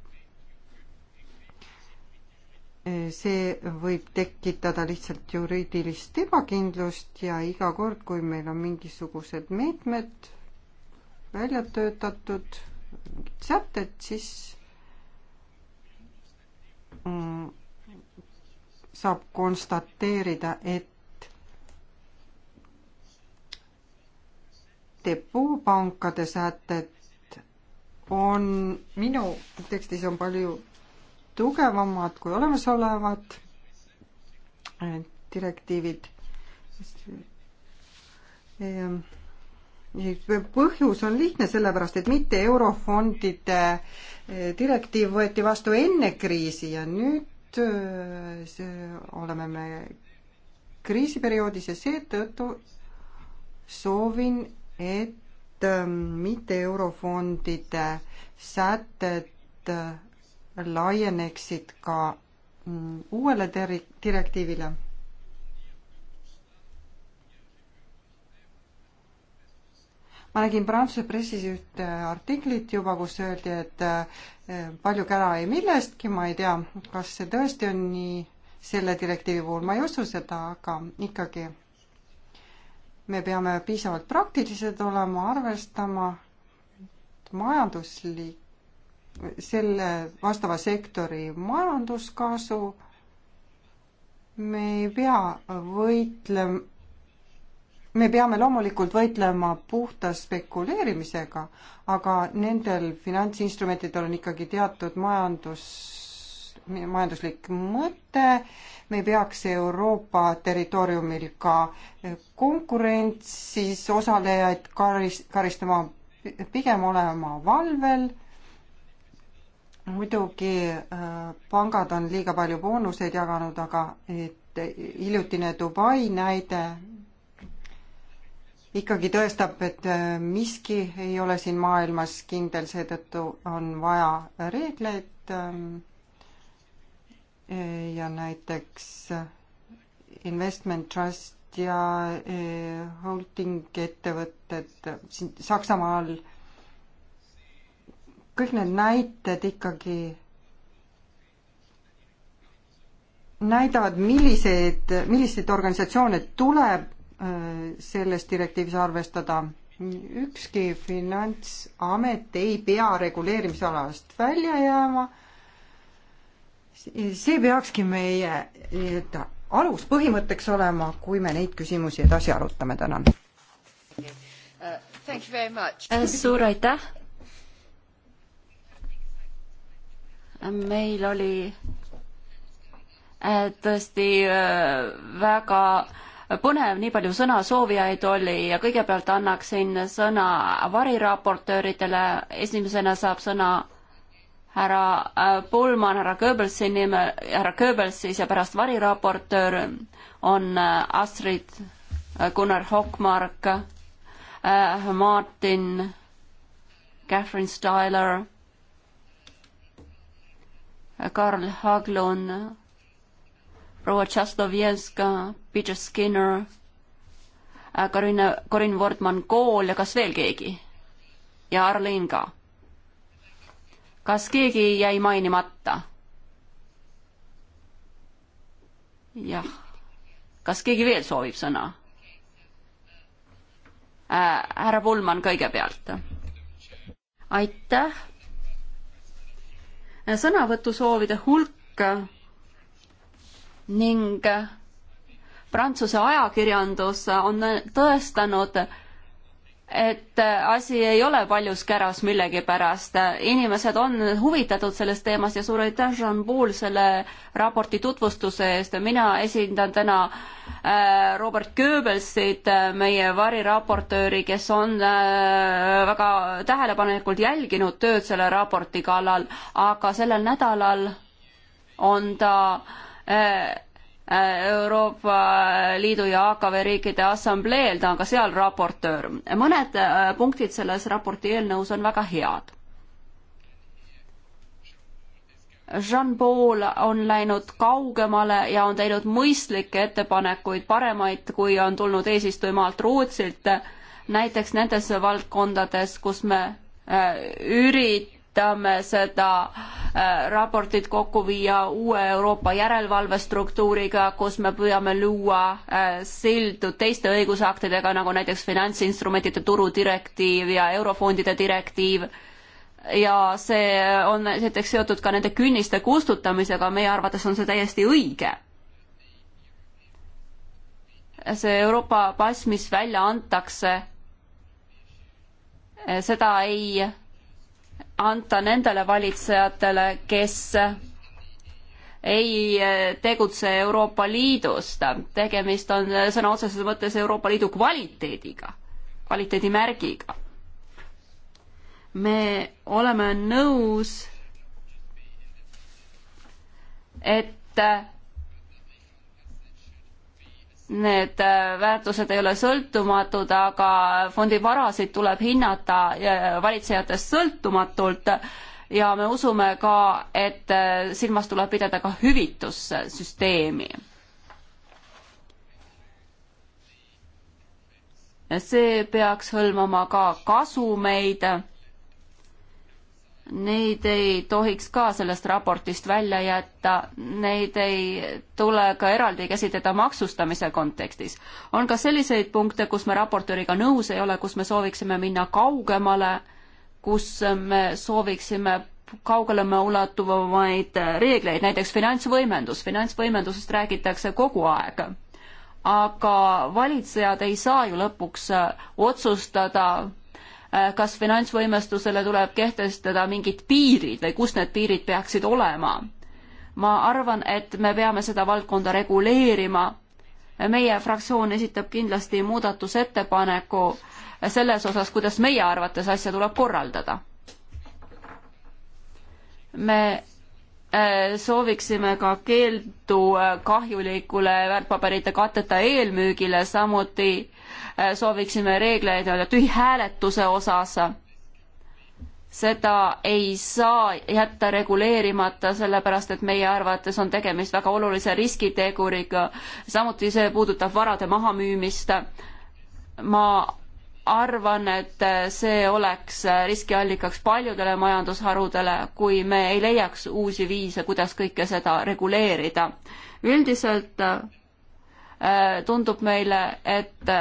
[SPEAKER 2] see võib tekitada lihtsalt juriidilist ebakindlust ja iga kord, kui meil on mingisugused meetmed välja töötatud mingid sätted, siis mm, saab konstateerida, et depoopankade sätted on minu tekstis on palju tugevamad kui olemasolevad eh, direktiivid. Ehm, põhjus on lihtne, sellepärast et mitte eurofondide eh, direktiiv võeti vastu enne kriisi ja nüüd eh, see, oleme me kriisiperioodis ja seetõttu soovin, et eh, mitte eurofondide sätted laieneksid ka mm, uuele direktiivile ma nägin Prantsuse pressis ühte artiklit juba, kus öeldi, et eh, palju kära ei millestki, ma ei tea, kas see tõesti on nii selle direktiivi puhul, ma ei usu seda, aga ikkagi me peame piisavalt praktilised olema, arvestama majanduslik, selle vastava sektori majanduskasu me ei pea võitlema, me peame loomulikult võitlema puhta spekuleerimisega, aga nendel finantsinstrumentidel on ikkagi teatud majandus, majanduslik mõte, me ei peaks Euroopa territooriumil ka eh, konkurentsis osalejaid karis-, karistama, pigem olema valvel, muidugi eh, pangad on liiga palju boonuseid jaganud, aga et hiljutine Dubai näide ikkagi tõestab, et äh, miski ei ole siin maailmas kindel, seetõttu on vaja reegleid ähm, ja näiteks investment trust ja äh, holding ettevõtted siin Saksamaal, kõik need näited ikkagi näitavad, milliseid, milliseid organisatsioone tuleb Äh, selles direktiivis arvestada. ükski finantsamet ei pea reguleerimisalast välja jääma. see peakski meie nii-öelda aluspõhimõtteks olema, kui me neid küsimusi edasi arutame, tänan.
[SPEAKER 3] Äh, suur aitäh.
[SPEAKER 1] meil oli äh, tõesti väga põnev, nii palju sõnasoovijaid oli ja kõigepealt annaksin sõna variraportööridele, esimesena saab sõna härra äh, Pullman, härra Goebbelsi nimel, härra Goebbels siis ja pärast variraportöör on äh, Astrid äh, Gunnar Hokmark, Martin, Catherine Styler, Karl Haglund, proua Tšaslovjenska, Peter Skinner, äh, Karina, Karin Wortmann Kool ja kas veel keegi? ja Arlen ka. kas keegi jäi mainimata? jah. kas keegi veel soovib sõna äh,? härra Pullmann kõigepealt. aitäh. sõnavõtusoovide hulk ning Prantsuse ajakirjandus on tõestanud, et asi ei ole paljus käras millegipärast. inimesed on huvitatud sellest teemast ja suur aitäh, Jean-Paul, selle raporti tutvustuse eest. mina esindan täna äh, Robert Goebbelsit, meie variraportööri, kes on äh, väga tähelepanelikult jälginud tööd selle raporti kallal, aga sellel nädalal on ta äh, Äh, äh, Euroopa Liidu ja AKV riikide assambleel, ta on ka seal raportöör. mõned äh, punktid selles raporti eelnõus on väga head. Jean-Paul on läinud kaugemale ja on teinud mõistlikke ettepanekuid, paremaid, kui on tulnud eesistujamaalt Rootsilt, näiteks nendes valdkondades, kus me ürit-, üritame seda äh, raportit kokku viia uue Euroopa järelevalvestruktuuriga, kus me püüame luua äh, sildu teiste õigusaktidega, nagu näiteks finantsinstrumentide turudirektiiv ja eurofondide direktiiv ja see on näiteks seotud ka nende künniste kustutamisega, meie arvates on see täiesti õige. see Euroopa pass, mis välja antakse, seda ei anda nendele valitsejatele, kes ei tegutse Euroopa Liidust. tegemist on sõna otseses mõttes Euroopa Liidu kvaliteediga, kvaliteedimärgiga. me oleme nõus, et need äh, väärtused ei ole sõltumatud, aga fondi varasid tuleb hinnata äh, valitsejatest sõltumatult ja me usume ka, et äh, silmas tuleb pidada ka hüvitussüsteemi. see peaks hõlmama ka kasumeid neid ei tohiks ka sellest raportist välja jätta, neid ei tule ka eraldi käsitleda maksustamise kontekstis. on ka selliseid punkte, kus me raportööriga nõus ei ole, kus me sooviksime minna kaugemale, kus me sooviksime kaugele ulatuvamaid reegleid, näiteks finantsvõimendus, finantsvõimendusest räägitakse kogu aeg. aga valitsejad ei saa ju lõpuks otsustada Äh, kas finantsvõimestusele tuleb kehtestada mingid piirid või kus need piirid peaksid olema. ma arvan, et me peame seda valdkonda reguleerima. meie fraktsioon esitab kindlasti muudatusettepaneku selles osas, kuidas meie arvates asja tuleb korraldada. me äh, sooviksime ka keeldu äh, kahjulikule väärtpaberite katteta eelmüügile, samuti Äh, sooviksime reegleid tühi hääletuse osas. seda ei saa jätta reguleerimata, sellepärast et meie arvates on tegemist väga olulise riskiteguriga. samuti see puudutab varade mahamüümist. ma arvan, et see oleks riskiallikaks paljudele majandusharudele, kui me ei leiaks uusi viise, kuidas kõike seda reguleerida. üldiselt äh, tundub meile, et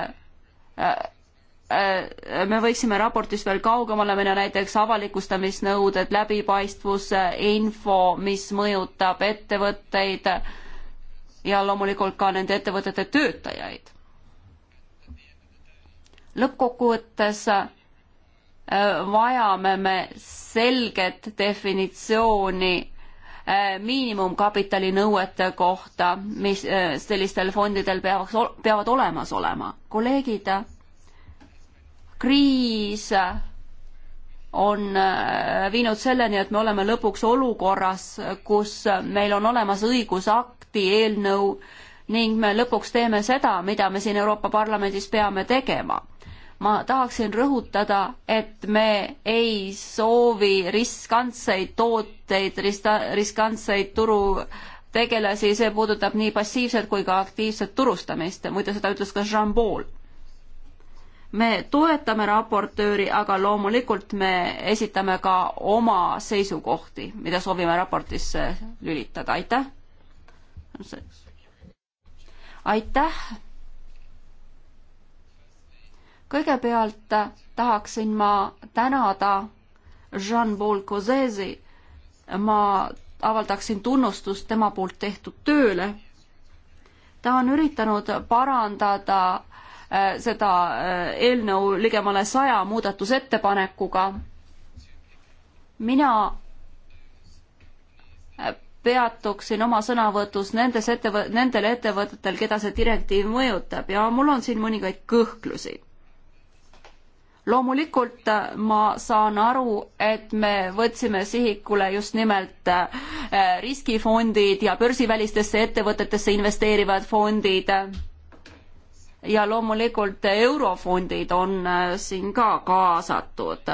[SPEAKER 1] Äh, äh, me võiksime raportist veel kaugemale minna, näiteks avalikustamisnõuded, läbipaistvus, info, mis mõjutab ettevõtteid ja loomulikult ka nende ettevõtete töötajaid. lõppkokkuvõttes äh, vajame me selget definitsiooni Äh, miinimumkapitali nõuete kohta, mis äh, sellistel fondidel peaks, peavad olemas olema. kolleegid, kriis on äh, viinud selleni, et me oleme lõpuks olukorras, kus meil on olemas õigusakti eelnõu ning me lõpuks teeme seda, mida me siin Euroopa Parlamendis peame tegema ma tahaksin rõhutada, et me ei soovi riskantseid tooteid, riskantseid turutegelasi, see puudutab nii passiivset kui ka aktiivset turustamist, muide seda ütles ka Jean Paul. me toetame raportööri, aga loomulikult me esitame ka oma seisukohti, mida soovime raportisse lülitada, aitäh. aitäh kõigepealt tahaksin ma tänada Jean-Paul Causesi, ma avaldaksin tunnustust tema poolt tehtud tööle. ta on üritanud parandada äh, seda äh, eelnõu ligemale saja muudatusettepanekuga. mina äh, peatuksin oma sõnavõtus nendes ettevõ-, nendel ettevõtetel, keda see direktiiv mõjutab ja mul on siin mõningaid kõhklusi loomulikult äh, ma saan aru, et me võtsime sihikule just nimelt äh, riskifondid ja börsivälistesse ettevõtetesse investeerivad fondid. ja loomulikult eurofondid on äh, siin ka kaasatud.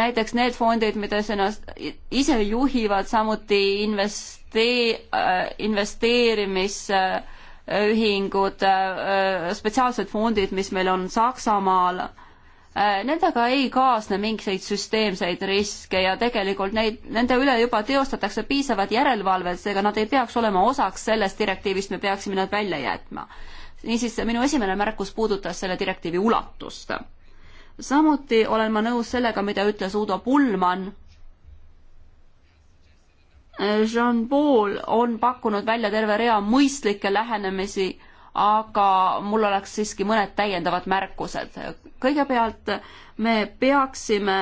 [SPEAKER 1] näiteks need fondid, mida ennast ise juhivad, samuti investee-, investeerimis- ühingud, äh, spetsiaalsed fondid, mis meil on Saksamaal, äh, nendega ei kaasne mingisuguseid süsteemseid riske ja tegelikult neid, nende üle juba teostatakse piisavat järelevalvet, seega nad ei peaks olema osaks sellest direktiivist, me peaksime nad välja jätma. niisiis, minu esimene märkus puudutas selle direktiivi ulatust. samuti olen ma nõus sellega, mida ütles Udo Pullmann Jean Paul on pakkunud välja terve rea mõistlikke lähenemisi, aga mul oleks siiski mõned täiendavad märkused. kõigepealt me peaksime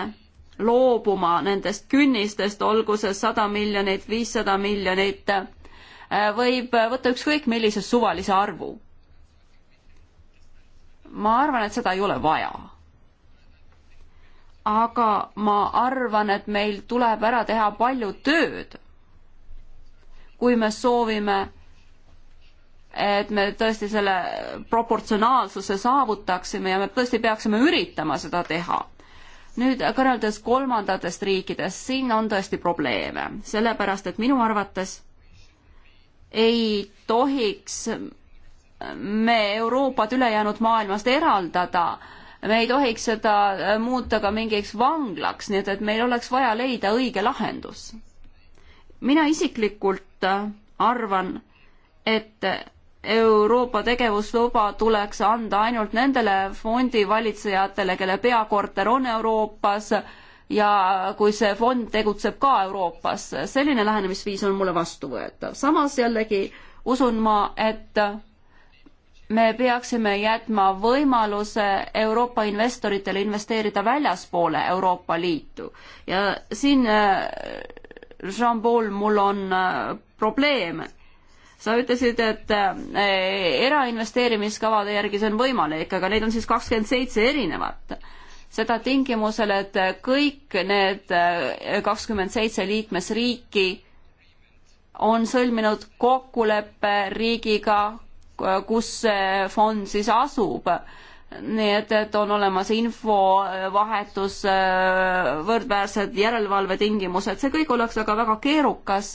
[SPEAKER 1] loobuma nendest künnistest, olgu see sada miljonit, viissada miljonit, võib võtta ükskõik millise suvalise arvu. ma arvan, et seda ei ole vaja aga ma arvan, et meil tuleb ära teha palju tööd kui me soovime, et me tõesti selle proportsionaalsuse saavutaksime ja me tõesti peaksime üritama seda teha. nüüd kõneldes kolmandatest riikidest, siin on tõesti probleeme, sellepärast et minu arvates ei tohiks me Euroopat ülejäänud maailmast eraldada, me ei tohiks seda muuta ka mingiks vanglaks, nii et, et meil oleks vaja leida õige lahendus mina isiklikult äh, arvan, et Euroopa tegevusluba tuleks anda ainult nendele fondivalitsejatele, kelle peakorter on Euroopas ja kui see fond tegutseb ka Euroopas. selline lähenemisviis on mulle vastuvõetav. samas jällegi usun ma, et me peaksime jätma võimaluse Euroopa investoritele investeerida väljaspoole Euroopa Liitu ja siin äh, Jean-Paul, mul on äh, probleem. sa ütlesid, et äh, erainvesteerimiskavade järgi see on võimalik, aga neid on siis kakskümmend seitse erinevat. seda tingimusel, et kõik need äh, kakskümmend seitse liikmesriiki on sõlminud kokkuleppe riigiga, kus see fond siis asub nii et, et on olemas infovahetus, äh, võrdväärsed järelevalvetingimused, see kõik oleks aga väga keerukas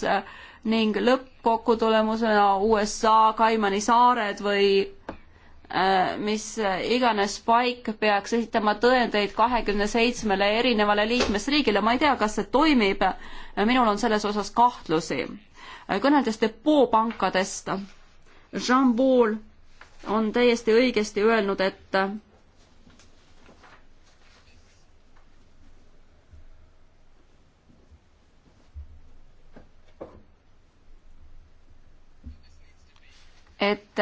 [SPEAKER 1] ning lõppkokkutulemusena USA Kaimani saared või äh, mis iganes paik peaks esitama tõendeid kahekümne seitsmele erinevale liikmesriigile, ma ei tea, kas see toimib, minul on selles osas kahtlusi. kõneldes depoopankadest, Jean Paul on täiesti õigesti öelnud, et et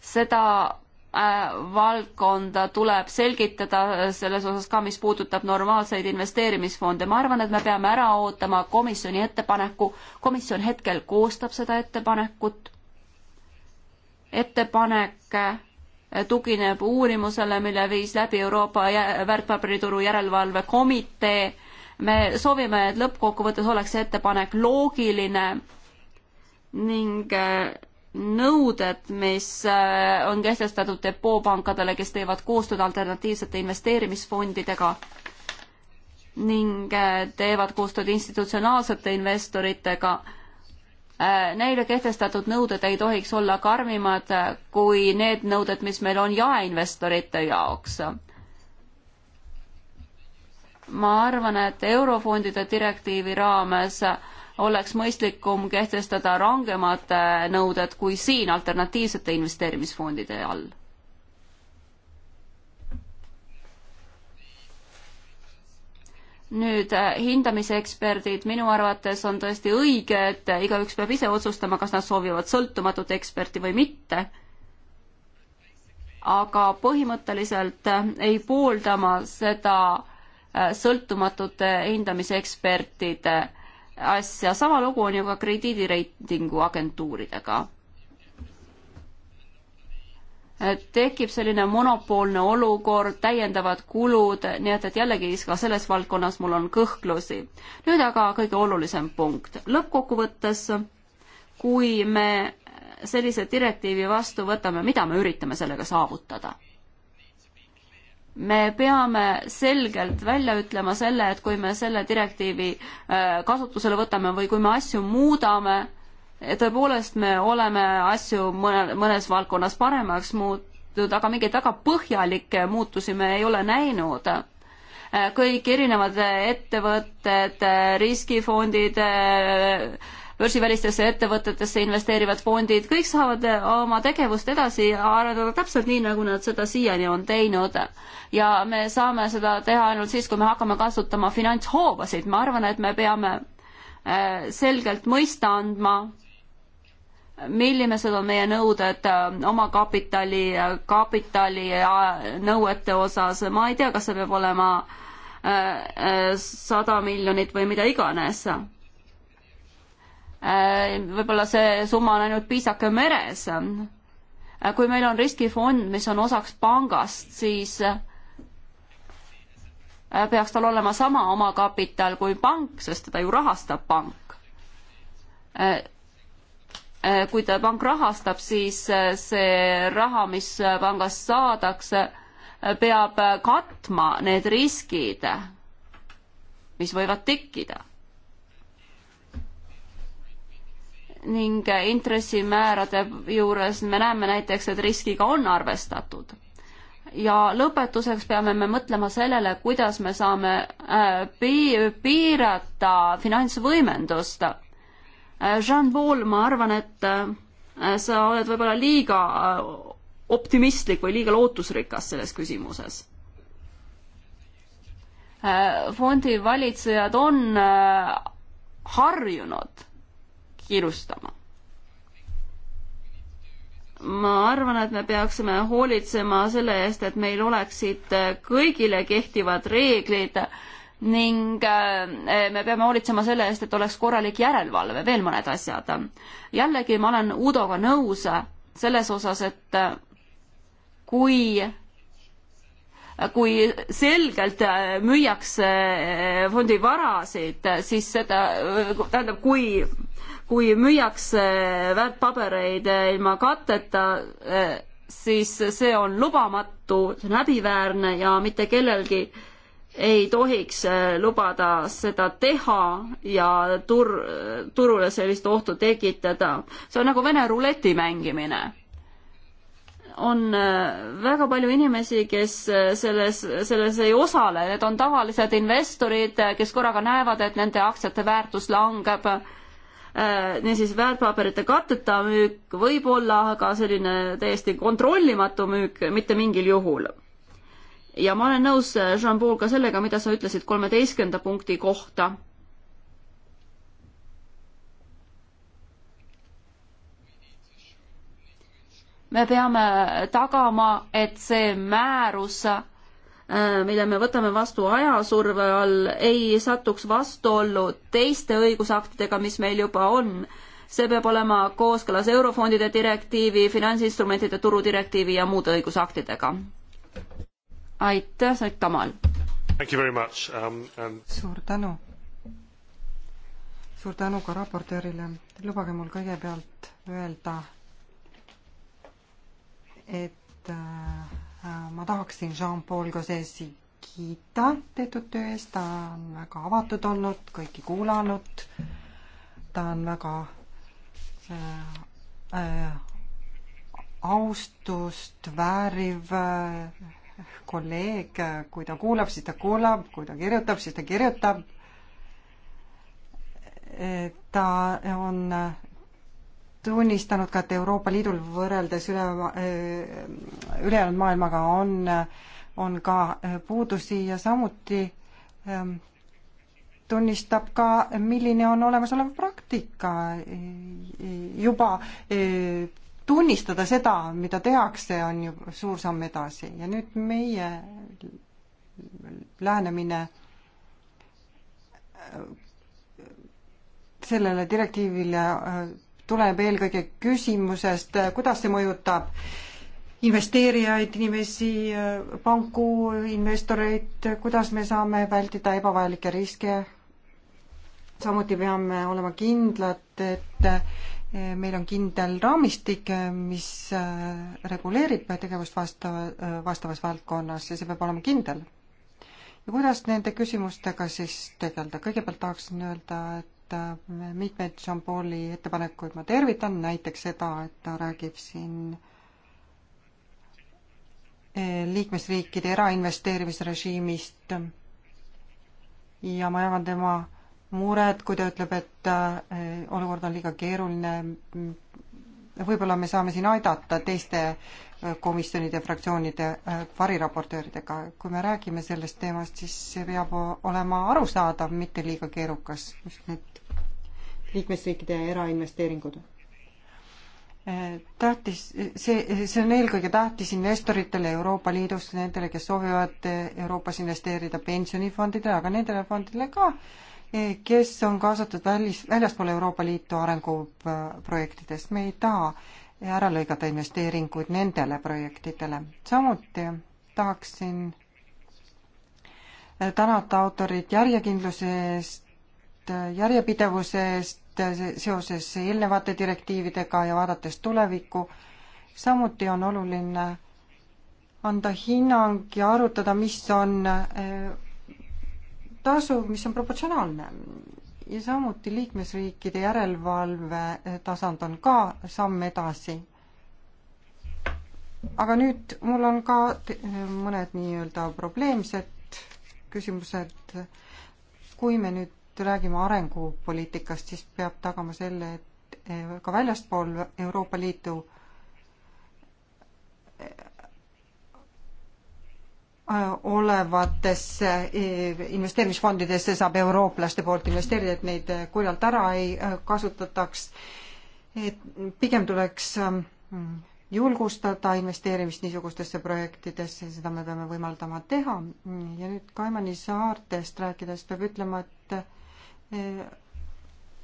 [SPEAKER 1] seda äh, valdkonda tuleb selgitada selles osas ka, mis puudutab normaalseid investeerimisfonde. ma arvan, et me peame ära ootama komisjoni ettepaneku. komisjon hetkel koostab seda ettepanekut ettepanek eh, tugineb uurimusele, mille viis läbi Euroopa väärtpaberituru järelevalve komitee. me soovime, et lõppkokkuvõttes oleks see ettepanek loogiline ning eh, nõuded, mis eh, on kehtestatud depoopankadele, kes teevad koostööd alternatiivsete investeerimisfondidega ning teevad koostööd institutsionaalsete investoritega Äh, neile kehtestatud nõuded ei tohiks olla karmimad äh, kui need nõuded, mis meil on jaeinvestorite jaoks. ma arvan, et eurofondide direktiivi raames oleks mõistlikum kehtestada rangemad äh, nõuded kui siin alternatiivsete investeerimisfondide all nüüd äh, hindamiseksperdid, minu arvates on tõesti õige, et igaüks peab ise otsustama, kas nad soovivad sõltumatut eksperti või mitte. aga põhimõtteliselt äh, ei poolda ma seda äh, sõltumatute hindamisekspertide asja, sama lugu on ju ka krediidireitingu agentuuridega tekib selline monopoolne olukord, täiendavad kulud, nii et, et jällegi ka selles valdkonnas mul on kõhklusi. nüüd aga kõige olulisem punkt. lõppkokkuvõttes, kui me sellise direktiivi vastu võtame, mida me üritame sellega saavutada? me peame selgelt välja ütlema selle, et kui me selle direktiivi äh, kasutusele võtame või kui me asju muudame, tõepoolest me oleme asju mõne, mõnes valdkonnas paremaks muutnud, aga mingeid väga põhjalikke muutusi me ei ole näinud. kõik erinevad ettevõtted, riskifondid, börsivälistesse ettevõtetesse investeerivad fondid, kõik saavad oma tegevust edasi arendada täpselt nii, nagu nad seda siiani on teinud. ja me saame seda teha ainult siis, kui me hakkame kasutama finantshoobasid, ma arvan, et me peame äh, selgelt mõista andma, millised on meie nõuded äh, omakapitali, kapitali ja äh, äh, nõuete osas, ma ei tea, kas see peab olema sada miljonit või mida iganes. võib-olla see summa on ainult piisake meres. kui meil on riskifond, mis on osaks pangast, siis peaks tal olema sama omakapital kui pank, sest teda ju rahastab pank Äh, kui ta pank rahastab, siis äh, see raha, mis pangast saadakse, äh, peab katma need riskid, mis võivad tekkida. ning intressimäärade juures me näeme näiteks, et riskiga on arvestatud. ja lõpetuseks peame me mõtlema sellele, kuidas me saame piirata finantsvõimendust Äh, Jean-Paul, ma arvan, et äh, sa oled võib-olla liiga äh, optimistlik või liiga lootusrikas selles küsimuses. fondi valitsejad on harjunud kiirustama. ma arvan, et me peaksime hoolitsema selle eest, et meil oleksid kõigile kehtivad reeglid äh, ning äh, me peame hoolitsema selle eest, et oleks korralik järelevalve, veel mõned asjad. jällegi, ma olen Udoga nõus selles osas, et äh, kui kui selgelt äh, müüakse fondi varasid, siis seda, tähendab, kui, kui müüakse väärtpabereid ilma katteta, siis see on lubamatu, see on häbiväärne ja mitte kellelgi äh, ei tohiks äh, lubada seda teha ja tur-, turule sellist ohtu tekitada. see on nagu Vene ruleti mängimine. on äh, väga palju inimesi, kes äh, selles, selles ei osale, need on tavalised investorid, kes korraga näevad, et nende aktsiate väärtus langeb niisiis väärtpaberite katteta müük võib olla, aga selline täiesti kontrollimatu müük mitte mingil juhul ja ma olen nõus, äh, Jean-Paul, ka sellega, mida sa ütlesid kolmeteistkümnenda punkti kohta. me peame tagama, et see määrus, äh, mille me võtame vastu ajasurve all, ei satuks vastuollu teiste õigusaktidega, mis meil juba on see peab olema kooskõlas eurofondide direktiivi, finantsinstrumentide turudirektiivi ja muude õigusaktidega aitäh, Said Kamal!
[SPEAKER 2] Um, and... suur tänu! suur tänu ka raportöörile. lubage mul kõigepealt öelda, et äh, ma tahaksin Jean-Paul Gossesi kiita tehtud töö eest, ta on väga avatud olnud, kõiki kuulanud, ta on väga äh, äh, austust vääriv äh, kolleeg, kui ta kuulab, siis ta kuulab, kui ta kirjutab, siis ta kirjutab. ta on tunnistanud ka, et Euroopa Liidul võrreldes üle, ülejäänud maailmaga on, on ka puudusi ja samuti ehm, tunnistab ka, milline on olemasolev praktika juba ehm, tunnistada seda, mida tehakse, on ju suur samm edasi ja nüüd meie lähenemine äh, sellele direktiivile äh, tuleneb eelkõige küsimusest, äh, kuidas see mõjutab investeerijaid, inimesi, panku, investoreid, kuidas me saame vältida ebavajalikke riske. samuti peame olema kindlad, et meil on kindel raamistik, mis äh, reguleerib tegevust vastava, äh, vastavas valdkonnas ja see peab olema kindel. ja kuidas nende küsimustega siis tegeleda, kõigepealt tahaksin öelda, et äh, mitmeid Jean-Pauli ettepanekuid ma tervitan, näiteks seda, et ta räägib siin liikmesriikide erainvesteerimisrežiimist ja ma jagan tema muret, kui ta ütleb, et äh, olukord on liiga keeruline. Mm, võib-olla me saame siin aidata teiste äh, komisjonide, fraktsioonide äh, variraportööridega. kui me räägime sellest teemast, siis see peab olema arusaadav, mitte liiga keerukas, just need liikmesriikide erainvesteeringud. Tähtis, see, see on eelkõige tähtis investoritele Euroopa Liidus, nendele, kes soovivad Euroopas investeerida pensionifondidele, aga nendele fondidele ka, kes on kaasatud välis, väljaspool Euroopa Liitu arenguprojektidest. me ei taha ära lõigata investeeringuid nendele projektidele. samuti tahaksin tänada autorit järjekindluse eest, järjepidevuse eest seoses eelnevate direktiividega ja vaadates tulevikku. samuti on oluline anda hinnang ja arutada, mis on eh, tasu, mis on proportsionaalne. ja samuti liikmesriikide järelevalve tasand on ka samm edasi. aga nüüd mul on ka mõned nii-öelda probleemsed küsimused. kui me nüüd räägime arengupoliitikast, siis peab tagama selle, et eh, ka väljaspool Euroopa Liitu Äh, olevatesse äh, investeerimisfondidesse saab eurooplaste poolt investeerida, et neid äh, kurjalt ära ei kasutataks. et pigem tuleks ähm, julgustada investeerimist niisugustesse projektidesse ja seda me peame võimaldama teha. ja nüüd Kaimani saartest rääkides peab ütlema, et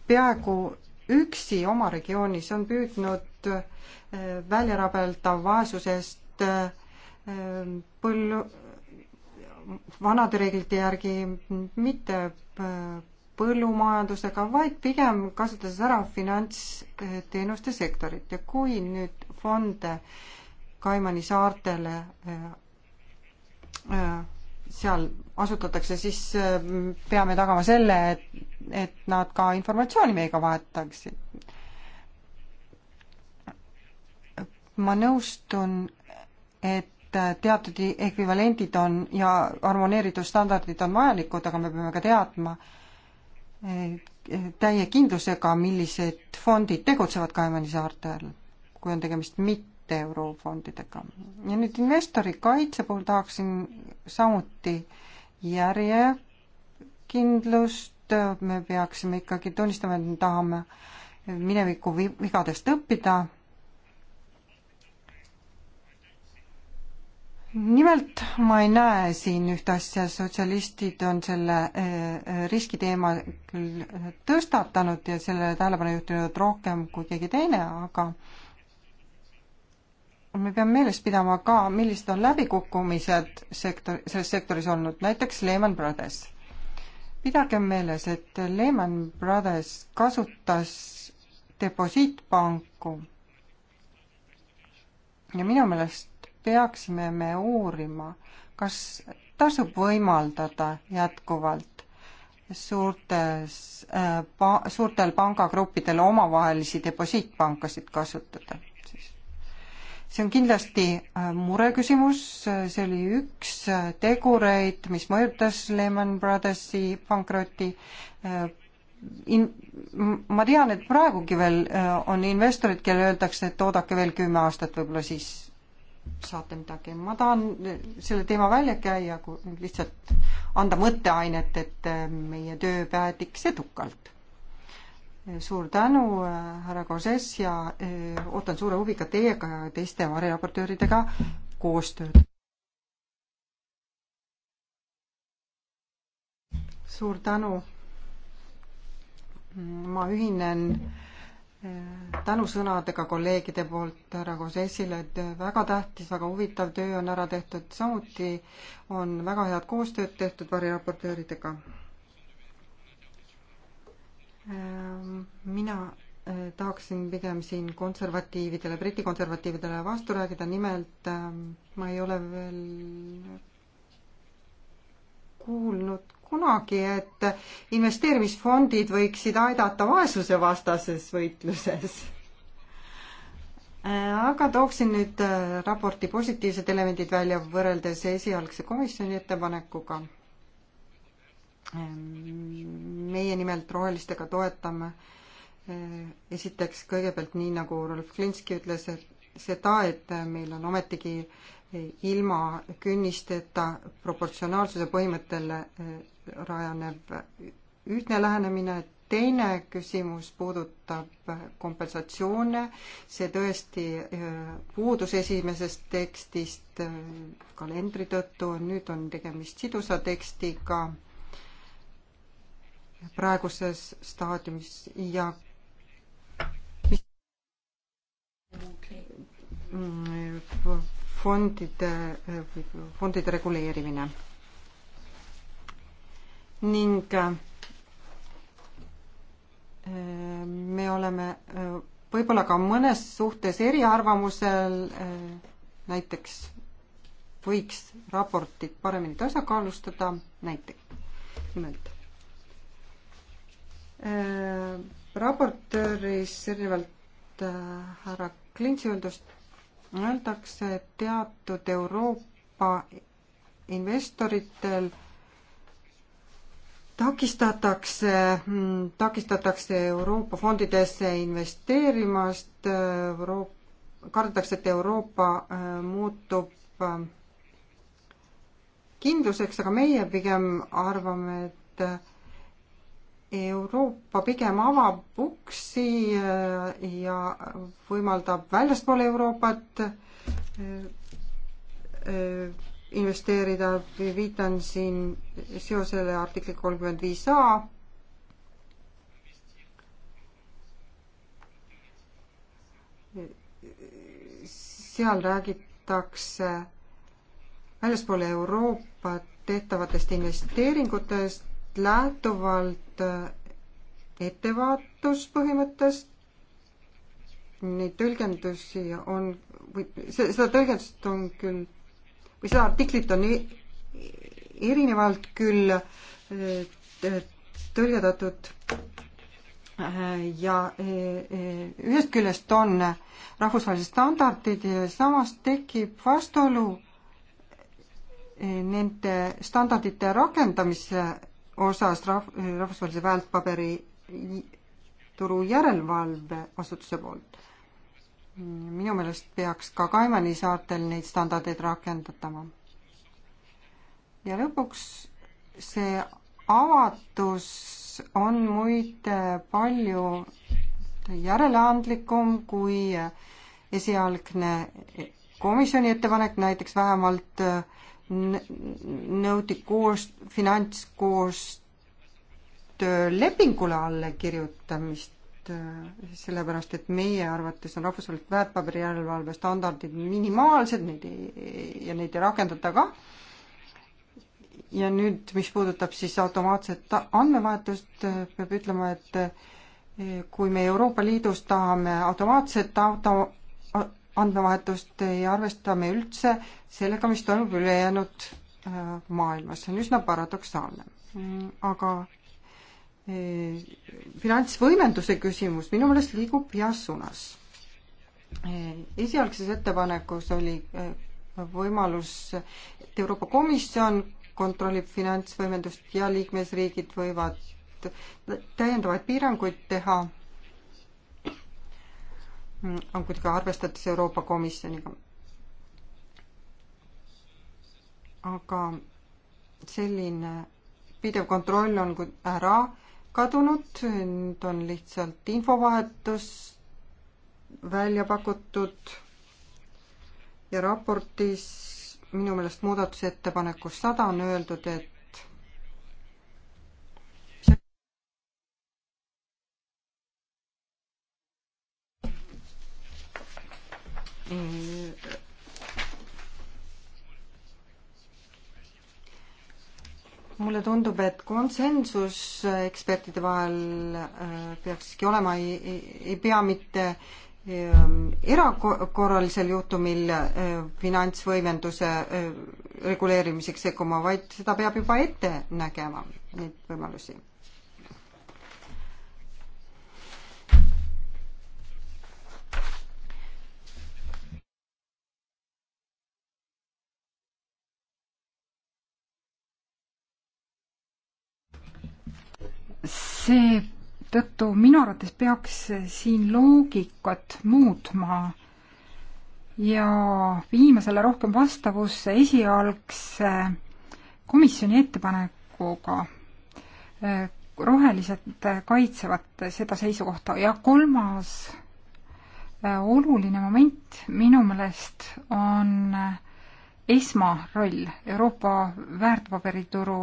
[SPEAKER 2] peaaegu üksi oma regioonis on püüdnud välja rabelda vaesusest põllu, vanade reeglite järgi mitte äh, põllumajandusega, vaid pigem kasutades ära finantsteenuste sektorit ja kui nüüd fonde Kaimani saartele äh, äh, seal asutatakse, siis peame tagama selle, et, et nad ka informatsiooni meiega vahetaksid. ma nõustun, et Äh, teatud ekvivalendid on ja harmoneeritud standardid on vajalikud, aga me peame ka teadma äh, täie kindlusega, millised fondid tegutsevad Kaimani saartel, kui on tegemist mitte eurofondidega. ja nüüd investori kaitse puhul tahaksin samuti järjekindlust, me peaksime ikkagi tunnistama, et me tahame mineviku vigadest õppida nimelt ma ei näe siin ühte asja, sotsialistid on selle eh, riski teema küll tõstatanud ja sellele tähelepanu juhtinud rohkem kui keegi teine, aga me peame meeles pidama ka, millised on läbikukkumised sektor, selles sektoris olnud, näiteks Lehman Brothers. pidagem meeles, et Lehman Brothers kasutas deposiitpanku ja minu meelest peaksime me uurima, kas tasub võimaldada jätkuvalt suurtes äh, pa,, suurtel pangagruppidel omavahelisi deposiitpankasid kasutada. see on kindlasti äh, mureküsimus, see oli üks äh, tegureid, mis mõjutas Lehman Brothersi pankrotti äh, in-, ma tean, et praegugi veel äh, on investorid, kellele öeldakse, et oodake veel kümme aastat, võib-olla siis saate midagi. ma tahan selle teema välja käia, lihtsalt anda mõtteainet, et äh, meie töö päädiks edukalt. Äh, suur tänu, äh, härra Koses ja ootan suure huviga teiega ja teiste variraportööridega koostööd. suur tänu. ma ühinen tänusõnadega kolleegide poolt härra Kosessile, et väga tähtis, väga huvitav töö on ära tehtud, samuti on väga head koostööd tehtud variraportööridega. Ähm, mina äh, tahaksin pigem siin konservatiividele, Briti konservatiividele vastu rääkida, nimelt ähm, ma ei ole veel kuulnud kunagi, et investeerimisfondid võiksid aidata vaesusevastases võitluses. aga tooksin nüüd äh, raporti positiivsed elemendid välja võrreldes esialgse komisjoni ettepanekuga. Ehm, meie nimelt Rohelistega toetame äh, esiteks kõigepealt nii, nagu Rolf Klinski ütles, et seda, et meil on ometigi äh, ilma künnisteta proportsionaalsuse põhimõttele rajaneb ühtne lähenemine, teine küsimus puudutab kompensatsioone, see tõesti äh, puudus esimesest tekstist äh, kalendri tõttu, nüüd on tegemist sidusa tekstiga praeguses staadiumis ja mm, fondide, äh, fondide reguleerimine ning äh, me oleme äh, võib-olla ka mõnes suhtes eriarvamusel, äh, näiteks võiks raportit paremini tasakaalustada, näiteks nimelt. raportööris erinevalt härra Klintsi öeldust öeldakse, et teatud Euroopa investoritel äh, takistatakse, mm, takistatakse Euroopa fondidesse investeerimast, Euroop-, kardetakse, et Euroopa äh, muutub äh, kindluseks, aga meie pigem arvame, et äh, Euroopa pigem avab uksi ja võimaldab väljaspool Euroopat investeerida, viitan siin seosele artikli kolmkümmend viis A. seal räägitakse väljaspoole Euroopat tehtavatest investeeringutest lähtuvalt äh, ettevaatuspõhimõttest. Neid tõlgendusi on, või seda tõlgendust on küll või seda artiklit on erinevalt küll eh, tõlgendatud eh, ja eh, ühest küljest on rahvusvahelised standardid ja samas tekib vastuolu nende standardite rakendamise osas rahv-, rahvusvahelise väärtpaberi turu järelevalveasutuse poolt minu meelest peaks ka Kaimani saartel neid standardeid rakendatama. ja lõpuks see avatus on muide palju järeleandlikum kui esialgne komisjoni ettepanek, näiteks vähemalt nõuti koos, finantskoostöö lepingule alla kirjutamist Äh, sellepärast et meie arvates on rahvusvahelise väärtpaberijärelevalve standardid minimaalsed, neid ei, ja neid ei rakendata ka. ja nüüd, mis puudutab siis automaatset andmevahetust, äh, peab ütlema, et äh, kui me Euroopa Liidus tahame automaatset auto, andmevahetust, ei arvesta me üldse sellega, mis toimub ülejäänud maailmas, see on üsna paradoksaalne. Mm, aga Äh, finantsvõimenduse küsimus minu meelest liigub heas suunas. Äh, esialgses ettepanekus oli äh, võimalus, et Euroopa Komisjon kontrollib finantsvõimendust ja liikmesriigid võivad täiendavaid piiranguid teha, mm, on kuidagi arvestades Euroopa Komisjoniga. aga selline pidev kontroll on ära kadunud, nüüd on lihtsalt infovahetus välja pakutud ja raportis minu meelest muudatusettepanekus sada on öeldud, et mulle tundub, et konsensus ekspertide vahel äh, peaks siiski olema, ei, ei pea mitte ähm, erakorralisel juhtumil äh, finantsvõimenduse äh, reguleerimiseks sekkuma, vaid seda peab juba ette nägema, neid võimalusi
[SPEAKER 3] seetõttu minu arvates peaks siin loogikat muutma ja viima selle rohkem vastavusse esialgse komisjoni ettepanekuga. Äh, rohelised kaitsevad seda seisukohta ja kolmas äh, oluline moment minu meelest on äh, esmaroll, Euroopa väärtpaberituru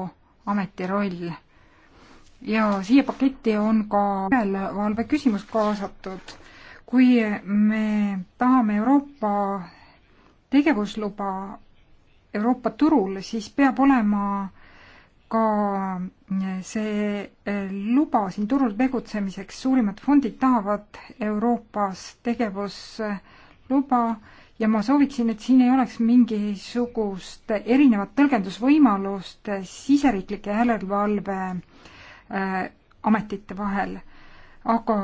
[SPEAKER 3] ameti roll ja siia paketti on ka järelevalve küsimus kaasatud. kui me tahame Euroopa tegevusluba Euroopa turul, siis peab olema ka see luba siin turul tegutsemiseks, suurimad fondid tahavad Euroopas tegevusluba ja ma sooviksin, et siin ei oleks mingisugust erinevat tõlgendusvõimalust siseriiklike järelevalve Äh, ametite vahel, aga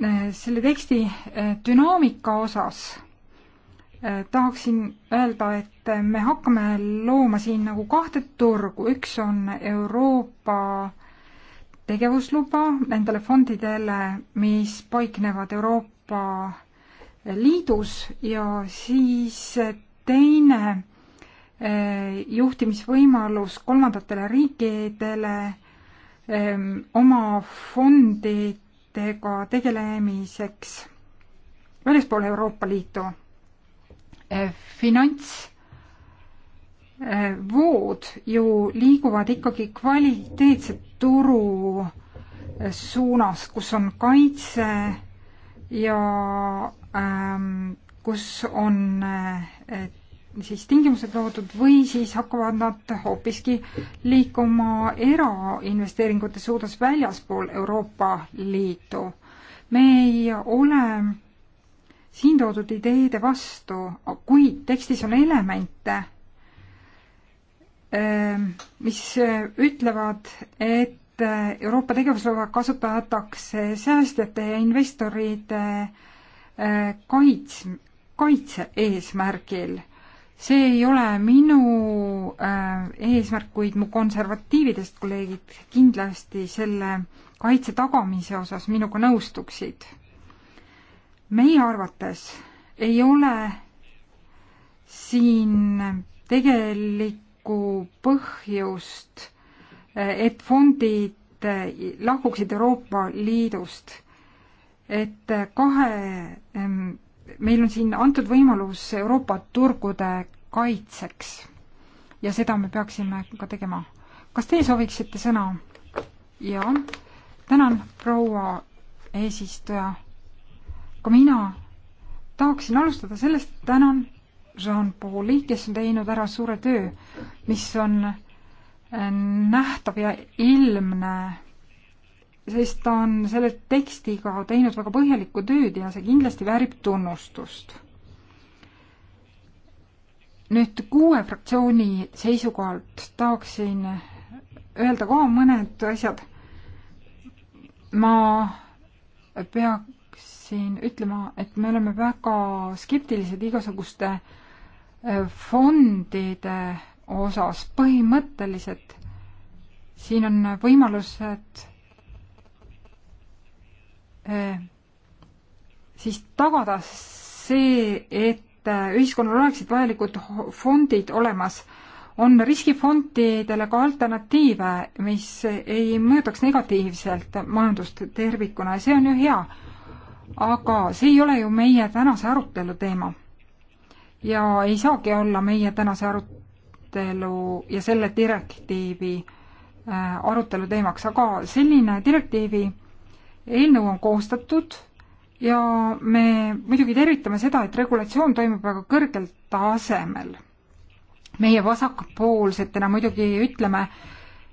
[SPEAKER 3] äh, selle teksti äh, dünaamika osas tahaksin öelda, et me hakkame looma siin nagu kahte turgu, üks on Euroopa tegevusluba nendele fondidele, mis paiknevad Euroopa Liidus ja siis teine juhtimisvõimalus kolmandatele riikidele Ehm, oma fondidega tegelemiseks välispool Euroopa Liitu. Ehm, finantsvood ehm, ju liiguvad ikkagi kvaliteetse turu suunas, kus on kaitse ja ähm, kus on äh, siis tingimused loodud või siis hakkavad nad hoopiski liikuma erainvesteeringute suunas väljaspool Euroopa Liitu. me ei ole siin toodud ideede vastu, kuid tekstis on elemente, ehm, mis ütlevad, et Euroopa tegevusluba kasutatakse säästjate ja investoride eh, kaits-, kaitse eesmärgil see ei ole minu äh, eesmärk, kuid mu konservatiividest kolleegid kindlasti selle kaitse tagamise osas minuga nõustuksid. meie arvates ei ole siin tegelikku põhjust, äh, et fondid äh, lahkuksid Euroopa Liidust, et äh, kahe ähm, meil on siin antud võimalus Euroopa turgude kaitseks ja seda me peaksime ka tegema. kas teie sooviksite sõna? jaa, tänan, proua eesistuja. ka mina tahaksin alustada sellest, tänan Jean-Pauli, kes on teinud ära suure töö, mis on eh, nähtav ja ilmne sest ta on selle tekstiga teinud väga põhjalikku tööd ja see kindlasti väärib tunnustust. nüüd kuue fraktsiooni seisukohalt tahaksin öelda ka mõned asjad. ma peaksin ütlema, et me oleme väga skeptilised igasuguste äh, fondide osas põhimõtteliselt siin on võimalused Äh, siis tagada see, et äh, ühiskonnal oleksid vajalikud fondid olemas, on riskifondidele ka alternatiive, mis ei mõjutaks negatiivselt majandust tervikuna ja see on ju hea. aga see ei ole ju meie tänase arutelu teema. ja ei saagi olla meie tänase arutelu ja selle direktiivi äh, arutelu teemaks, aga selline direktiivi äh, eelnõu on koostatud ja me muidugi tervitame seda, et regulatsioon toimub väga kõrgel tasemel. meie vasakpoolsetena muidugi ütleme,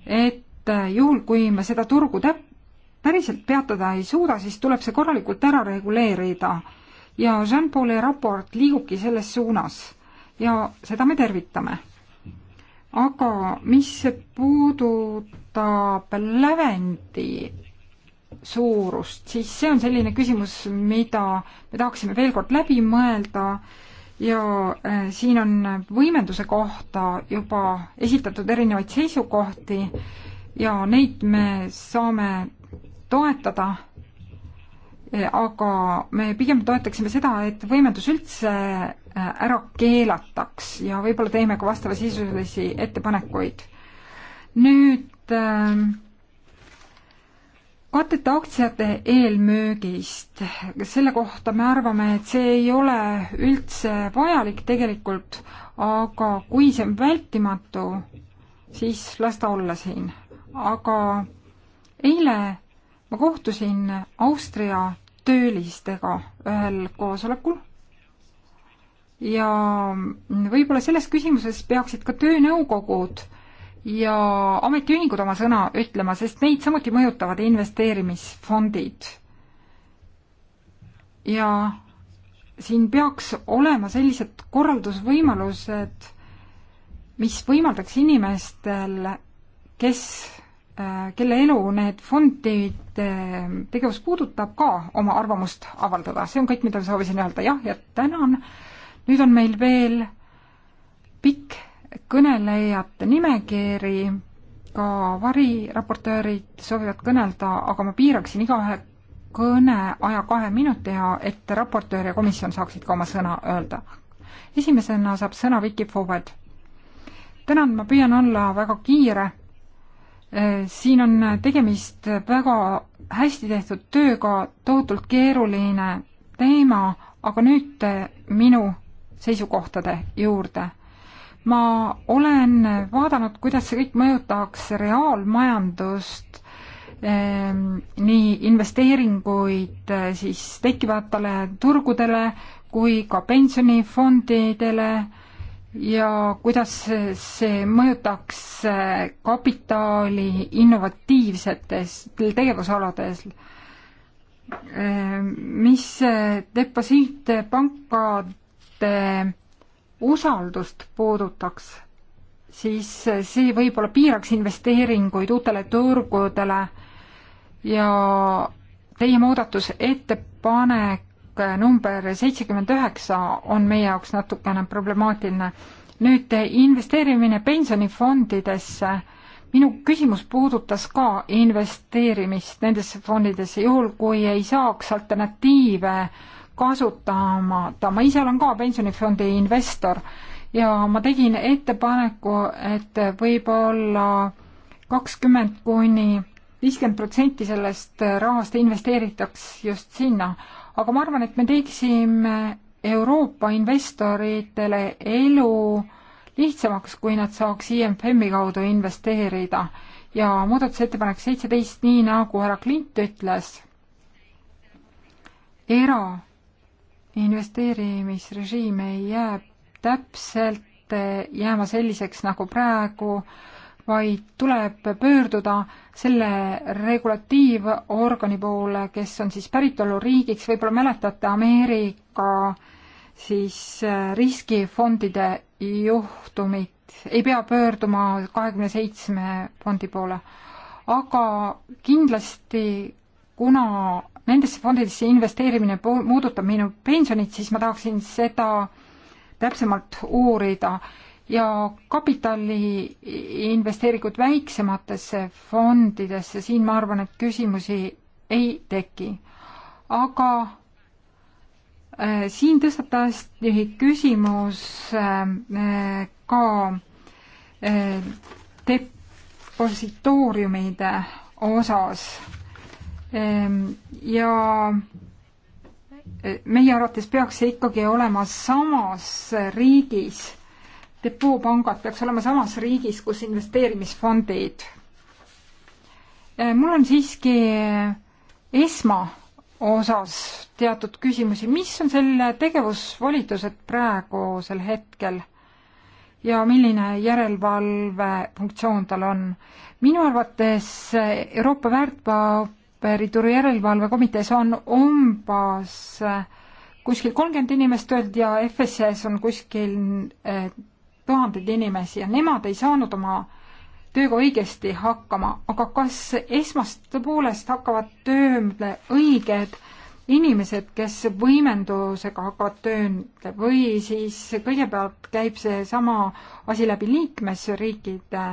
[SPEAKER 3] et juhul, kui me seda turgu täp-, päriselt peatada ei suuda, siis tuleb see korralikult ära reguleerida. ja Jean-Pauli raport liigubki selles suunas ja seda me tervitame. aga mis puudutab lävendi suurust, siis see on selline küsimus, mida me tahaksime veel kord läbi mõelda ja äh, siin on võimenduse kohta juba esitatud erinevaid seisukohti ja neid me saame toetada, äh, aga me pigem toetaksime seda, et võimendus üldse äh, ära keelataks ja võib-olla teeme ka vastavasisulisi ettepanekuid. nüüd äh, katteta aktsiate eelmüügist, selle kohta me arvame, et see ei ole üldse vajalik tegelikult, aga kui see on vältimatu, siis las ta olla siin. aga eile ma kohtusin Austria töölistega ühel koosolekul ja võib-olla selles küsimuses peaksid ka töönõukogud äh, ja ametiühingud oma sõna ütlema, sest neid samuti mõjutavad investeerimisfondid. ja siin peaks olema sellised korraldusvõimalused, mis võimaldaks inimestel, kes, äh, kelle elu need fondide äh, tegevus puudutab, ka oma arvamust avaldada. see on kõik, mida soovisin öelda, jah, ja tänan. nüüd on meil veel pikk kõnelejate nimekiri, ka variraportöörid soovivad kõnelda, aga ma piiraksin igaühe kõneaja kahe minuti ja et raportöör ja komisjon saaksid ka oma sõna öelda. esimesena saab sõna Vicky Fowed. tänan, ma püüan olla väga kiire. Äh, siin on tegemist väga hästi tehtud tööga, tohutult keeruline teema, aga nüüd minu seisukohtade juurde ma olen vaadanud, kuidas see kõik mõjutaks reaalmajandust ehm, nii investeeringuid eh, siis tekkivatele turgudele kui ka pensionifondidele ja kuidas see mõjutaks eh, kapitaali innovatiivsetes tegevusalades, ehm, mis eh, deposiitpankade usaldust puudutaks, siis see võib-olla piiraks investeeringuid uutele turgudele ja teie muudatusettepanek number seitsekümmend üheksa on meie jaoks natukene problemaatiline. nüüd investeerimine pensionifondidesse, minu küsimus puudutas ka investeerimist nendesse fondidesse, juhul kui ei saaks alternatiive äh, kasutamata, ma ise olen ka pensionifondi investor ja ma tegin ettepaneku, et võib-olla kakskümmend kuni viiskümmend protsenti sellest rahast investeeritaks just sinna. aga ma arvan, et me teeksime Euroopa investoritele elu lihtsamaks, kui nad saaks IMF-i kaudu investeerida ja muudatusettepanek seitseteist, nii nagu härra Klint ütles, era- investeerimisrežiim ei jää täpselt eh, jääma selliseks nagu praegu, vaid tuleb pöörduda selle regulatiivorgani poole, kes on siis päritoluriigiks, võib-olla mäletate Ameerika siis eh, riskifondide juhtumit, ei pea pöörduma kahekümne seitsme fondi poole. aga kindlasti, kuna nendesse fondidesse investeerimine puudutab minu pensionit, siis ma tahaksin seda täpsemalt uurida ja kapitali investeeringud väiksematesse fondidesse, siin ma arvan, et küsimusi ei teki. aga äh, siin tõstatas küsimus äh, ka äh, depositooriumide osas Ehm, ja eh, meie arvates peaks see ikkagi olema samas riigis, depoopangad peaks olema samas riigis, kus investeerimisfondid. Eh, mul on siiski ESMA osas teatud küsimusi, mis on selle tegevusvolitused praegusel hetkel ja milline järelevalve funktsioon tal on? minu arvates Euroopa väärtpa-, päritolu järelevalvekomitees on umbes äh, kuskil kolmkümmend inimest töölt ja FSS on kuskil äh, tuhandeid inimesi ja nemad ei saanud oma tööga õigesti hakkama, aga kas esmast poolest hakkavad tööle õiged inimesed, kes võimendusega hakkavad tööle või siis kõigepealt käib seesama asi läbi liikmesriikide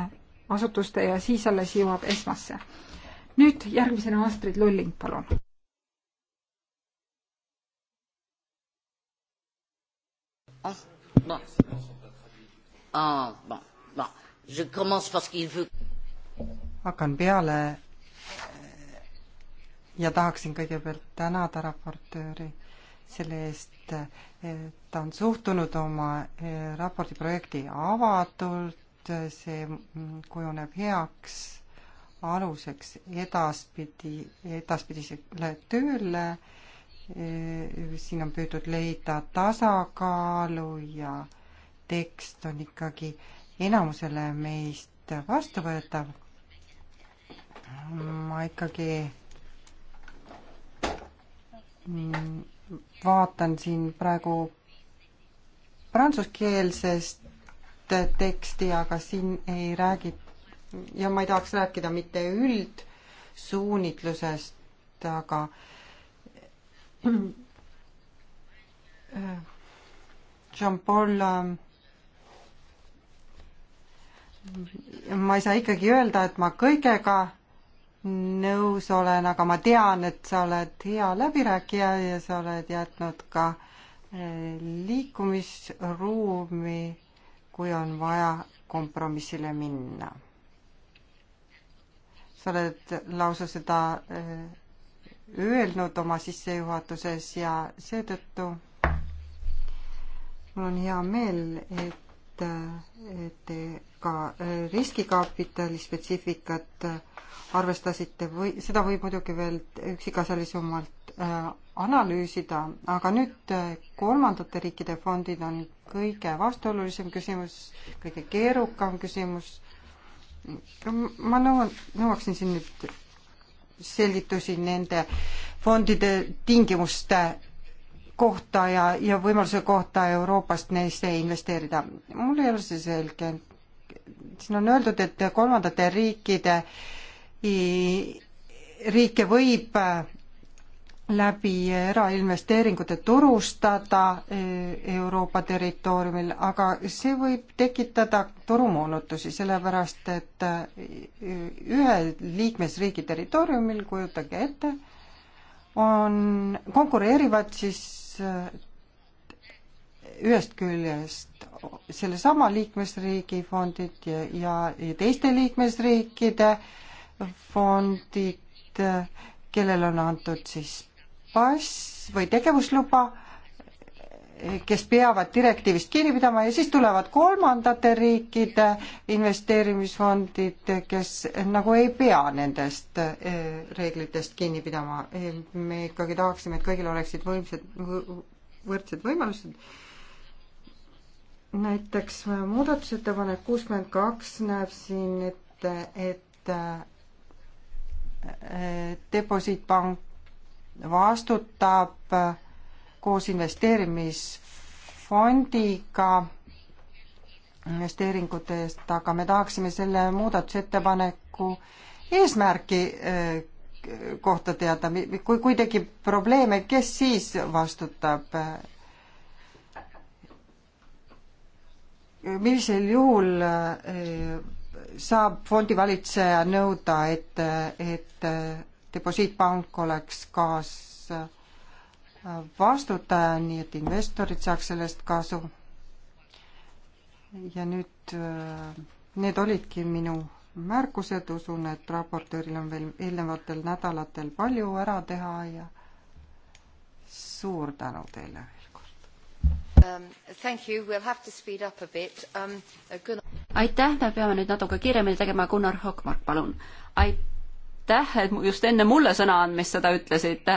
[SPEAKER 3] asutuste ja siis alles jõuab esmasse? nüüd järgmisena Astrid Lulling, palun. ah, bon. Ah, bon, bon. Je commence parce qu'il veut.
[SPEAKER 2] hakkan peale eh, ja tahaksin kõigepealt tänada raportööri selle eest, et ta on suhtunud oma eh, raporti projekti avatult, eh, see kujuneb heaks aluseks edaspidi, edaspidisele tööle. siin on püüdnud leida tasakaalu ja tekst on ikkagi enamusele meist vastuvõetav. ma ikkagi vaatan siin praegu prantsuskeelsest teksti, aga siin ei räägita ja ma ei tahaks rääkida mitte üldsuunitlusest, aga Jean-Paul, ma ei saa ikkagi öelda, et ma kõigega nõus olen, aga ma tean, et sa oled hea läbirääkija ja sa oled jätnud ka eh, liikumisruumi, kui on vaja kompromissile minna sa oled lausa seda eh, öelnud oma sissejuhatuses ja seetõttu mul on hea meel, et, et eh, te ka eh, riskikapitali spetsiifikat arvestasite või seda võib muidugi veel üksikasjalisemalt analüüsida, aga nüüd kolmandate riikide fondid on kõige vastuolulisem küsimus, kõige keerukam küsimus ma nõuan, nõuaksin siin nüüd selgitusi nende fondide tingimuste kohta ja, ja võimaluse kohta Euroopast neisse investeerida. mul ei ole see selge. siin on öeldud, et kolmandate riikide, riike võib läbi erainvesteeringute turustada e, Euroopa territooriumil, aga see võib tekitada turumoonutusi, sellepärast et e, ühe liikmesriigi territooriumil, kujutage ette, on, konkureerivad siis e, ühest küljest sellesama liikmesriigi fondid ja, ja, ja teiste liikmesriikide fondid, kellele on antud siis pass või tegevusluba, kes peavad direktiivist kinni pidama ja siis tulevad kolmandate riikide investeerimisfondid, kes nagu ei pea nendest eh, reeglitest kinni pidama. me ikkagi tahaksime, et kõigil oleksid võimsad, võrdsed võimalused näiteks eh, muudatusettepanek kuuskümmend kaks näeb siin, et, et eh, deposiitpank vastutab koos investeerimisfondiga investeeringute eest, aga me tahaksime selle muudatusettepaneku eesmärki eh, kohta teada, kui, kui tekib probleeme, kes siis vastutab? millisel juhul eh, saab fondivalitseja nõuda, et, et deposiitpank oleks kaasvastutaja, nii et investorid saaks sellest kasu. ja nüüd äh, need olidki minu märkused, usun, et raportööril on veel eelnevatel nädalatel palju ära teha ja suur tänu teile veel kord um,. We'll um, Gunnar...
[SPEAKER 1] aitäh, me peame nüüd natuke kiiremini tegema, Gunnar Hokmark, palun. aitäh aitäh, et just enne mulle sõna andmist seda ütlesite.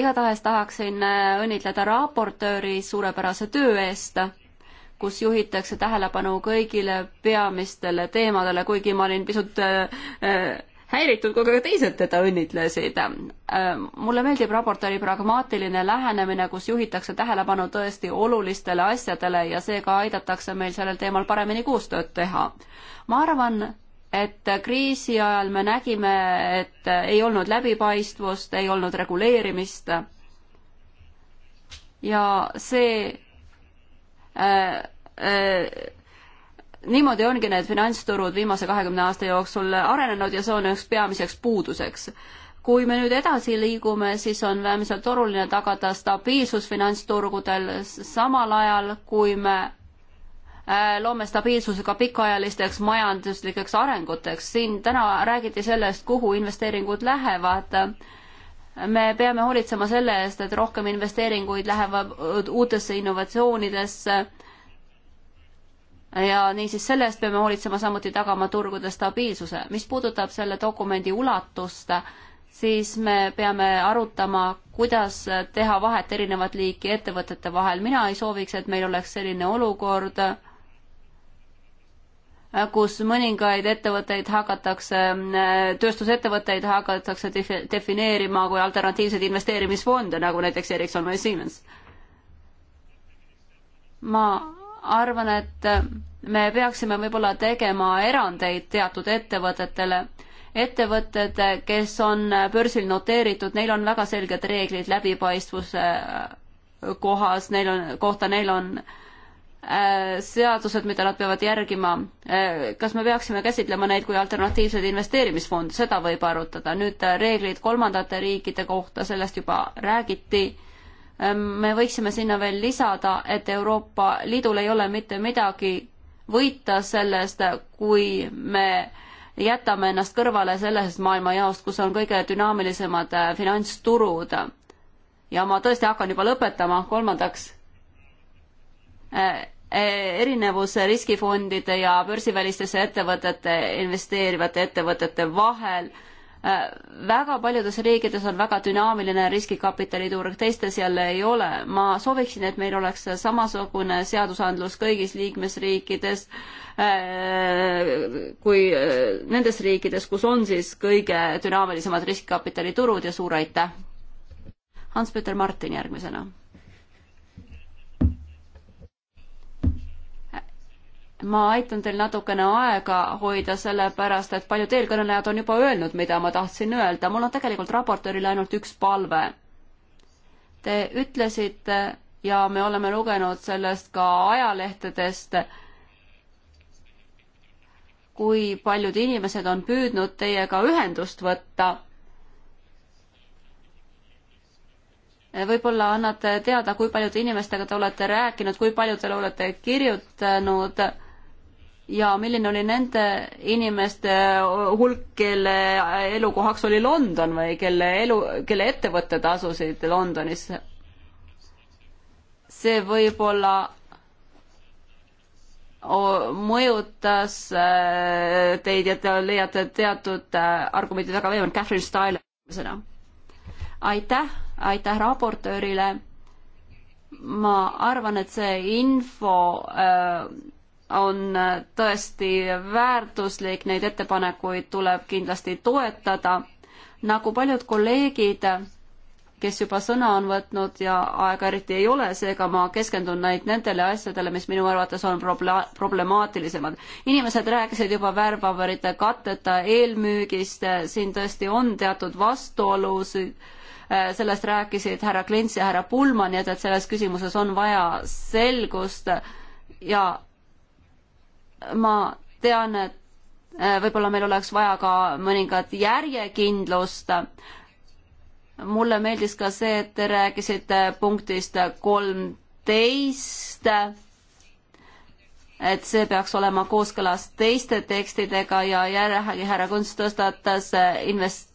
[SPEAKER 1] igatahes tahaksin äh, õnnitleda raportööri suurepärase töö eest, kus juhitakse tähelepanu kõigile peamistele teemadele, kuigi ma olin pisut äh, äh, häiritud, kui ka teised teda õnnitlesid. mulle meeldib raportööri pragmaatiline lähenemine, kus juhitakse tähelepanu tõesti olulistele asjadele ja seega aidatakse meil sellel teemal paremini koostööd teha. ma arvan, et kriisi ajal me nägime, et ei olnud läbipaistvust, ei olnud reguleerimist. ja see äh, äh, niimoodi ongi need finantsturud viimase kahekümne aasta jooksul arenenud ja see on üks peamiseks puuduseks. kui me nüüd edasi liigume, siis on äärmiselt oluline tagada stabiilsus finantsturgudel, samal ajal kui me Äh, loome stabiilsusega pikaajalisteks majanduslikeks arenguteks. siin täna räägiti sellest, kuhu investeeringud lähevad. me peame hoolitsema selle eest, et rohkem investeeringuid lähevad uutesse innovatsioonidesse. ja niisiis selle eest peame hoolitsema samuti tagama turgude stabiilsuse. mis puudutab selle dokumendi ulatust, siis me peame arutama, kuidas teha vahet erinevat liiki ettevõtete vahel. mina ei sooviks, et meil oleks selline olukord, Äh, kus mõningaid ettevõtteid hakatakse, äh, tööstusettevõtteid hakatakse defineerima kui alternatiivseid investeerimisfonde, nagu näiteks Ericsson või Siemens. ma arvan, et äh, me peaksime võib-olla tegema erandeid teatud ettevõtetele. ettevõtted, kes on börsil noteeritud, neil on väga selged reeglid läbipaistvuse kohas, neil on, kohta neil on äh, Äh, seadused, mida nad peavad järgima, äh, kas me peaksime käsitlema neid kui alternatiivseid investeerimisfonde, seda võib arutada. nüüd äh, reeglid kolmandate riikide kohta, sellest juba räägiti. me võiksime sinna veel lisada, et Euroopa Liidul ei ole mitte midagi võita sellest, kui me jätame ennast kõrvale sellest maailmajaost, kus on kõige dünaamilisemad finantsturud. ja ma tõesti hakkan juba lõpetama, kolmandaks erinevus riskifondide ja börsivälistesse ettevõtete, investeerivate ettevõtete vahel. Äh, väga paljudes riikides on väga dünaamiline riskikapitaliturg, teistes jälle ei ole. ma sooviksin, et meil oleks samasugune seadusandlus kõigis liikmesriikides äh, kui äh, nendes riikides, kus on siis kõige dünaamilisemad riskikapitaliturud ja suur aitäh! Hans-Peter Martin järgmisena ma aitan teil natukene aega hoida, sellepärast et paljud eelkõnelejad on juba öelnud, mida ma tahtsin öelda. mul on tegelikult raportöörile ainult üks palve. Te ütlesite ja me oleme lugenud sellest ka ajalehtedest, kui paljud inimesed on püüdnud teiega ühendust võtta. võib-olla annate teada, kui paljude inimestega te olete rääkinud, kui paljudele olete kirjutanud ja milline oli nende inimeste hulk, kelle elukohaks oli London või kelle elu, kelle ettevõtted asusid Londonis? see võib-olla mõjutas äh, teid ja te leiate teatud äh, argumendid väga veelmalt Catherine Style sõna. aitäh, aitäh raportöörile. ma arvan, et see info äh, on äh, tõesti väärtuslik, neid ettepanekuid tuleb kindlasti toetada. nagu paljud kolleegid, kes juba sõna on võtnud ja aega eriti ei ole, seega ma keskendun neid nendele asjadele, mis minu arvates on proble-, problemaatilisemad. inimesed rääkisid juba väärpaberite katteta eelmüügist, äh, siin tõesti on teatud vastuolusid, äh, sellest rääkisid härra Klints ja härra Pullman, nii et, et selles küsimuses on vaja selgust ja ma tean, et äh, võib-olla meil oleks vaja ka mõningat järjekindlust. mulle meeldis ka see, et te rääkisite punktist kolmteist, et see peaks olema kooskõlas teiste tekstidega ja järgi härra Kunst tõstatas äh, invest-,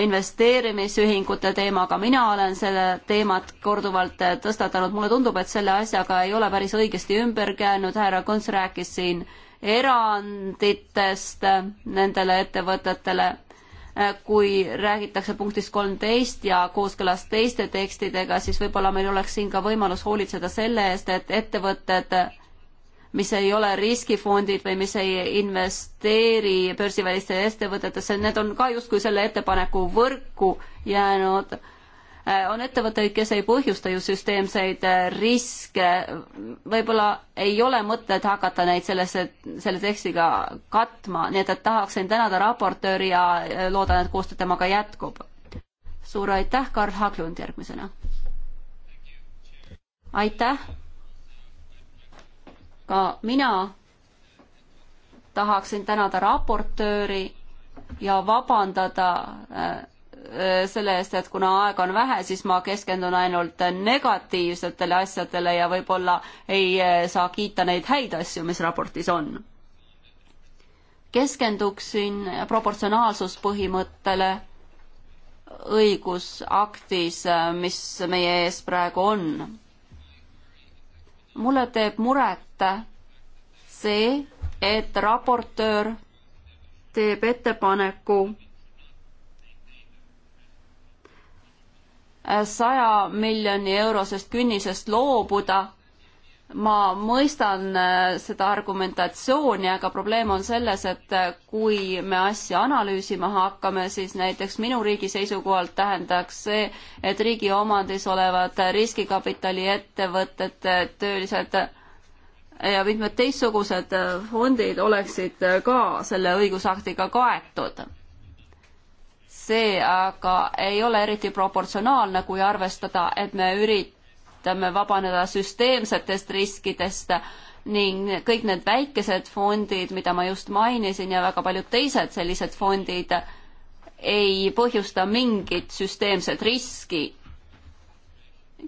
[SPEAKER 1] investeerimisühingute teemaga, mina olen selle teemat korduvalt tõstatanud, mulle tundub, et selle asjaga ei ole päris õigesti ümber käinud, härra Kunts rääkis siin eranditest nendele ettevõtetele, kui räägitakse punktist kolmteist ja kooskõlas teiste tekstidega, siis võib-olla meil oleks siin ka võimalus hoolitseda selle eest, et ettevõtted mis ei ole riskifondid või mis ei investeeri börsivälistesse ettevõtetesse, need on ka justkui selle ettepaneku võrku jäänud. Äh, on ettevõtteid, kes ei põhjusta ju süsteemseid äh, riske, võib-olla ei ole mõtet hakata neid sellesse, selle tekstiga katma, nii et, et tahaksin tänada raportööri ja äh, loodan, et koostöö temaga jätkub. suur aitäh, Karl Haglund järgmisena! aitäh! ka mina tahaksin tänada raportööri ja vabandada äh, äh, selle eest, et kuna aega on vähe, siis ma keskendun ainult negatiivsetele asjadele ja võib-olla ei äh, saa kiita neid häid asju, mis raportis on. keskenduksin proportsionaalsuspõhimõttele õigusaktis, mis meie ees praegu on mulle teeb muret see, et raportöör teeb ettepaneku saja miljoni eurosest künnisest loobuda ma mõistan äh, seda argumentatsiooni, aga probleem on selles, et äh, kui me asja analüüsima hakkame, siis näiteks minu riigi seisukohalt tähendaks see, et riigi omandis olevad riskikapitali ettevõtted, äh, töölised ja mitmed teistsugused fondid oleksid ka selle õigusaktiga kaetud. see aga ei ole eriti proportsionaalne, kui arvestada, et me ürit-, aitame vabaneda süsteemsetest riskidest ning kõik need väikesed fondid, mida ma just mainisin ja väga paljud teised sellised fondid ei põhjusta mingit süsteemset riski.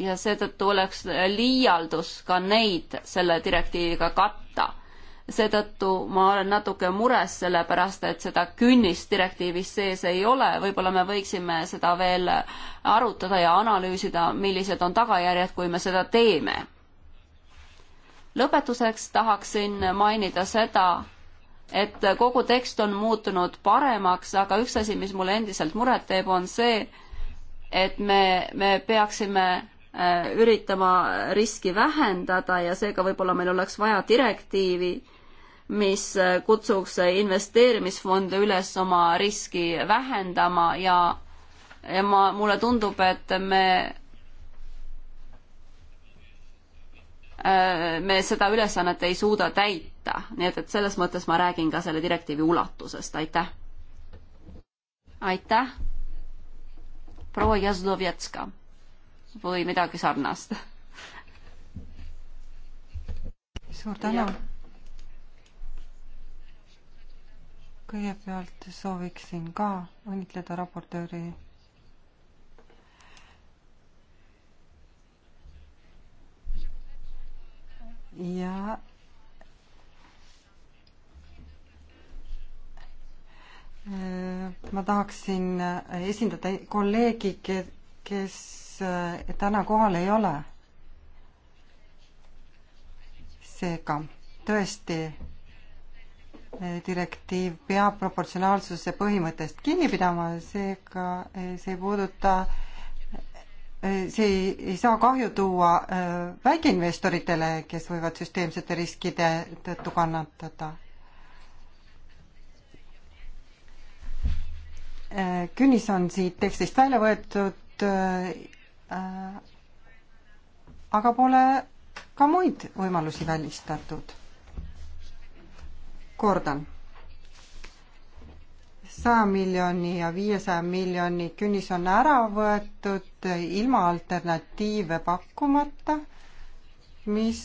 [SPEAKER 1] ja seetõttu oleks liialdus ka neid selle direktiiviga katta seetõttu ma olen natuke mures, sellepärast et seda künnist direktiivis sees ei ole, võib-olla me võiksime seda veel arutada ja analüüsida, millised on tagajärjed, kui me seda teeme. lõpetuseks tahaksin mainida seda, et kogu tekst on muutunud paremaks, aga üks asi, mis mulle endiselt muret teeb, on see, et me, me peaksime äh, üritama riski vähendada ja seega võib-olla meil oleks vaja direktiivi, mis äh, kutsuks äh, investeerimisfonde üles oma riski vähendama ja, ja ma, mulle tundub, et me, äh, me seda ülesannet ei suuda täita, nii et, et selles mõttes ma räägin ka selle direktiivi ulatusest, aitäh. aitäh. proua Jazlovetska või midagi sarnast.
[SPEAKER 2] suur tänu kõigepealt sooviksin ka õnnitleda raportööri ja ma tahaksin esindada kolleegi, kes eh, täna kohal ei ole. seega tõesti direktiiv peab proportsionaalsuse põhimõttest kinni pidama, seega eh, see ei puuduta, eh, see ei, ei saa kahju tuua eh, väikeinvestoritele, kes võivad süsteemsete riskide tõttu kannatada. künnis on siit tekstist välja võetud, aga pole ka muid võimalusi välistatud kordan, saja miljoni ja viiesaja miljoni künnis on ära võetud ilma alternatiive pakkumata, mis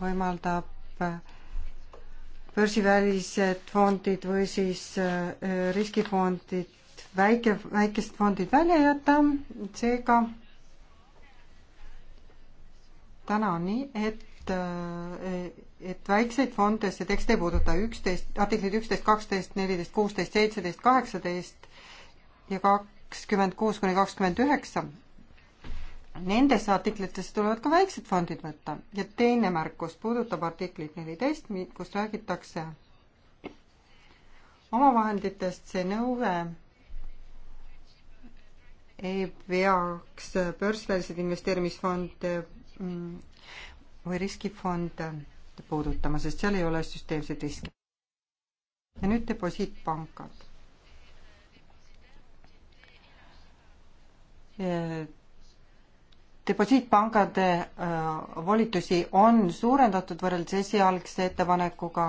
[SPEAKER 2] võimaldab börsivälised fondid või siis äh, riskifondid, väike, väikesed fondid välja jätta, seega täna on nii, et et väikseid fonde see tekst ei puuduta, üksteist, artiklid üksteist, kaksteist, neliteist, kuusteist, seitseteist, kaheksateist ja kakskümmend kuus kuni kakskümmend üheksa. Nendesse artiklitesse tulevad ka väiksed fondid võtta ja teine märkus puudutab artiklit neliteist, kus räägitakse omavahenditest, see nõue ei peaks börsväliseid investeerimisfonde mm, või riskifonde puudutama, sest seal ei ole süsteemseid riske. ja nüüd deposiitpangad. deposiitpangade äh, volitusi on suurendatud võrreldes esialgse ettepanekuga,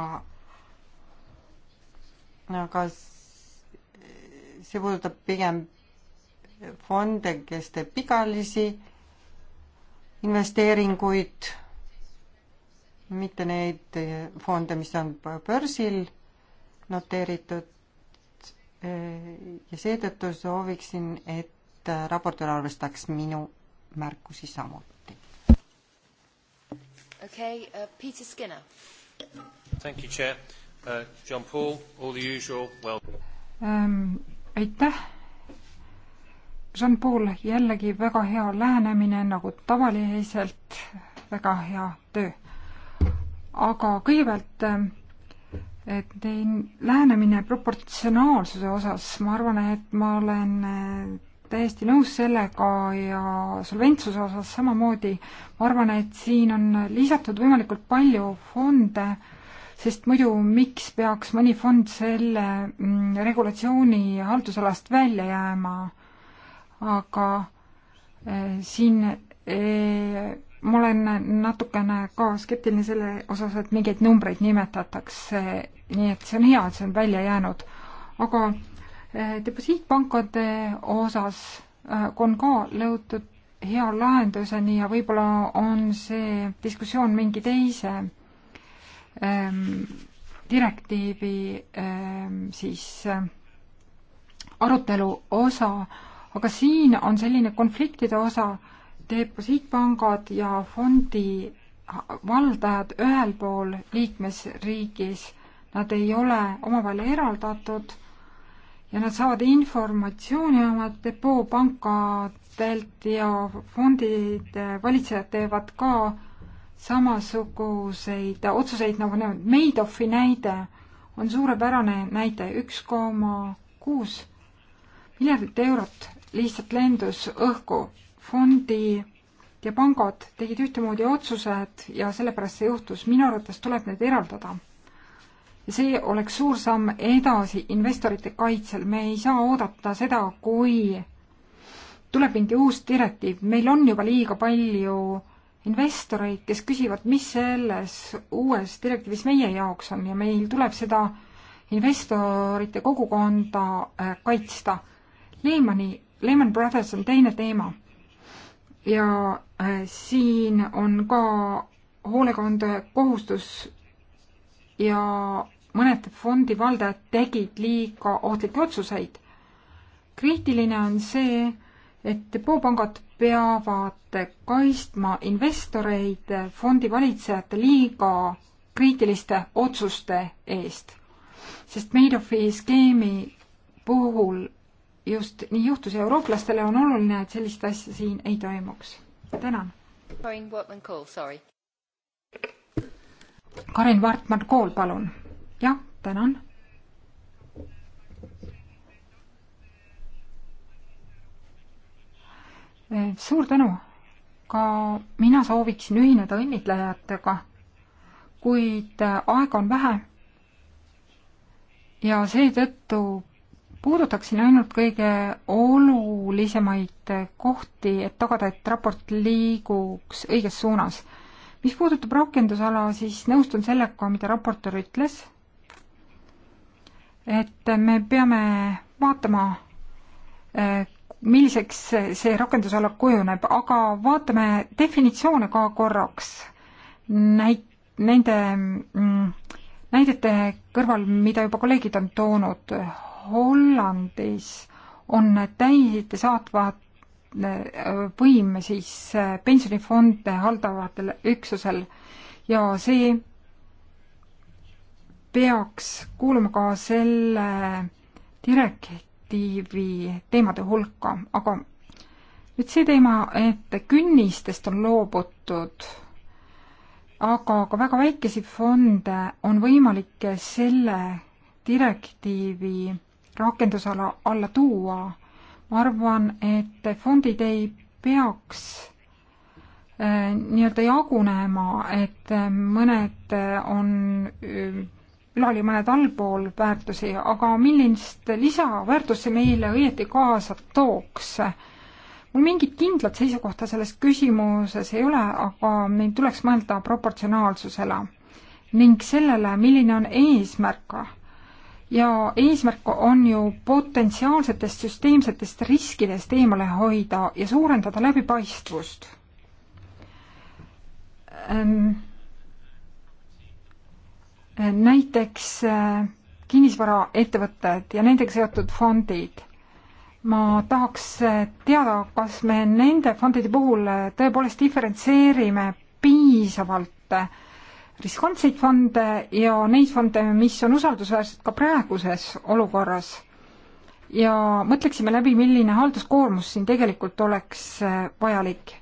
[SPEAKER 2] aga see puudutab pigem fonde, kes teeb pikaajalisi investeeringuid mitte neid fonde, mis on börsil noteeritud. ja seetõttu sooviksin, et raportöör arvestaks minu märkusi samuti.
[SPEAKER 1] okei okay, uh,, Peter Skinner.
[SPEAKER 2] Thank you, chair uh,. Jean-Paul, all the usual, well
[SPEAKER 3] um,. aitäh. Jean-Paul, jällegi väga hea lähenemine nagu tavaliselt, väga hea töö aga kõigepealt eh, tein lähenemine proportsionaalsuse osas, ma arvan, et ma olen eh, täiesti nõus sellega ja solventsuse osas samamoodi. ma arvan, et siin on lisatud võimalikult palju fonde, sest muidu miks peaks mõni fond selle mm, regulatsiooni haldusalast välja jääma, aga eh, siin ma olen natukene ka skeptiline selle osas, et mingeid numbreid nimetatakse, nii et see on hea, et see on välja jäänud. aga eh, deposiitpankade osas eh, on ka lõutud hea lahenduseni ja võib-olla on see diskussioon mingi teise ähm, direktiivi ähm, siis äh, arutelu osa, aga siin on selline konfliktide osa äh,, deposiitpangad ja fondi valdajad ühel pool liikmesriigis, nad ei ole omavahel eraldatud ja nad saavad informatsiooni oma depoo pankadelt ja fondide valitsejad teevad ka samasuguseid otsuseid nagu need Madoffi näide on suurepärane näide, üks koma kuus miljardit eurot lihtsalt lendus õhku fondi ja pangad tegid ühtemoodi otsused ja sellepärast see juhtus. minu arvates tuleb need eraldada. ja see oleks suur samm edasi investorite kaitsel. me ei saa oodata seda, kui tuleb mingi uus direktiiv. meil on juba liiga palju investoreid, kes küsivad, mis selles uues direktiivis meie jaoks on ja meil tuleb seda investorite kogukonda äh, kaitsta. Lehmani, Lehman Brothers on teine teema ja äh, siin on ka hoolekandekohustus ja mõned fondi valdajad tegid liiga ohtlikke otsuseid. kriitiline on see, et depoopangad peavad kaitsma investoreid fondivalitsejate liiga kriitiliste otsuste eest, sest Madoffi skeemi puhul just nii juhtus ja eurooplastele on oluline, et sellist asja siin ei toimuks. tänan.
[SPEAKER 1] Karin Wortmann-Kool, sorry.
[SPEAKER 3] Karin Wortmann-Kool, palun. jah, tänan. Eh, suur tänu. ka mina sooviksin ühineda õnnitlejatega, kuid eh, aega on vähe. ja seetõttu puudutaksin ainult kõige olulisemaid kohti, et tagada, et raport liiguks õiges suunas. mis puudutab rakendusala, siis nõustun sellega, mida raportöör ütles, et me peame vaatama, eh, milliseks see rakendusala kujuneb, aga vaatame definitsioone ka korraks. näit-, nende mm, näidete kõrval, mida juba kolleegid on toonud, Hollandis on täiesti saatva äh, võim siis äh, pensionifonde haldavatel üksusel ja see peaks kuuluma ka selle direktiivi teemade hulka, aga nüüd see teema, et künnistest on loobutud, aga ka väga väikesi fonde on võimalik selle direktiivi rakendusala alla tuua. ma arvan, et fondid ei peaks äh, nii-öelda jagunema, et äh, mõned äh, on ülal ja mõned allpool väärtusi, aga millist lisaväärtust see meile õieti kaasa tooks? mul mingit kindlat seisukohta selles küsimuses ei ole, aga meil tuleks mõelda proportsionaalsusele ning sellele, milline on eesmärk ja eesmärk on ju potentsiaalsetest süsteemsetest riskidest eemale hoida ja suurendada läbipaistvust ähm,. näiteks äh, kinnisvaraettevõtted ja nendega seotud fondid. ma tahaks äh, teada, kas me nende fondide puhul äh, tõepoolest diferentseerime piisavalt äh, riskantseid fonde ja neid fonde, mis on usaldusväärsed ka praeguses olukorras. ja mõtleksime läbi, milline halduskoormus siin tegelikult oleks eh, vajalik.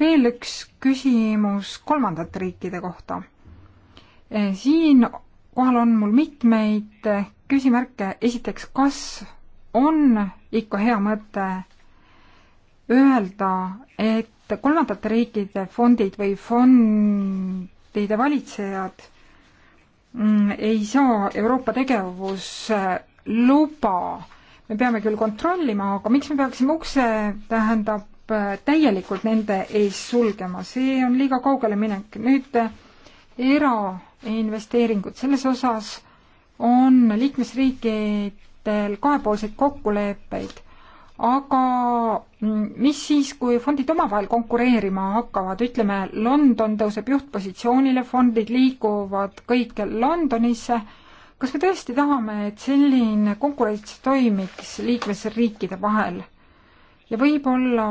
[SPEAKER 3] veel üks küsimus kolmandate riikide kohta. Eh, siin kohal on mul mitmeid eh, küsimärke, esiteks, kas on ikka hea mõte öelda, et kolmandate riikide fondid või fond liikmesriikide valitsejad mm, ei saa Euroopa tegevusluba. Äh, me peame küll kontrollima, aga miks me peaksime ukse, tähendab, äh, täielikult nende ees sulgema, see on liiga kaugele minek. nüüd äh, erainvesteeringud, selles osas on liikmesriikidel kahepoolseid kokkuleppeid aga mm, mis siis, kui fondid omavahel konkureerima hakkavad, ütleme, London tõuseb juhtpositsioonile, fondid liiguvad kõik Londonisse, kas me tõesti tahame, et selline konkurents toimiks liikmesriikide vahel? ja võib-olla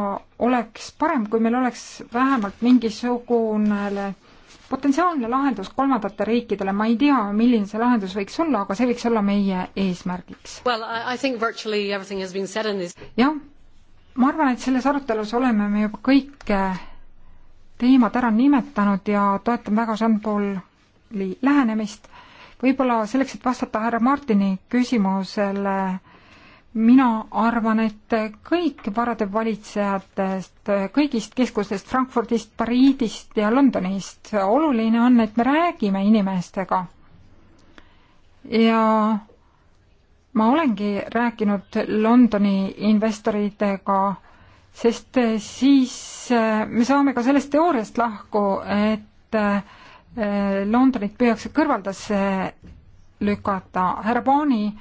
[SPEAKER 3] oleks parem, kui meil oleks vähemalt mingisugune potentsiaalne lahendus kolmandatele riikidele, ma ei tea, milline see lahendus võiks olla, aga see võiks olla meie eesmärgiks. jah, ma arvan, et selles arutelus oleme me juba kõik eh, teemad ära nimetanud ja toetan väga Jean-Pauli lähenemist. võib-olla selleks, et vastata härra Martini küsimusele äh, mina arvan, et kõik varade valitsejatest, kõigist keskustest Frankfurdist, Pariidist ja Londonist, oluline on, et me räägime inimestega. ja ma olengi rääkinud Londoni investoritega, sest siis äh, me saame ka sellest teooriast lahku, et äh, Londonit püüaks kõrvaldasse lükata. härra Paani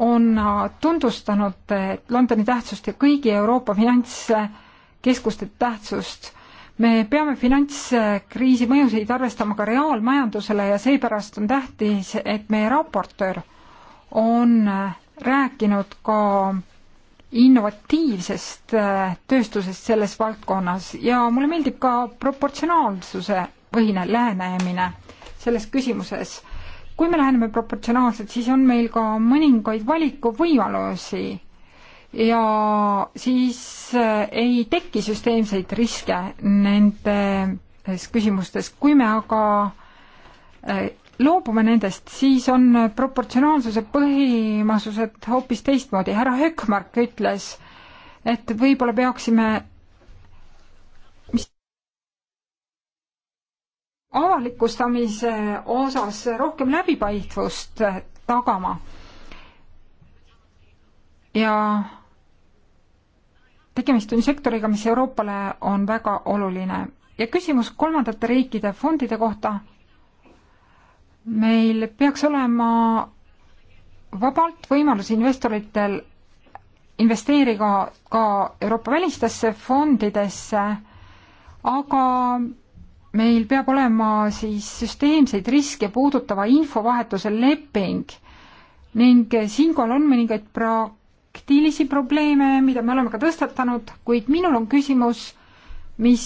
[SPEAKER 3] on tunnustanud Londoni tähtsust ja kõigi Euroopa finantskeskuste tähtsust. me peame finantskriisi mõjusid arvestama ka reaalmajandusele ja seepärast on tähtis, et meie raportöör on rääkinud ka innovatiivsest tööstusest selles valdkonnas ja mulle meeldib ka proportsionaalsuse põhine lähenemine selles küsimuses kui me läheneme proportsionaalselt, siis on meil ka mõningaid valikuvõimalusi ja siis äh, ei teki süsteemseid riske nendes küsimustes, kui me aga äh, loobume nendest, siis on proportsionaalsuse põhimasused hoopis teistmoodi, härra Hökmark ütles, et võib-olla peaksime avalikustamise osas rohkem läbipaistvust tagama. ja tegemist on sektoriga, mis Euroopale on väga oluline. ja küsimus kolmandate riikide fondide kohta. meil peaks olema vabalt võimalus investoritel investeerida ka Euroopa välistesse fondidesse, aga meil peab olema siis süsteemseid riske puudutava infovahetuse leping ning siinkohal on mõningaid praktilisi probleeme, mida me oleme ka tõstatanud, kuid minul on küsimus, mis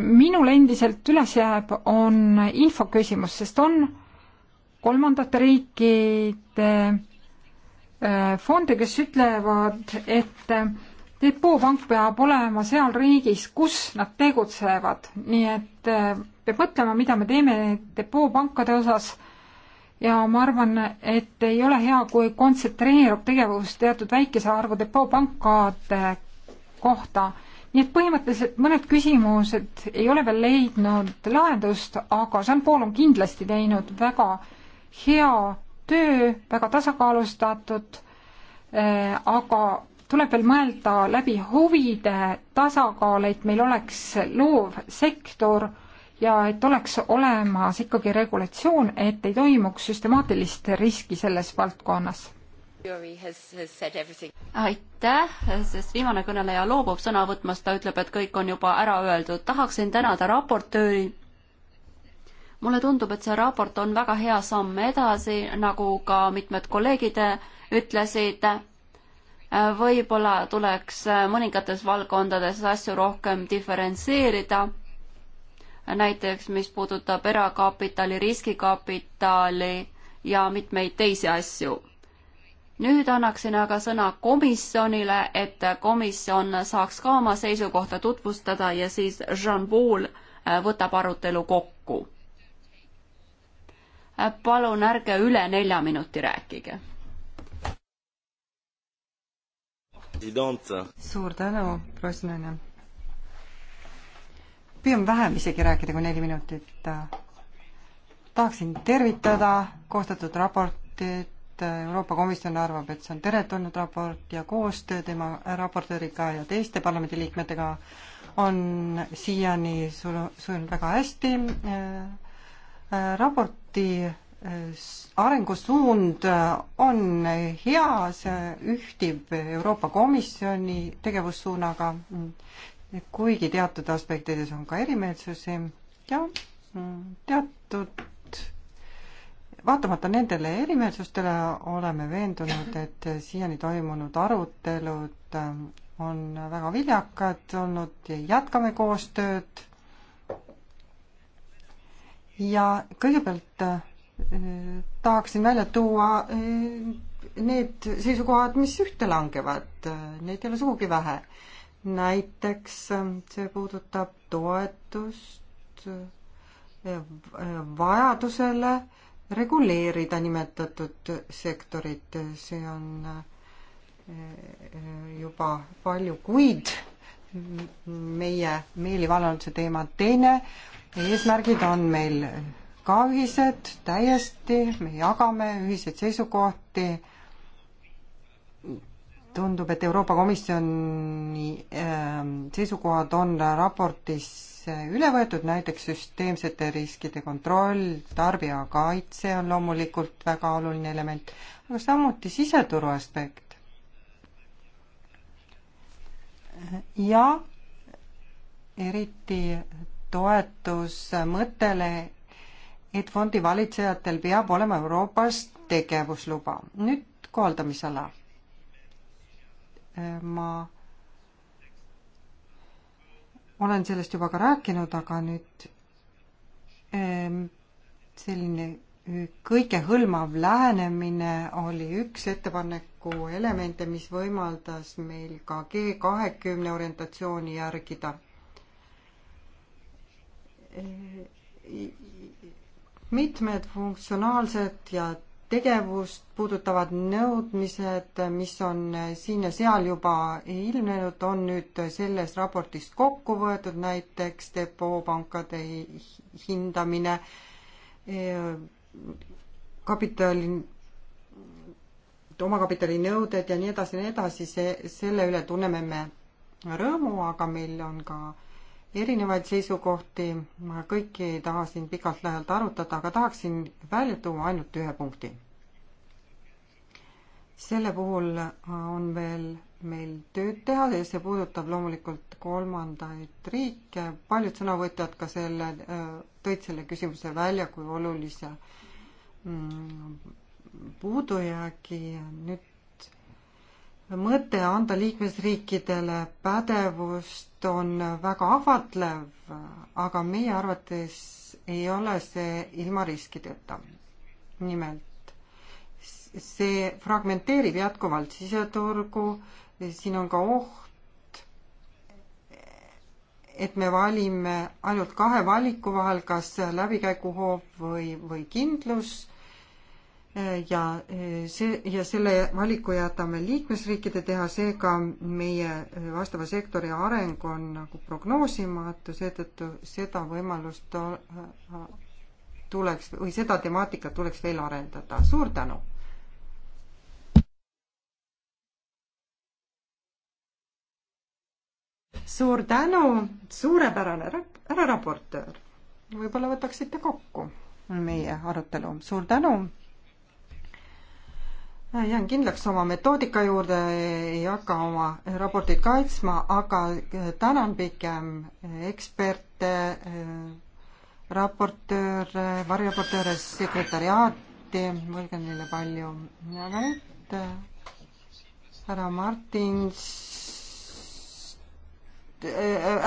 [SPEAKER 3] minul endiselt üles jääb, on info küsimus, sest on kolmandate riikide äh, fonde, kes ütlevad, et depoopank peab olema seal riigis, kus nad tegutsevad, nii et äh, peab mõtlema, mida me teeme depoopankade osas ja ma arvan, et ei ole hea, kui kontsentreerub tegevus teatud väikese arvu depoopankade kohta. nii et põhimõtteliselt mõned küsimused ei ole veel leidnud lahendust, aga Jean Paul on kindlasti teinud väga hea töö, väga tasakaalustatud, äh, aga tuleb veel mõelda läbi huvide tasakaal, et meil oleks loov sektor ja et oleks olemas ikkagi regulatsioon, et ei toimuks süstemaatilist riski selles valdkonnas.
[SPEAKER 1] aitäh, sest viimane kõneleja loobub sõna võtmast, ta ütleb, et kõik on juba ära öeldud. tahaksin tänada raportööri. mulle tundub, et see raport on väga hea samm edasi, nagu ka mitmed kolleegid ütlesid võib-olla tuleks äh, mõningates valdkondades asju rohkem diferentseerida, näiteks mis puudutab erakapitali, riskikapitali ja mitmeid teisi asju. nüüd annaksin aga sõna komisjonile, et komisjon saaks ka oma seisukohta tutvustada ja siis Jean-Paul äh, võtab arutelu kokku. Äh, palun ärge üle nelja minuti rääkige
[SPEAKER 2] suur tänu, proua Snõnja. püüame vähem isegi rääkida kui neli minutit. tahaksin tervitada koostatud raportit. Euroopa Komisjon arvab, et see on teretulnud raport ja koostöö tema raportööriga ja teiste parlamendiliikmetega on siiani sujunud väga hästi. Äh, äh, raporti arengusuund äh, on hea, see ühtib Euroopa Komisjoni tegevussuunaga, kuigi teatud aspektides on ka erimeelsusi ja mm, teatud, vaatamata nendele erimeelsustele oleme veendunud, et siiani toimunud arutelud äh, on väga viljakad olnud ja jätkame koostööd. ja kõigepealt äh, tahaksin välja tuua eh, need seisukohad, mis ühte langevad, neid ei ole sugugi vähe. näiteks see puudutab toetust eh, vajadusele reguleerida nimetatud sektorit, see on eh, juba palju kuid meie meelivallanduse teema. teine eesmärgid on meil ka ühised täiesti, me jagame ühiseid seisukohti. tundub, et Euroopa Komisjoni ähm, seisukohad on raportis üle võetud, näiteks süsteemsete riskide kontroll, tarbijakaitse on loomulikult väga oluline element, aga samuti siseturu aspekt. ja eriti toetus mõttele, et fondi valitsejatel peab olema Euroopas tegevusluba. nüüd kohaldamisala. Äh, ma olen sellest juba ka rääkinud, aga nüüd ähm, selline äh, kõigehõlmav lähenemine oli üks ettepaneku elemente, mis võimaldas meil ka G kahekümne orientatsiooni järgida. Äh, mitmed funktsionaalsed ja tegevust puudutavad nõudmised, mis on siin ja seal juba ilmnenud, on nüüd selles raportis kokku võetud, näiteks depoopankade hindamine, kapitali, omakapitalinõuded ja nii edasi ja nii edasi, see, selle üle tunneme me rõõmu, aga meil on ka äh, erinevaid seisukohti, ma kõiki ei taha siin pikalt-laialt arutada, aga tahaksin välja tuua ainult ühe punkti. selle puhul on veel meil tööd teha ja see puudutab loomulikult kolmandaid riike, paljud sõnavõtjad ka selle, äh, tõid selle küsimuse välja kui olulise mm, puudujäägi, nüüd mõte anda liikmesriikidele pädevust on väga ahvatlev, aga meie arvates ei ole see ilma riskideta. nimelt, see fragmenteerib jätkuvalt siseturgu, siin on ka oht, et me valime ainult kahe valiku vahel, kas läbikäiguhoov või, või kindlus ja eh, see ja selle valiku jätame liikmesriikide teha, seega meie eh, vastava sektori areng on nagu prognoosimatu, seetõttu seda võimalust tuleks või seda temaatikat tuleks veel arendada. suur tänu! suur tänu, suurepärane härra raportöör. võib-olla võtaksite kokku meie arutelu. suur tänu Äh, jään kindlaks oma metoodika juurde, ei hakka oma raportit kaitsma, aga äh, tänan pigem eksperte, äh, raportööre, variraportööre, sekretäriaati, mõelge neile palju. aga nüüd härra Martins,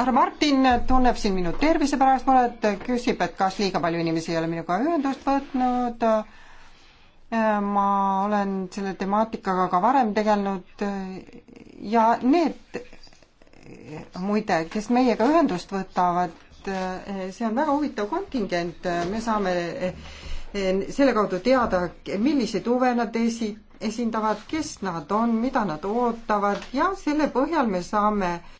[SPEAKER 2] härra Martin tunneb siin minu tervise pärast muret, küsib, et kas liiga palju inimesi ei ole minuga ühendust võtnud ma olen selle temaatikaga ka varem tegelenud äh, ja need äh, muide, kes meiega ühendust võtavad, äh, see on väga huvitav kontingent, me saame selle kaudu teada, milliseid huve nad esi-, esindavad, kes nad on, mida nad ootavad ja selle põhjal me saame